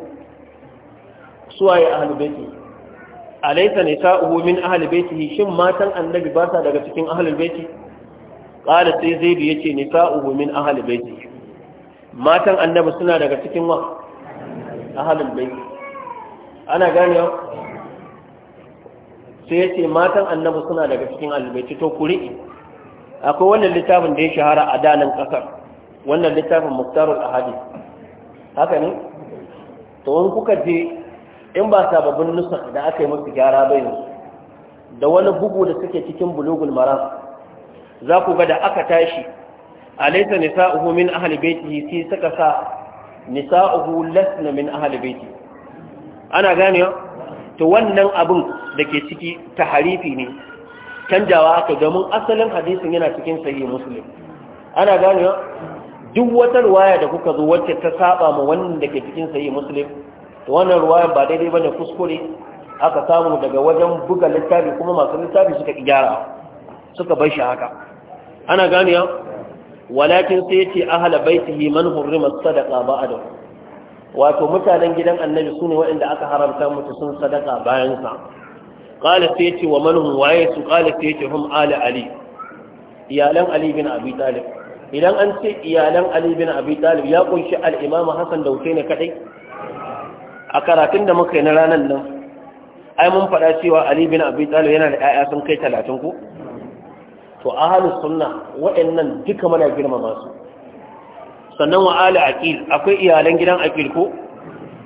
suwaye ahlu baiti alaysa nisa'uhu min ahli baitihi shin matan annabi ba sa daga cikin ahli baiti qala sai zaid yace nisa'uhu min ahli baiti matan annabi suna daga cikin wa ahli baiti ana wa? sai yace matan annabi suna daga cikin ahli baiti to kuri akwai wannan littafin da ya shahara a danan kasar wannan littafin muktarul ahadi haka ne to in kuka je in ba sababbin nusa da aka yi musu gyara ba da wani bugu da suke cikin bulugul maram za ku ga da aka tashi a nisa nisa'uhu min ahli baiti sai suka sa nisa'uhu lasna min ahli baiti ana gane to wannan abin da ke ciki taharifi ne canjawa aka domin asalin hadisin yana cikin sahih muslim ana gane duk wata ruwaya da kuka zo wacce ta saba ma wannan da ke cikin sayi muslim to wannan ruwaya ba daidai ba bane kuskure aka samu daga wajen buga littafi kuma masu littafi suka gyara suka bar shi haka ana gani ya walakin sai yace ahla baitihi man hurrima sadaqa ba'da wato mutanen gidan annabi sune waɗanda aka haramta musu sun sadaka bayan sa qala sai yace wa man hum waye su qala sai yace hum Ali ali iyalan ali bin abi talib idan an ce iyalan Ali bin Abi Talib ya kunshi al-Imam Hassan da Hussein kadai a karatun da muka yi na ranar nan ai mun faɗa cewa Ali bin Abi Talib yana da ƴaƴa sun kai 30 ko to ahlus sunna waɗannan duka muna girmama su sannan wa ali aqil akwai iyalan gidan aqil ko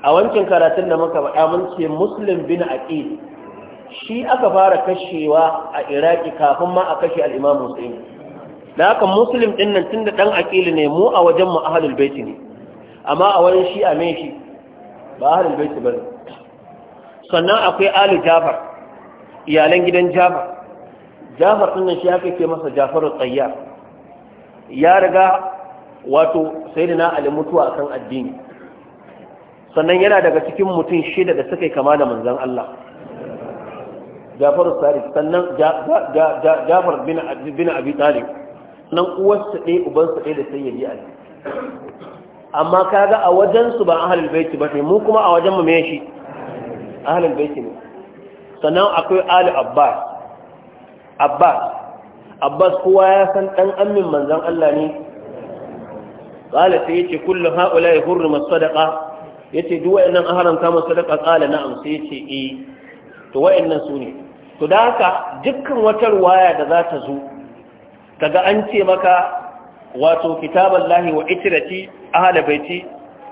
a wancan karatun da muka faɗa mun ce muslim bin aqil shi aka fara kashewa a iraki kafin ma a kashe al-Imam Hussein da haka muslim din nan tunda dan akili ne mu a wajen mu ahlul baiti ne amma a wajen shi a me shi ba ahlul baiti ba sannan akwai alu jafar iyalan gidan jafar jafar din nan shi aka ke masa jafaru Tsayya, ya riga wato sayyidina ali mutuwa akan addini sannan yana daga cikin mutum shida da suka yi kama da manzon Allah jafaru sari sannan jafar bin abi talib nan uwarsa ɗaya ubansa ɗaya da sai sayyidi aji. amma ka ga a wajensu ba halin baiti ba ne mu kuma a wajen mu me shi halin baiti ne sannan akwai ali abbas abbas abbas kowa ya san dan amin manzan Allah ne ƙala sai yace kullu haula yahurma sadaqa yace duk haramta aharan kama sadaqa na amsa ya ce e. Eh. to nan su ne to da haka dukkan wata ruwaya da za ta zo kaga an ce maka wato kitaballahi wa itrati ahla baiti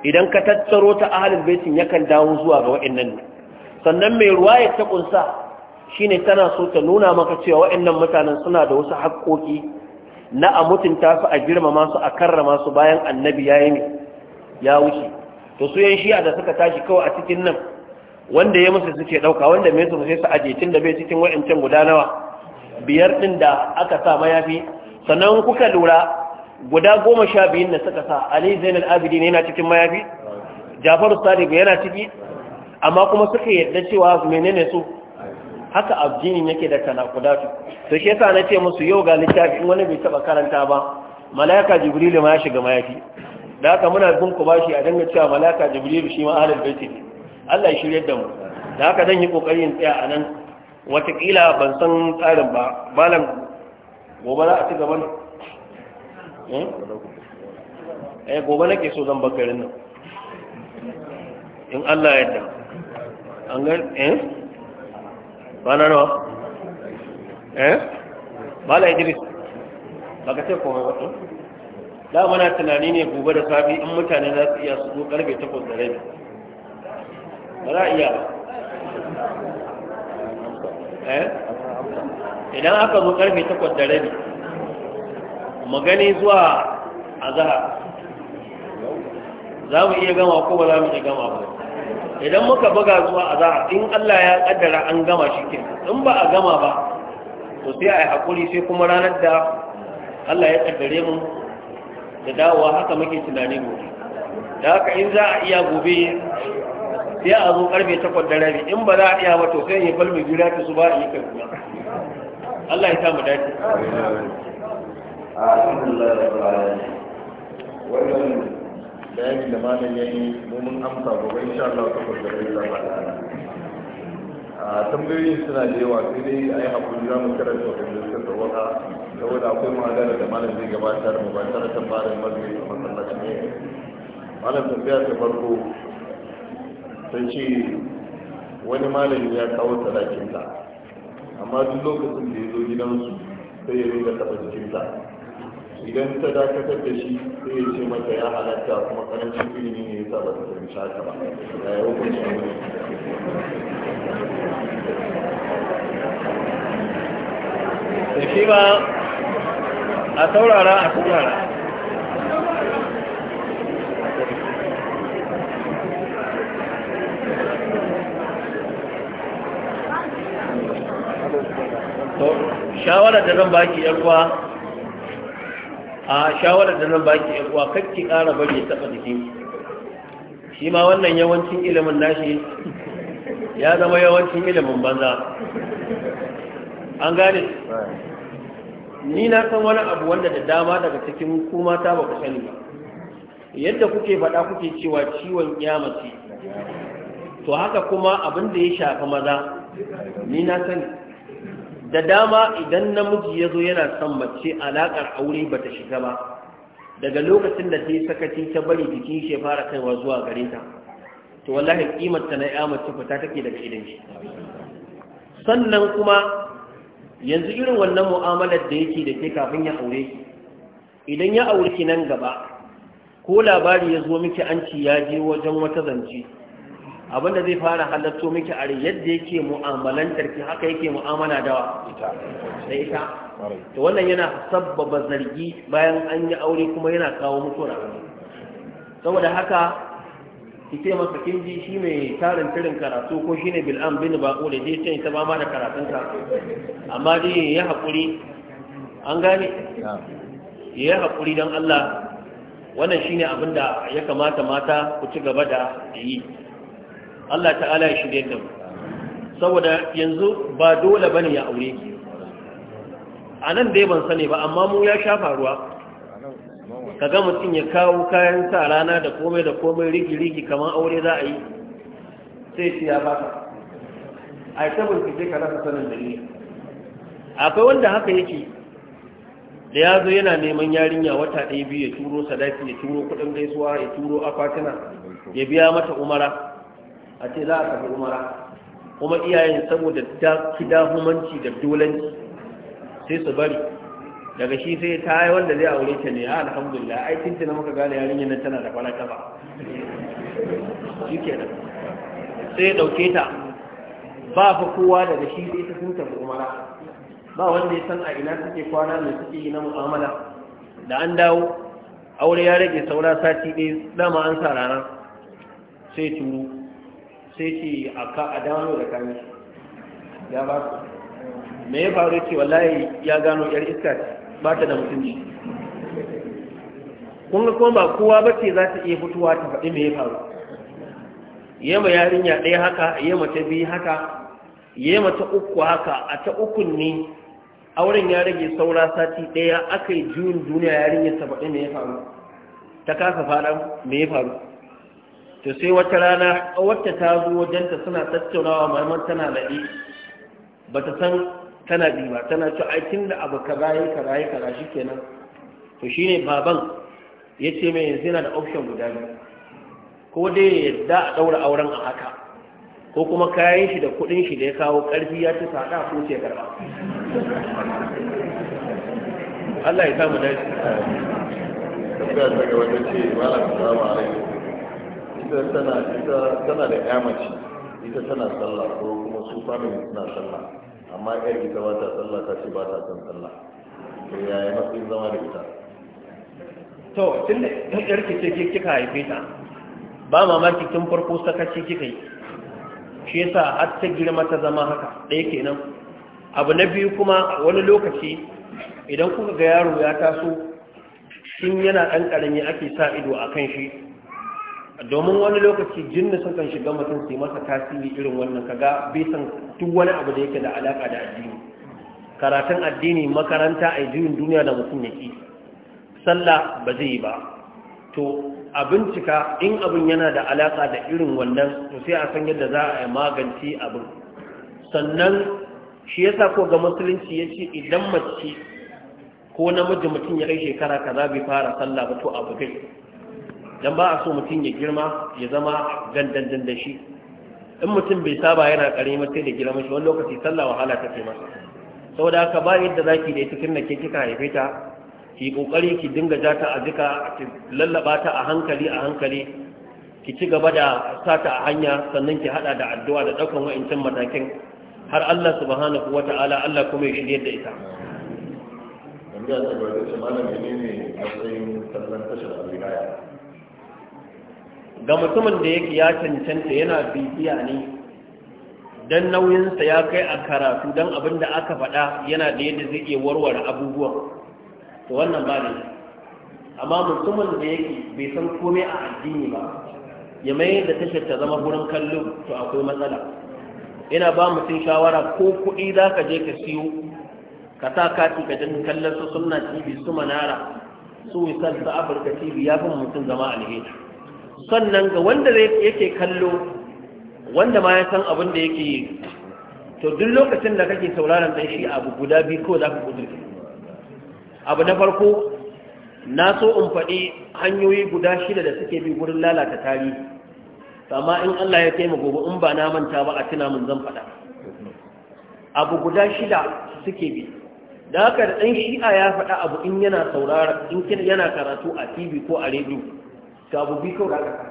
idan ka tattaro ta ahalin baitin yakan dawo zuwa ga wa'annan sannan mai ruwaya ta kunsa shine tana so ta nuna maka cewa wa'annan mutanen suna da wasu haƙƙoƙi na a mutunta su a girmama su a karrama su bayan annabi yayi ne ya wuce to su yan shi'a da suka tashi kawai a cikin nan wanda ya musu suke ɗauka, wanda mai su sai su aje tun da bai cikin wa'ancan guda nawa biyar ɗin da aka sa mayafi sannan kuka lura guda goma sha biyun da suka sa ali zainal abidi ne yana cikin mayafi jafaru sadiq yana ciki amma kuma suka yadda cewa menene su haka abjini yake da kana tanakudatu to shi yasa na ce musu yau ga littafi in wani bai taba karanta ba malaika jibrilu ma ya shiga mayafi da haka muna bin ku bashi a dinga cewa malaika jibrilu shi ma ahlul bait ne Allah ya shirye da mu da haka zan yi kokarin tsaya a nan watakila ban san tsarin ba malam gobe za a ci gaban hmm? eh gobe nake so zan bakarin nan in Allah ya yarda an ga eh bana nawa eh mala Idris baka ce ko ba eh? da mana tunani ne gobe da safi in mutane za su iya su zo karfe 8 da rabi ba za a iya ba Eh? idan aka zo karfe takwas da rabi mu gani zuwa azahar za mu iya gama ko ba za mu iya gama ba idan muka buga zuwa azahar in Allah ya kaddara an gama shi in ba a gama ba to sai a yi haƙuri sai kuma ranar da Allah ya kaddare mu da dawowa haka muke tunanin mu da haka in za a iya gobe sai a zo karfe takwas da rabi in ba za a iya ba to sai ya balmi jira ta su ba a yi kafin Allah ya samu dace wannan bayanin da malam ya yi mun amsa gobe insha Allah ta kwanta da Allah a tambayoyin suna da yawa sai dai a yi hakuri za mu karanta wadanda suka tsawaka saboda akwai magana da malam zai gabatar mu ba tare da tambayar mazuri a masallacin ne malam tambaya ta farko sai ce wani malami ya kawo ta amma duk lokacin da ya zo gidansu sai ya rinka taɓa jikinta idan ta dakatar da shi sai ya ce mata ya halatta kuma karancin ilimi ne ya saba da ta shaka ba ya yi hukunci a da shi ba a saurara a saurara shawarar da zan baki yar uwa a shawarar da zan baki yar uwa kakki ƙara bari ya taɓa jikin shi ma wannan yawancin ilimin nashi ya zama yawancin ilimin banza an gane ni na san wani abu wanda da dama daga cikin kuma ta ba ku sani ba yadda kuke faɗa kuke cewa ciwon kyamace to haka kuma abin da ya shafa maza ni na sani da dama idan namiji ya zo yana son mace alaƙar aure ba ta shiga ba daga lokacin da ta yi sakaci ta bari jikin shi fara kaiwa zuwa gare ta to wallahi kimar ta na ya mace fita take daga idan shi sannan kuma yanzu irin wannan mu'amalar da yake da ke kafin ya aure ki idan ya aure ki nan gaba ko labari ya zo miki an ci ya je wajen wata zance abinda zai fara halatto miki a yadda yake mu'amalantar ki haka yake mu'amala da ita da ita to wannan yana sabbaba zargi bayan an yi aure kuma yana kawo mutuwa na saboda haka ki ce masa kin ji shi mai tarin tirin karatu ko shine bil'am bin ba'u da dai sai ta ba ma da karatun ka amma dai ya haƙuri an gane ya haƙuri don Allah wannan shine abin da ya kamata mata ku ci gaba da yi Allah ta'ala ya shirye da saboda yanzu ba dole bane ya aure ki a nan dai ban sani ba amma mu ya sha faruwa kaga mutum ya kawo kayan sa rana da komai da komai rigi-rigi kamar aure za a yi sai shi ya baka a yi sabon fice ka rasa sanin dalili akwai wanda haka yake da ya zo yana neman yarinya wata ɗaya biyu ya turo sadaki ya turo kuɗin gaisuwa ya turo akwatina ya biya mata umara a ce za a tafi umara kuma iyayen saboda kidahumanci da dolanci sai su bari daga shi sai ta yi wanda zai aure ta ne a ah, alhamdulillah ai tinta na muka gane yarinyar nan tana da kwana kafa shi kenan sai dauke ta ba fa kowa daga shi sai ta sun tafi umara ba wanda ya san a ina suke kwana mai suke yi na mu'amala da an dawo aure ya rage saura sati ɗaya dama an sa rana sai turu sai ce a dano da kayan shi ya ba su me ya faru ce wallahi ya gano yar iska ba ta da mutunci kun ga kuma ba kowa ba ce za ta iya fitowa ta faɗi me ya faru ma yarinya ɗaya haka ma ta biyu haka ma ta uku haka a ta ukun ne auren ya rage saura sati ɗaya aka yi juyin duniya yarinya ta faɗi me ya faru ta kasa faɗa me ya faru to sai wata rana wacce ta zo wajenta suna tattaunawa maimar tana laɗi ba ta san tana bi ba tana ce aikin da abu kaza yi kaza yi kaza shi kenan to shi ne baban ya ce mai yanzu yana da option guda biyu ko dai ya yadda a ɗaura auren a haka ko kuma kayan shi da kuɗin shi da ya kawo ƙarfi ya ci sada ko ce karɓa Allah ya samu dace. Tafiya ta gaba ta ce, Malam, salamu alaikum. ita tana ita tana da 'yamaci, ita tana sallah ko kuma su family suna sallah amma ƴar ita ba ta sallah ta ce ba ta son sallah to yaya matsayin zama da ita to tun da ƴar ki ce kika haife ta ba mamaki tun farko sakaci kika yi shi yasa har ta girma ta zama haka ɗaya kenan abu na biyu kuma wani lokaci idan kuka ga yaro ya taso tun yana ɗan ƙarami ake sa ido a kan shi domin wani lokaci da sukan shiga mutum su yi masa tasiri irin wannan kaga bisan duk wani abu da yake da alaka da addini karatun addini makaranta a yi duniya da mutum ya ki sallah ba zai yi ba to a bincika in abin yana da alaka da irin wannan to sai a san yadda za a yi magance abin sannan shi yasa ko ga musulunci ya ce idan mace ko namiji mutum ya kai shekara ka za bai fara sallah ba to abu gai dan ba a so mutum ya girma ya zama gandan da shi in mutum bai saba yana karimi sai da girma shi wani lokaci sallah wahala ta masa saboda haka ba yadda zaki da ita tunda ke kika haife ta ki kokari ki dinga jata a jika ki lallaba ta a hankali a hankali ki ci gaba da sata a hanya sannan ki hada da addu'a da daukan wa'incin matakin har Allah subhanahu wata'ala Allah kuma ya shirye da ita yanzu a cikin malam ne matsayin sallan tashar al ga mutumin da yake ya cancanta yana bibiya ne don nauyinsa ya kai a karatu don abin da aka faɗa yana da yadda zai iya warware abubuwan to wannan ba ne amma mutumin da yake bai san komai a addini ba ya mai da tashar ta zama wurin kallo to akwai matsala ina ba mutum shawara ko kuɗi za ka je ka siyo ka sa kati ka jin kallon su suna tv su manara su wisal su afirka tv ya fi mutum zama alheri sannan ga wanda yake kallo wanda ma ya san abin da yake yi to duk lokacin da kake sauraron dan shi abu guda biyu ko za ka kudurta abu na farko na so in faɗi hanyoyi guda shida da suke bi wurin lalata tarihi amma in Allah ya kai gobe in ba na manta ba a tuna mun zan faɗa abu guda shida suke bi da haka da ɗan shi'a ya faɗa abu in yana sauraron in yana karatu a tv ko a rediyo gabubi kawai da aka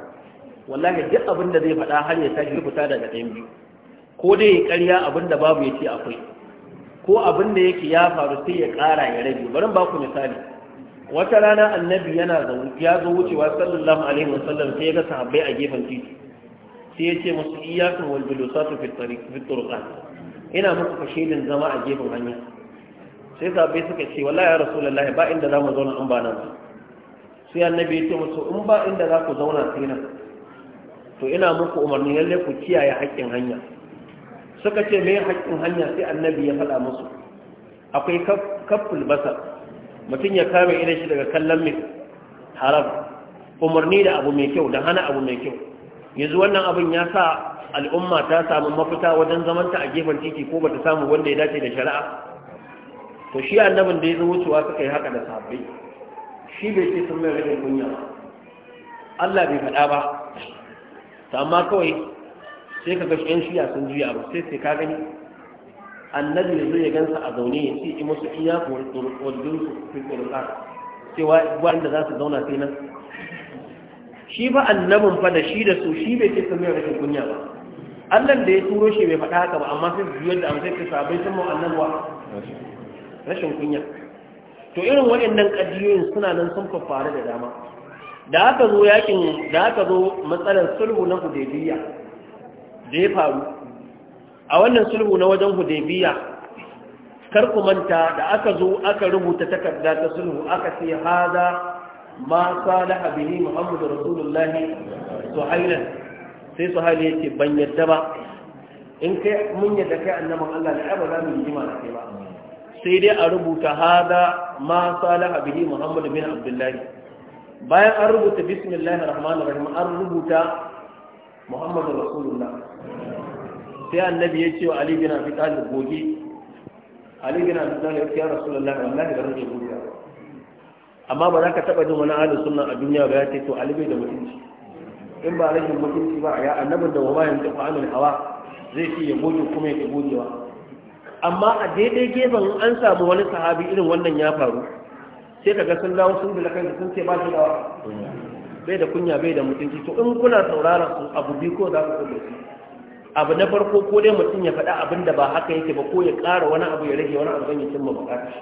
wallahi duk abin da zai faɗa har ya tashi rubuta daga ɗayan biyu ko dai ya ƙarya abin da babu ya ce akwai ko abin da yake ya faru sai ya ƙara ya rage bari ba ku misali wata rana annabi yana zaune ya zo wucewa sallallahu alaihi wa sallam, sai ya ga sahabbai a gefen titi sai ya ce musu iyyakum wal julusatu fi tariq fi turqat ina muku fashedin zama a gefen hanya sai sahabbai suka ce wallahi ya rasulullahi ba inda zamu zauna an ba nan sai annabi ya ce musu in ba inda za ku zauna sai nan to ina muku umarni lalle ku kiyaye haƙƙin hanya suka ce me haƙƙin hanya sai annabi ya faɗa musu akwai kaful basar mutum ya kame ina shi daga kallon mai haram umarni da abu mai kyau da hana abu mai kyau yanzu wannan abin ya sa al'umma ta samu mafita wajen zamanta a gefen titi ko bata samu wanda ya dace da shari'a to shi annabin da ya zo wucewa suka yi haka da sahabbai shi bai ce sun mai rikin kunya Allah bai faɗa ba to amma kawai sai ka gashi yan shiya sun juya ba sai sai ka gani annabi ya da ya gansa a zaune ya ce in musu iya wajen su fi kurɗa cewa wanda za su zauna sai nan shi ba annabin fa da shi da su shi bai ce sun mai rashin kunya ba Allah da ya turo shi bai faɗa haka ba amma sai juyar da amsai ka sabai sun mu wa? rashin kunya to irin waɗannan ƙadiyoyin suna nan sun faru da dama da aka zo yakin da aka zo matsalar sulhu na hudaybiya da ya faru a wannan sulhu na wajen hudaybiya kar ku manta da aka zo aka rubuta takarda ta sulhu aka ce hada ma salaha bihi muhammadu rasulullahi suhailan sai suhaili yake ban yadda ba in kai mun yadda kai annaban Allah ne ai ba za mu yi jima da kai ba sai dai a rubuta hada ma salaha bihi Muhammadu bin abdullahi bayan an rubuta bismillahir rahmanir rahim an rubuta Muhammadu rasulullah sai annabi ya ce wa ali bin abi talib goge ali bin abi talib ya rasulullah wallahi garin ya goge amma ba za ka taba jin wani ahlus sunna a duniya ba ya ce to ali bai da mutunci in ba rashin mutunci ba ya annabin da wa ma yanzu fa'alul hawa zai ce ya goge kuma ya gogewa amma a daidai gefen an samu wani sahabi irin wannan ya faru sai kaga sun dawo sun bila kanka sun ce ba su dawa bai da kunya bai da mutunci to in kuna sauraron su abu biyu ko za ku kudu abu na farko ko dai mutum ya faɗa abin da ba haka yake ba ko ya ƙara wani abu ya rage wani abu don ya cimma buƙatar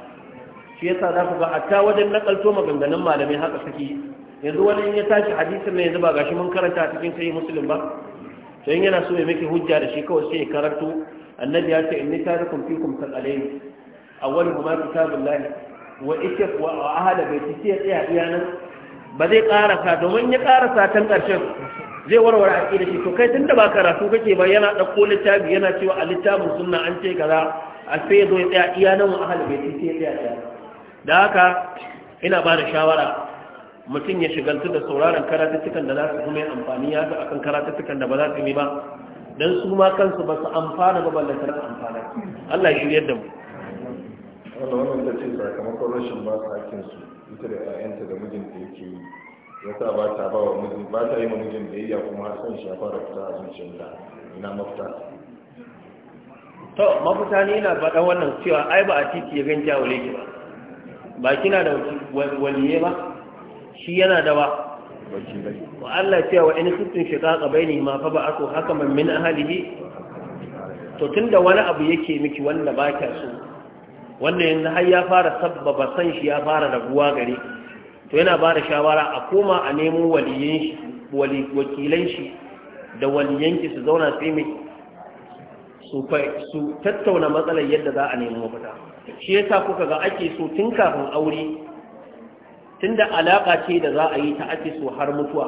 shi yasa za ku ga ta wajen nakalto maganganun malamai haka suke yanzu wani in ya tashi hadisin ne yanzu ba gashi mun karanta cikin sai muslim ba to in yana so ya miki hujja da shi kawai sai ya karanto annabi ya ce inni tarikum fikum saqalaini awwaluhuma kitabullahi wa ikaf wa ahada baiti sai tsaya iyana ba zai karasa domin ya karasa tan karshen zai warware aqida shi to kai tunda ba karatu kake ba yana dauko littafi yana cewa a littafin sunna an ce kaza a sai zo ya tsaya iyanan wa ahada baiti sai tsaya iyanan da haka ina ba da shawara mutum ya shigaltu da sauraron karatuttukan da za su kuma amfani ya ga akan karatuttukan da ba za su yi ba dan su ma kansu ba su amfana ba ballatar amfana Allah ya yadda mu. mu da wannan ta ce sakamakon rashin ba su hakkin su ita da ƴaƴanta da mijinta yake yi ya sa ba ta ba wa mijin ba ta yi ma mijin biyayya kuma har san shi ya fara fita a zuciyarta ina mafita to mafita ne na faɗa wannan cewa ai ba a titi ya ganta wale ki ba ba kina da waliye ba shi yana da ba wa Allah cewa in kuntum shiqaqa ma fa ba'athu hakaman min ahlihi to tunda wani abu yake miki wanda ba so wannan yanzu har ya fara sabbaba san shi ya fara raguwa gare to yana ba da shawara a koma a nemo waliyin shi wakilan shi da waliyanki su zauna sai su tattauna matsalar yadda za a nemo mafita shi yasa kuka ga ake so tun kafin aure tunda alaka ce da za a yi ta ake so har mutuwa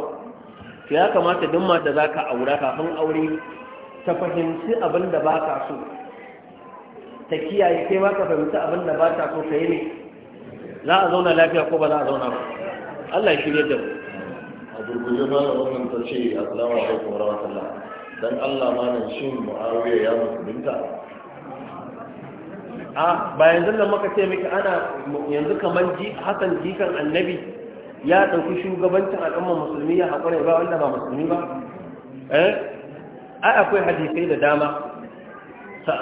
to ya kamata duk mata za ka aura kafin aure ta fahimci abin da ba ka so ta kiyaye kai ma ka fahimci abin da ba ta so ka yi ne za a zauna lafiya ko ba za a zauna ba Allah ya shirye da mu a gurguje ba da wannan ta ce assalamu alaikum warahmatullahi dan Allah malam shin mu'awiya ya musulunta a ba yanzu da maka ce miki ana yanzu kamar ji hasan jikan annabi ya ɗauki shugabancin al'ummar musulmi ya haƙura ba wanda ba musulmi ba eh ai akwai hadisai da dama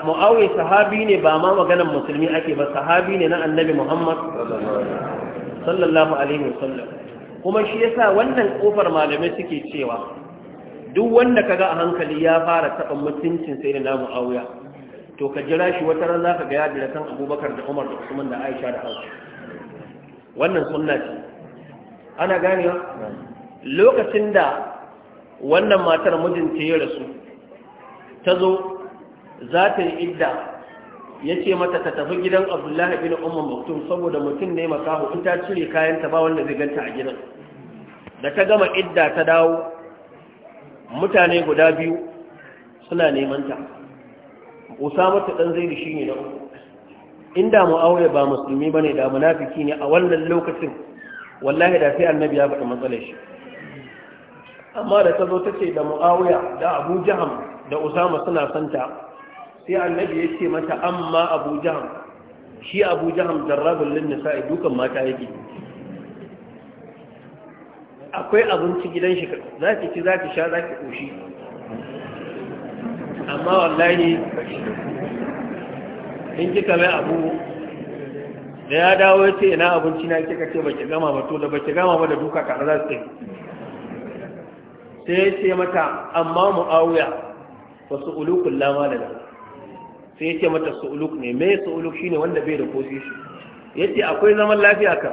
mu'awai sahabi ne ba ma maganan musulmi ake ba sahabi ne na annabi muhammad sallallahu alaihi wasallam kuma shi yasa wannan kofar malamai suke cewa duk wanda kaga a hankali ya fara taɓa mutuncin sai da na mu'awiya to ka jira shi wata ran za ka ga ya dira kan abubakar da umar da usman da aisha da hausa wannan sunna ce ana wa? lokacin da wannan matar mijinta ya rasu ta zo za ta yi idda ya ce mata ta tafi gidan abdullahi bin umar mutum saboda mutum ne makaho in ta cire kayan ta ba wanda zai ganta a gidan da ta gama idda ta dawo mutane guda biyu suna neman ta usama ta dan shi ne na uku inda mu'awiya ba musulmi ba ne da munafiki ne a wannan lokacin wallahi da sai annabi ya faɗi matsalar shi amma da ta zo ta ce da mu'awiya da abu jaham da usama suna santa sai annabi ya ce mata amma abu jaham shi abu jaham jarrabin sa'i dukan mata yake akwai abinci gidan shi za ki ci za ki sha za ki ƙoshi amma wallahi in kika mai abu da ya dawo ya ce ina abinci na kika ce baki gama ba to da baki gama ba da duka kada za su sai ya ce mata amma ba su su'ulukun lama da sai ya ce mata su su'uluk ne mai su'uluk shine wanda bai da kofi shi ya ce akwai zaman lafiya ka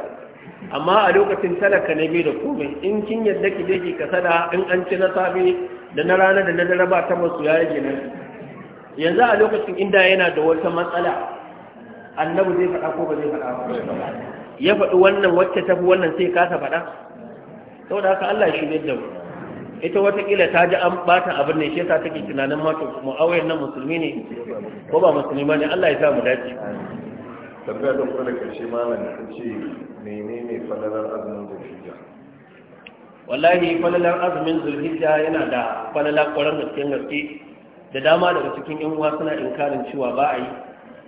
amma a lokacin talaka ne bai da komai in kin yadda ki je ki kasada in an ci na safe da na rana da na dare ba ta masu ya rage yanzu a lokacin inda yana da wata matsala Annabu zai faɗa ko ba zai faɗa ya faɗi wannan wacce tafi wannan sai kasa faɗa saboda haka Allah shi ne da mu ita watakila ta ji an bata abin ne shi yasa take tunanin ma mu'awiyar nan musulmi ne ko ba musulmi ne Allah ya sa mu dace tabbata da kuma da karshe malam ta ce menene fadalar azumin da wallahi falalar azumin zulhijja yana da falalar ƙwarar gaske gaske da dama daga cikin yan uwa suna inkarin cewa ba a yi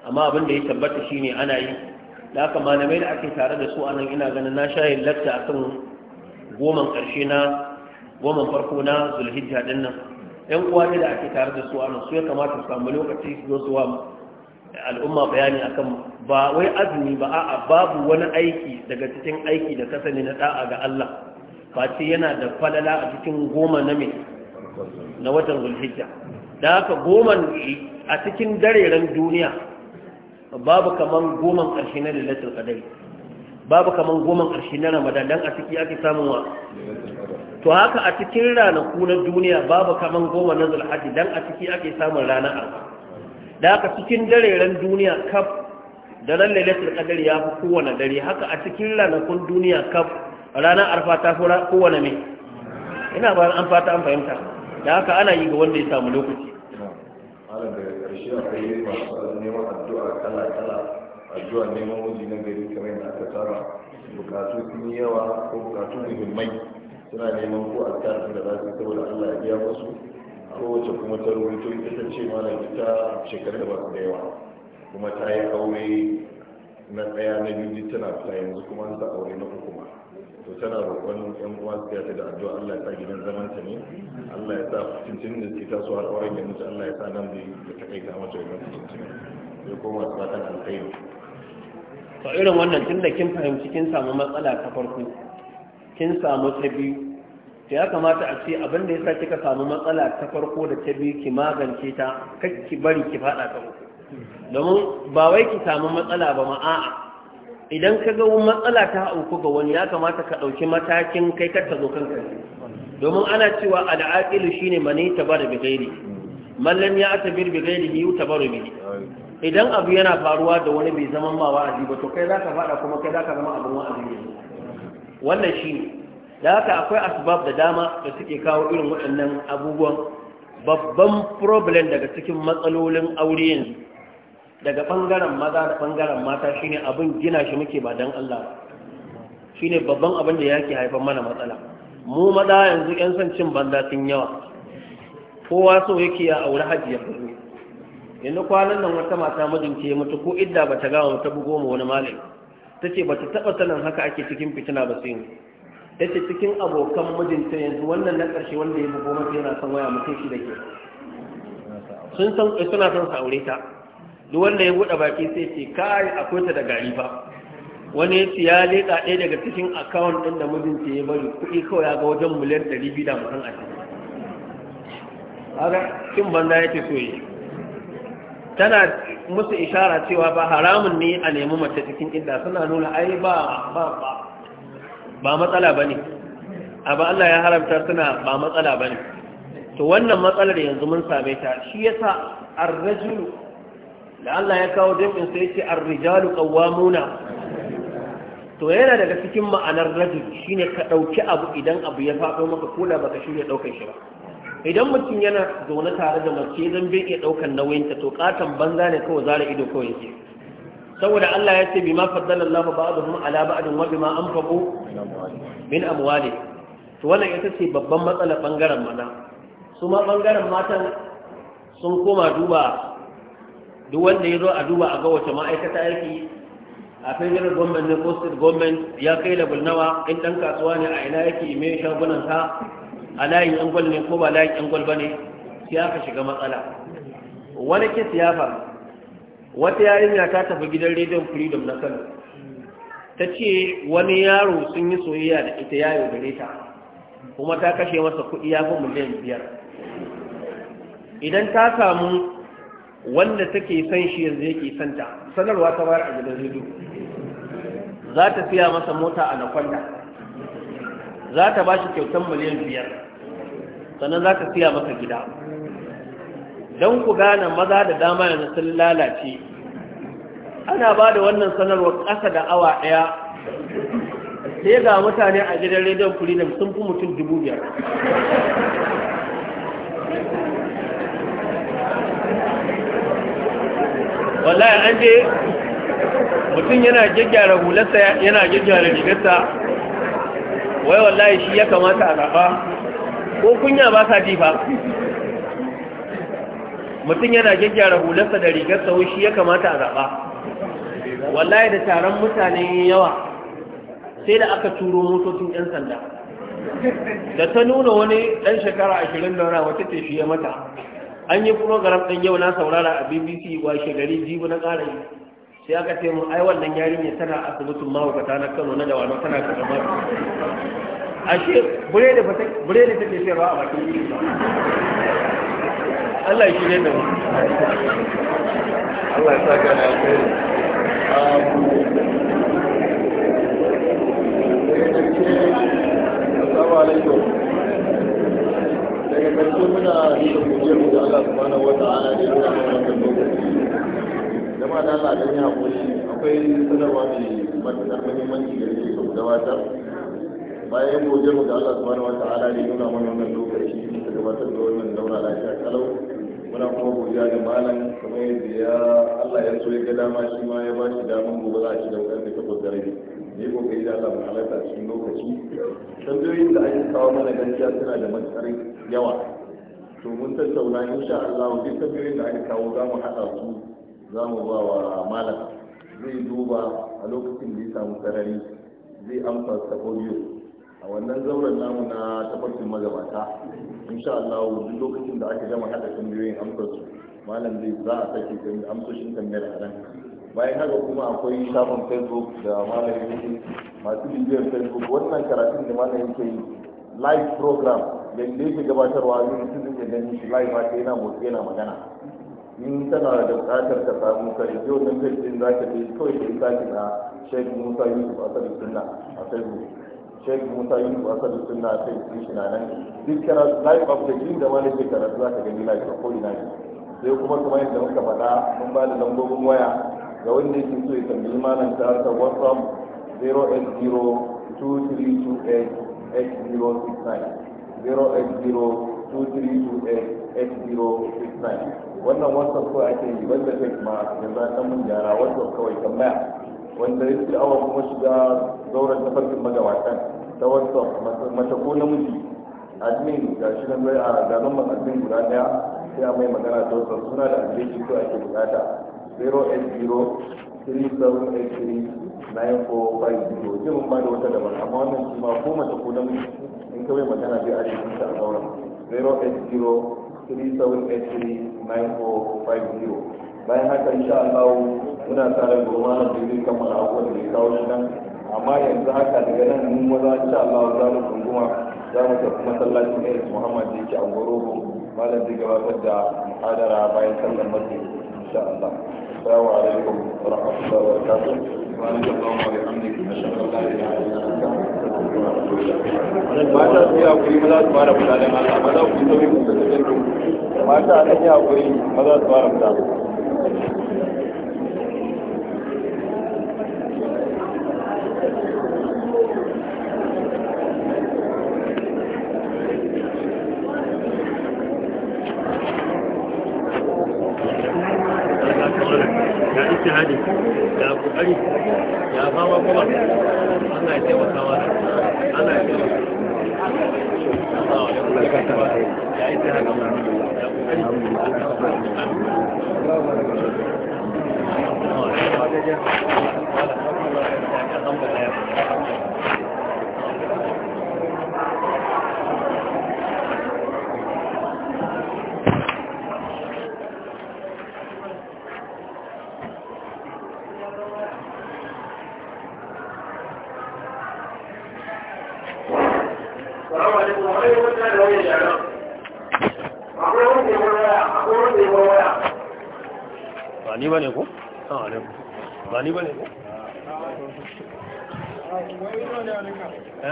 amma abin da ya tabbata shine ana yi da haka malamai da ake tare da su anan ina ganin na sha yin lakta akan goman karshe na goman farko na zulhijja din nan yan uwa ne da ake tare da su anan su ya kamata su samu lokaci su zo su wa al'umma bayani akan ba wai azumi ba a'a babu wani aiki daga cikin aiki da kasani na da'a ga Allah face yana da falala a cikin goma na mai na watan zulhijja da haka goma a cikin dareren duniya babu kaman goman ƙarshe na lalatar qadari babu kaman goman ƙarshe na ramadan don a ciki ake samun wa to haka a cikin ranaku na duniya babu kaman goma na zulhijja don a ciki ake samun ranar arfa da haka cikin dareren duniya kaf da ran lalatul qadari ya fi kowane dare haka a cikin ranakun duniya kaf ranar arfa ta fura kowane mai ina ba an fata an fahimta da haka ana yi ga wanda ya samu lokaci malam da ƙarshe akwai masu neman addu'a kala kala addu'a neman wuji na gari kamar yadda aka tsara bukatu sun yi yawa ko bukatu muhimmai suna neman ko azkar da za su saboda Allah ya biya musu wace kuma ta rubuto ita ta ce malam ita shekaru da ba da yawa kuma ta yi aure na ɗaya na biyu tana fita yanzu kuma an aure na hukuma. to tana roƙon ƴan uwa su ta da addu'a Allah ya sa gidan zaman ta ne Allah ya sa cincin da ke taso har auren ya mutu Allah ya sa nan da ya takaita mata wannan cincin ya koma su fatan alkhairi to irin wannan tunda kin fahimci kin samu matsala ta farko kin samu ta biyu to ya kamata a ce abin da ya sa kika samu matsala ta farko da ta biyu ki magance ta kakki bari ki fada ta uku domin ba wai ki samu matsala ba ma a'a idan ka ga matsala ta auku ga wani ya kamata ka ɗauki matakin kai kata zo kanka domin ana cewa shi ne mani tabara bi ghairi ya lam ya'tabir bi ta yutabaru bi idan abu yana faruwa da wani bai zama ma wa'azi ba to kai za ka faɗa kuma kai za ka zama abin wa'azi ne wannan shi ne. da haka akwai asbab da dama da suke kawo irin waɗannan abubuwan babban problem daga cikin matsalolin aure yanzu daga bangaren maza da bangaren mata shine abin gina shi muke ba dan Allah shine babban abin da yake haifar mana matsala mu maza yanzu yan son cin banza sun yawa kowa so yake ya aure hajiya birni yanzu kwanan nan wata mata mijinta ya mutu ko idda bata gawa ta bugo mu wani malami tace bata taba sanin haka ake cikin fitina ba sai ce cikin abokan mijinta yanzu wannan na ƙarshe wanda ya bugo mata yana son waya mutum shi da ke sun san suna son sa aure ta duk wanda ya buɗe baki sai ce kai akwai ta da gari fa wani ya ce ya leƙa ɗaya daga cikin akawun ɗin da ce ya bari kuɗi kawai ya ga wajen miliyan ɗari biyu da mutum a cikin haka kin banza ya ce soye tana musu ishara cewa ba haramun ne a nemi mace cikin illa suna nuna ai ba ba ba ba matsala bane abu Allah ya haramta suna ba matsala bane to wannan matsalar yanzu mun same ta shi yasa ar da Allah ya kawo jam'in sai ce ar-rijalu qawwamuna to yana daga cikin ma'anar rajul shine ka ɗauki abu idan abu ya faɗo maka kula baka shirya ɗaukan shi ba idan mutum yana zaune tare da mace zan bai iya ɗaukan nauyin ta to katan banza ne kawai zara ido kawai yake saboda Allah ya ce bima faddala Allah ba'dahum ala ba'din wa bima anfaqu min amwali to wannan ita ce babban matsalar bangaren mana su ma bangaren matan sun koma duba duk wanda ya zo a duba a ga wace ma'aikata yake a federal government ne ko government ya kai level nawa in dan kasuwa ne a ina yake me shagunan sa a layin yan gwal ne ko ba layin yan gwal bane sai aka shiga matsala wani ke siyafa wata yarinya ta tafi gidan rediyon freedom na kano ta ce wani yaro sun yi soyayya da ita yayo gare ta kuma ta kashe masa kuɗi ya fi miliyan biyar idan ta samu wanda take son shi yanzu yake santa sanarwa ta bayar a gidan rediyo za ta siya masa mota a nakwanda za ta ba shi kyautar miliyan biyar sannan za ta siya masa gida don ku gane maza da dama yanzu sun lalace ana ba da wannan sanarwar ƙasa da awa ɗaya sai ga mutane a gidan rediyon kulinan sun fi mutum dubu biyar wallahi an je mutum yana gyaggyara hularsa yana gyaggyara rigarsa wai wallahi shi ya kamata a zaɓa ko kunya ba sa jifa ba mutum yana gyaggyara hularsa da rigarsa wai shi ya kamata a zaɓa wallahi da taron mutane yawa sai da aka turo motocin 'yan sanda da ta nuna wani ɗan shekara ashirin da wata ce shi ya mata an yi program ɗin yau na saurara a bbc washe gari jibu na ƙara yi sai aka ce mu ai wannan yarinya tana asibitin mahaukata na kano na dawano tana karama A bure bure da take a bakin gidi Allah shi ne da mu Allah ya saka Assalamu alaikum daga ƙarshe muna yi da kuje mu da Allah subhanahu wa ta'ala da ya samu wannan lokaci jama da Allah dan ya hakuri akwai sanarwa mai matuƙar muhimmanci da yake so gabatar bayan goje mu da Allah subhanahu wa ta'ala da ya nuna wannan lokaci da gabatar da wannan daura lafiya kalau muna kuma godiya ga malam kamar yadda ya Allah ya so ya ga dama shi ma ya ba shi daman gobe za a ci da wannan da takwas da ne kokari da Allah mu halarta cikin lokaci tambayoyin da ake kawo mana gaskiya suna da matsar yawa to mun tattauna insha Allah duk tambayoyin da aka kawo za mu haɗa su za mu ba wa malaka zai duba a lokacin da ya samu sarari zai amsa ta audio a wannan zauren namu na tafarkin magabata insha Allah duk lokacin da aka gama haɗa tambayoyin amsar su malam zai za a sake amsoshin tambayar a ranka bayan haka kuma akwai shafin facebook da malamin yake masu bibiyar facebook wannan karatun da malamin yake yi live program da inda yake gabatarwa ne mutum zai gani shi live ba yana motsi yana magana in tana da bukatar ka samu ka yau wannan page din zaka je kawai da zaka na Sheikh Musa Yusuf Asadu Sunna a Facebook Sheikh Musa Yusuf Asadu Sunna a Facebook shi na nan duk kara live of the king da wani ke karatu zaka gani live a ina ne sai kuma kamar yadda muka faɗa mun ba da lambobin waya ga wanda yake so ya tambayi malam ta harkar whatsapp 08023288069 08023288069 wannan whatsapp ko ake yi wanda kai ma za ka mun gyara whatsapp kawai tambaya wanda ya fi awa kuma shiga zauren tafarkin magabatan ta whatsapp mace ko namiji admin ga shi nan zai a ganin matsatsin guda daya sai a mai magana ta whatsapp suna da adireshi ko ake bukata 08037839450 jimin ba da wata daban amma wannan shi ma ko mace ko namiji in kawai magana zai a cikin ta a sauran 08037839450 bayan haka insha Allah muna tare da ruwa da zai kammala abubuwan da ya kawo shi nan amma yanzu haka daga nan mun maza insha Allah za mu tunguma za mu tafi masallacin Eris Muhammad da yake a Gorobo malam zai gabatar da hadara bayan sallar masjid insha Allah السلام عليكم ورحمة الله وبركاته yi hakuri maza a eh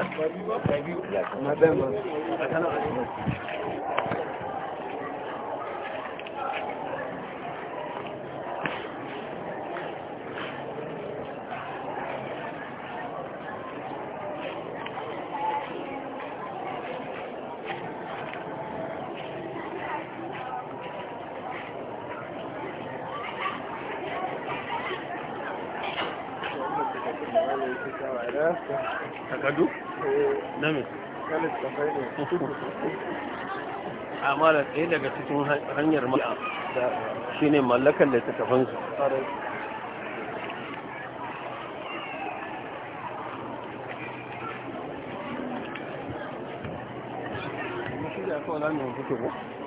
amala ɗaya daga cikin hanyar da shi ne mallakan da ta Thank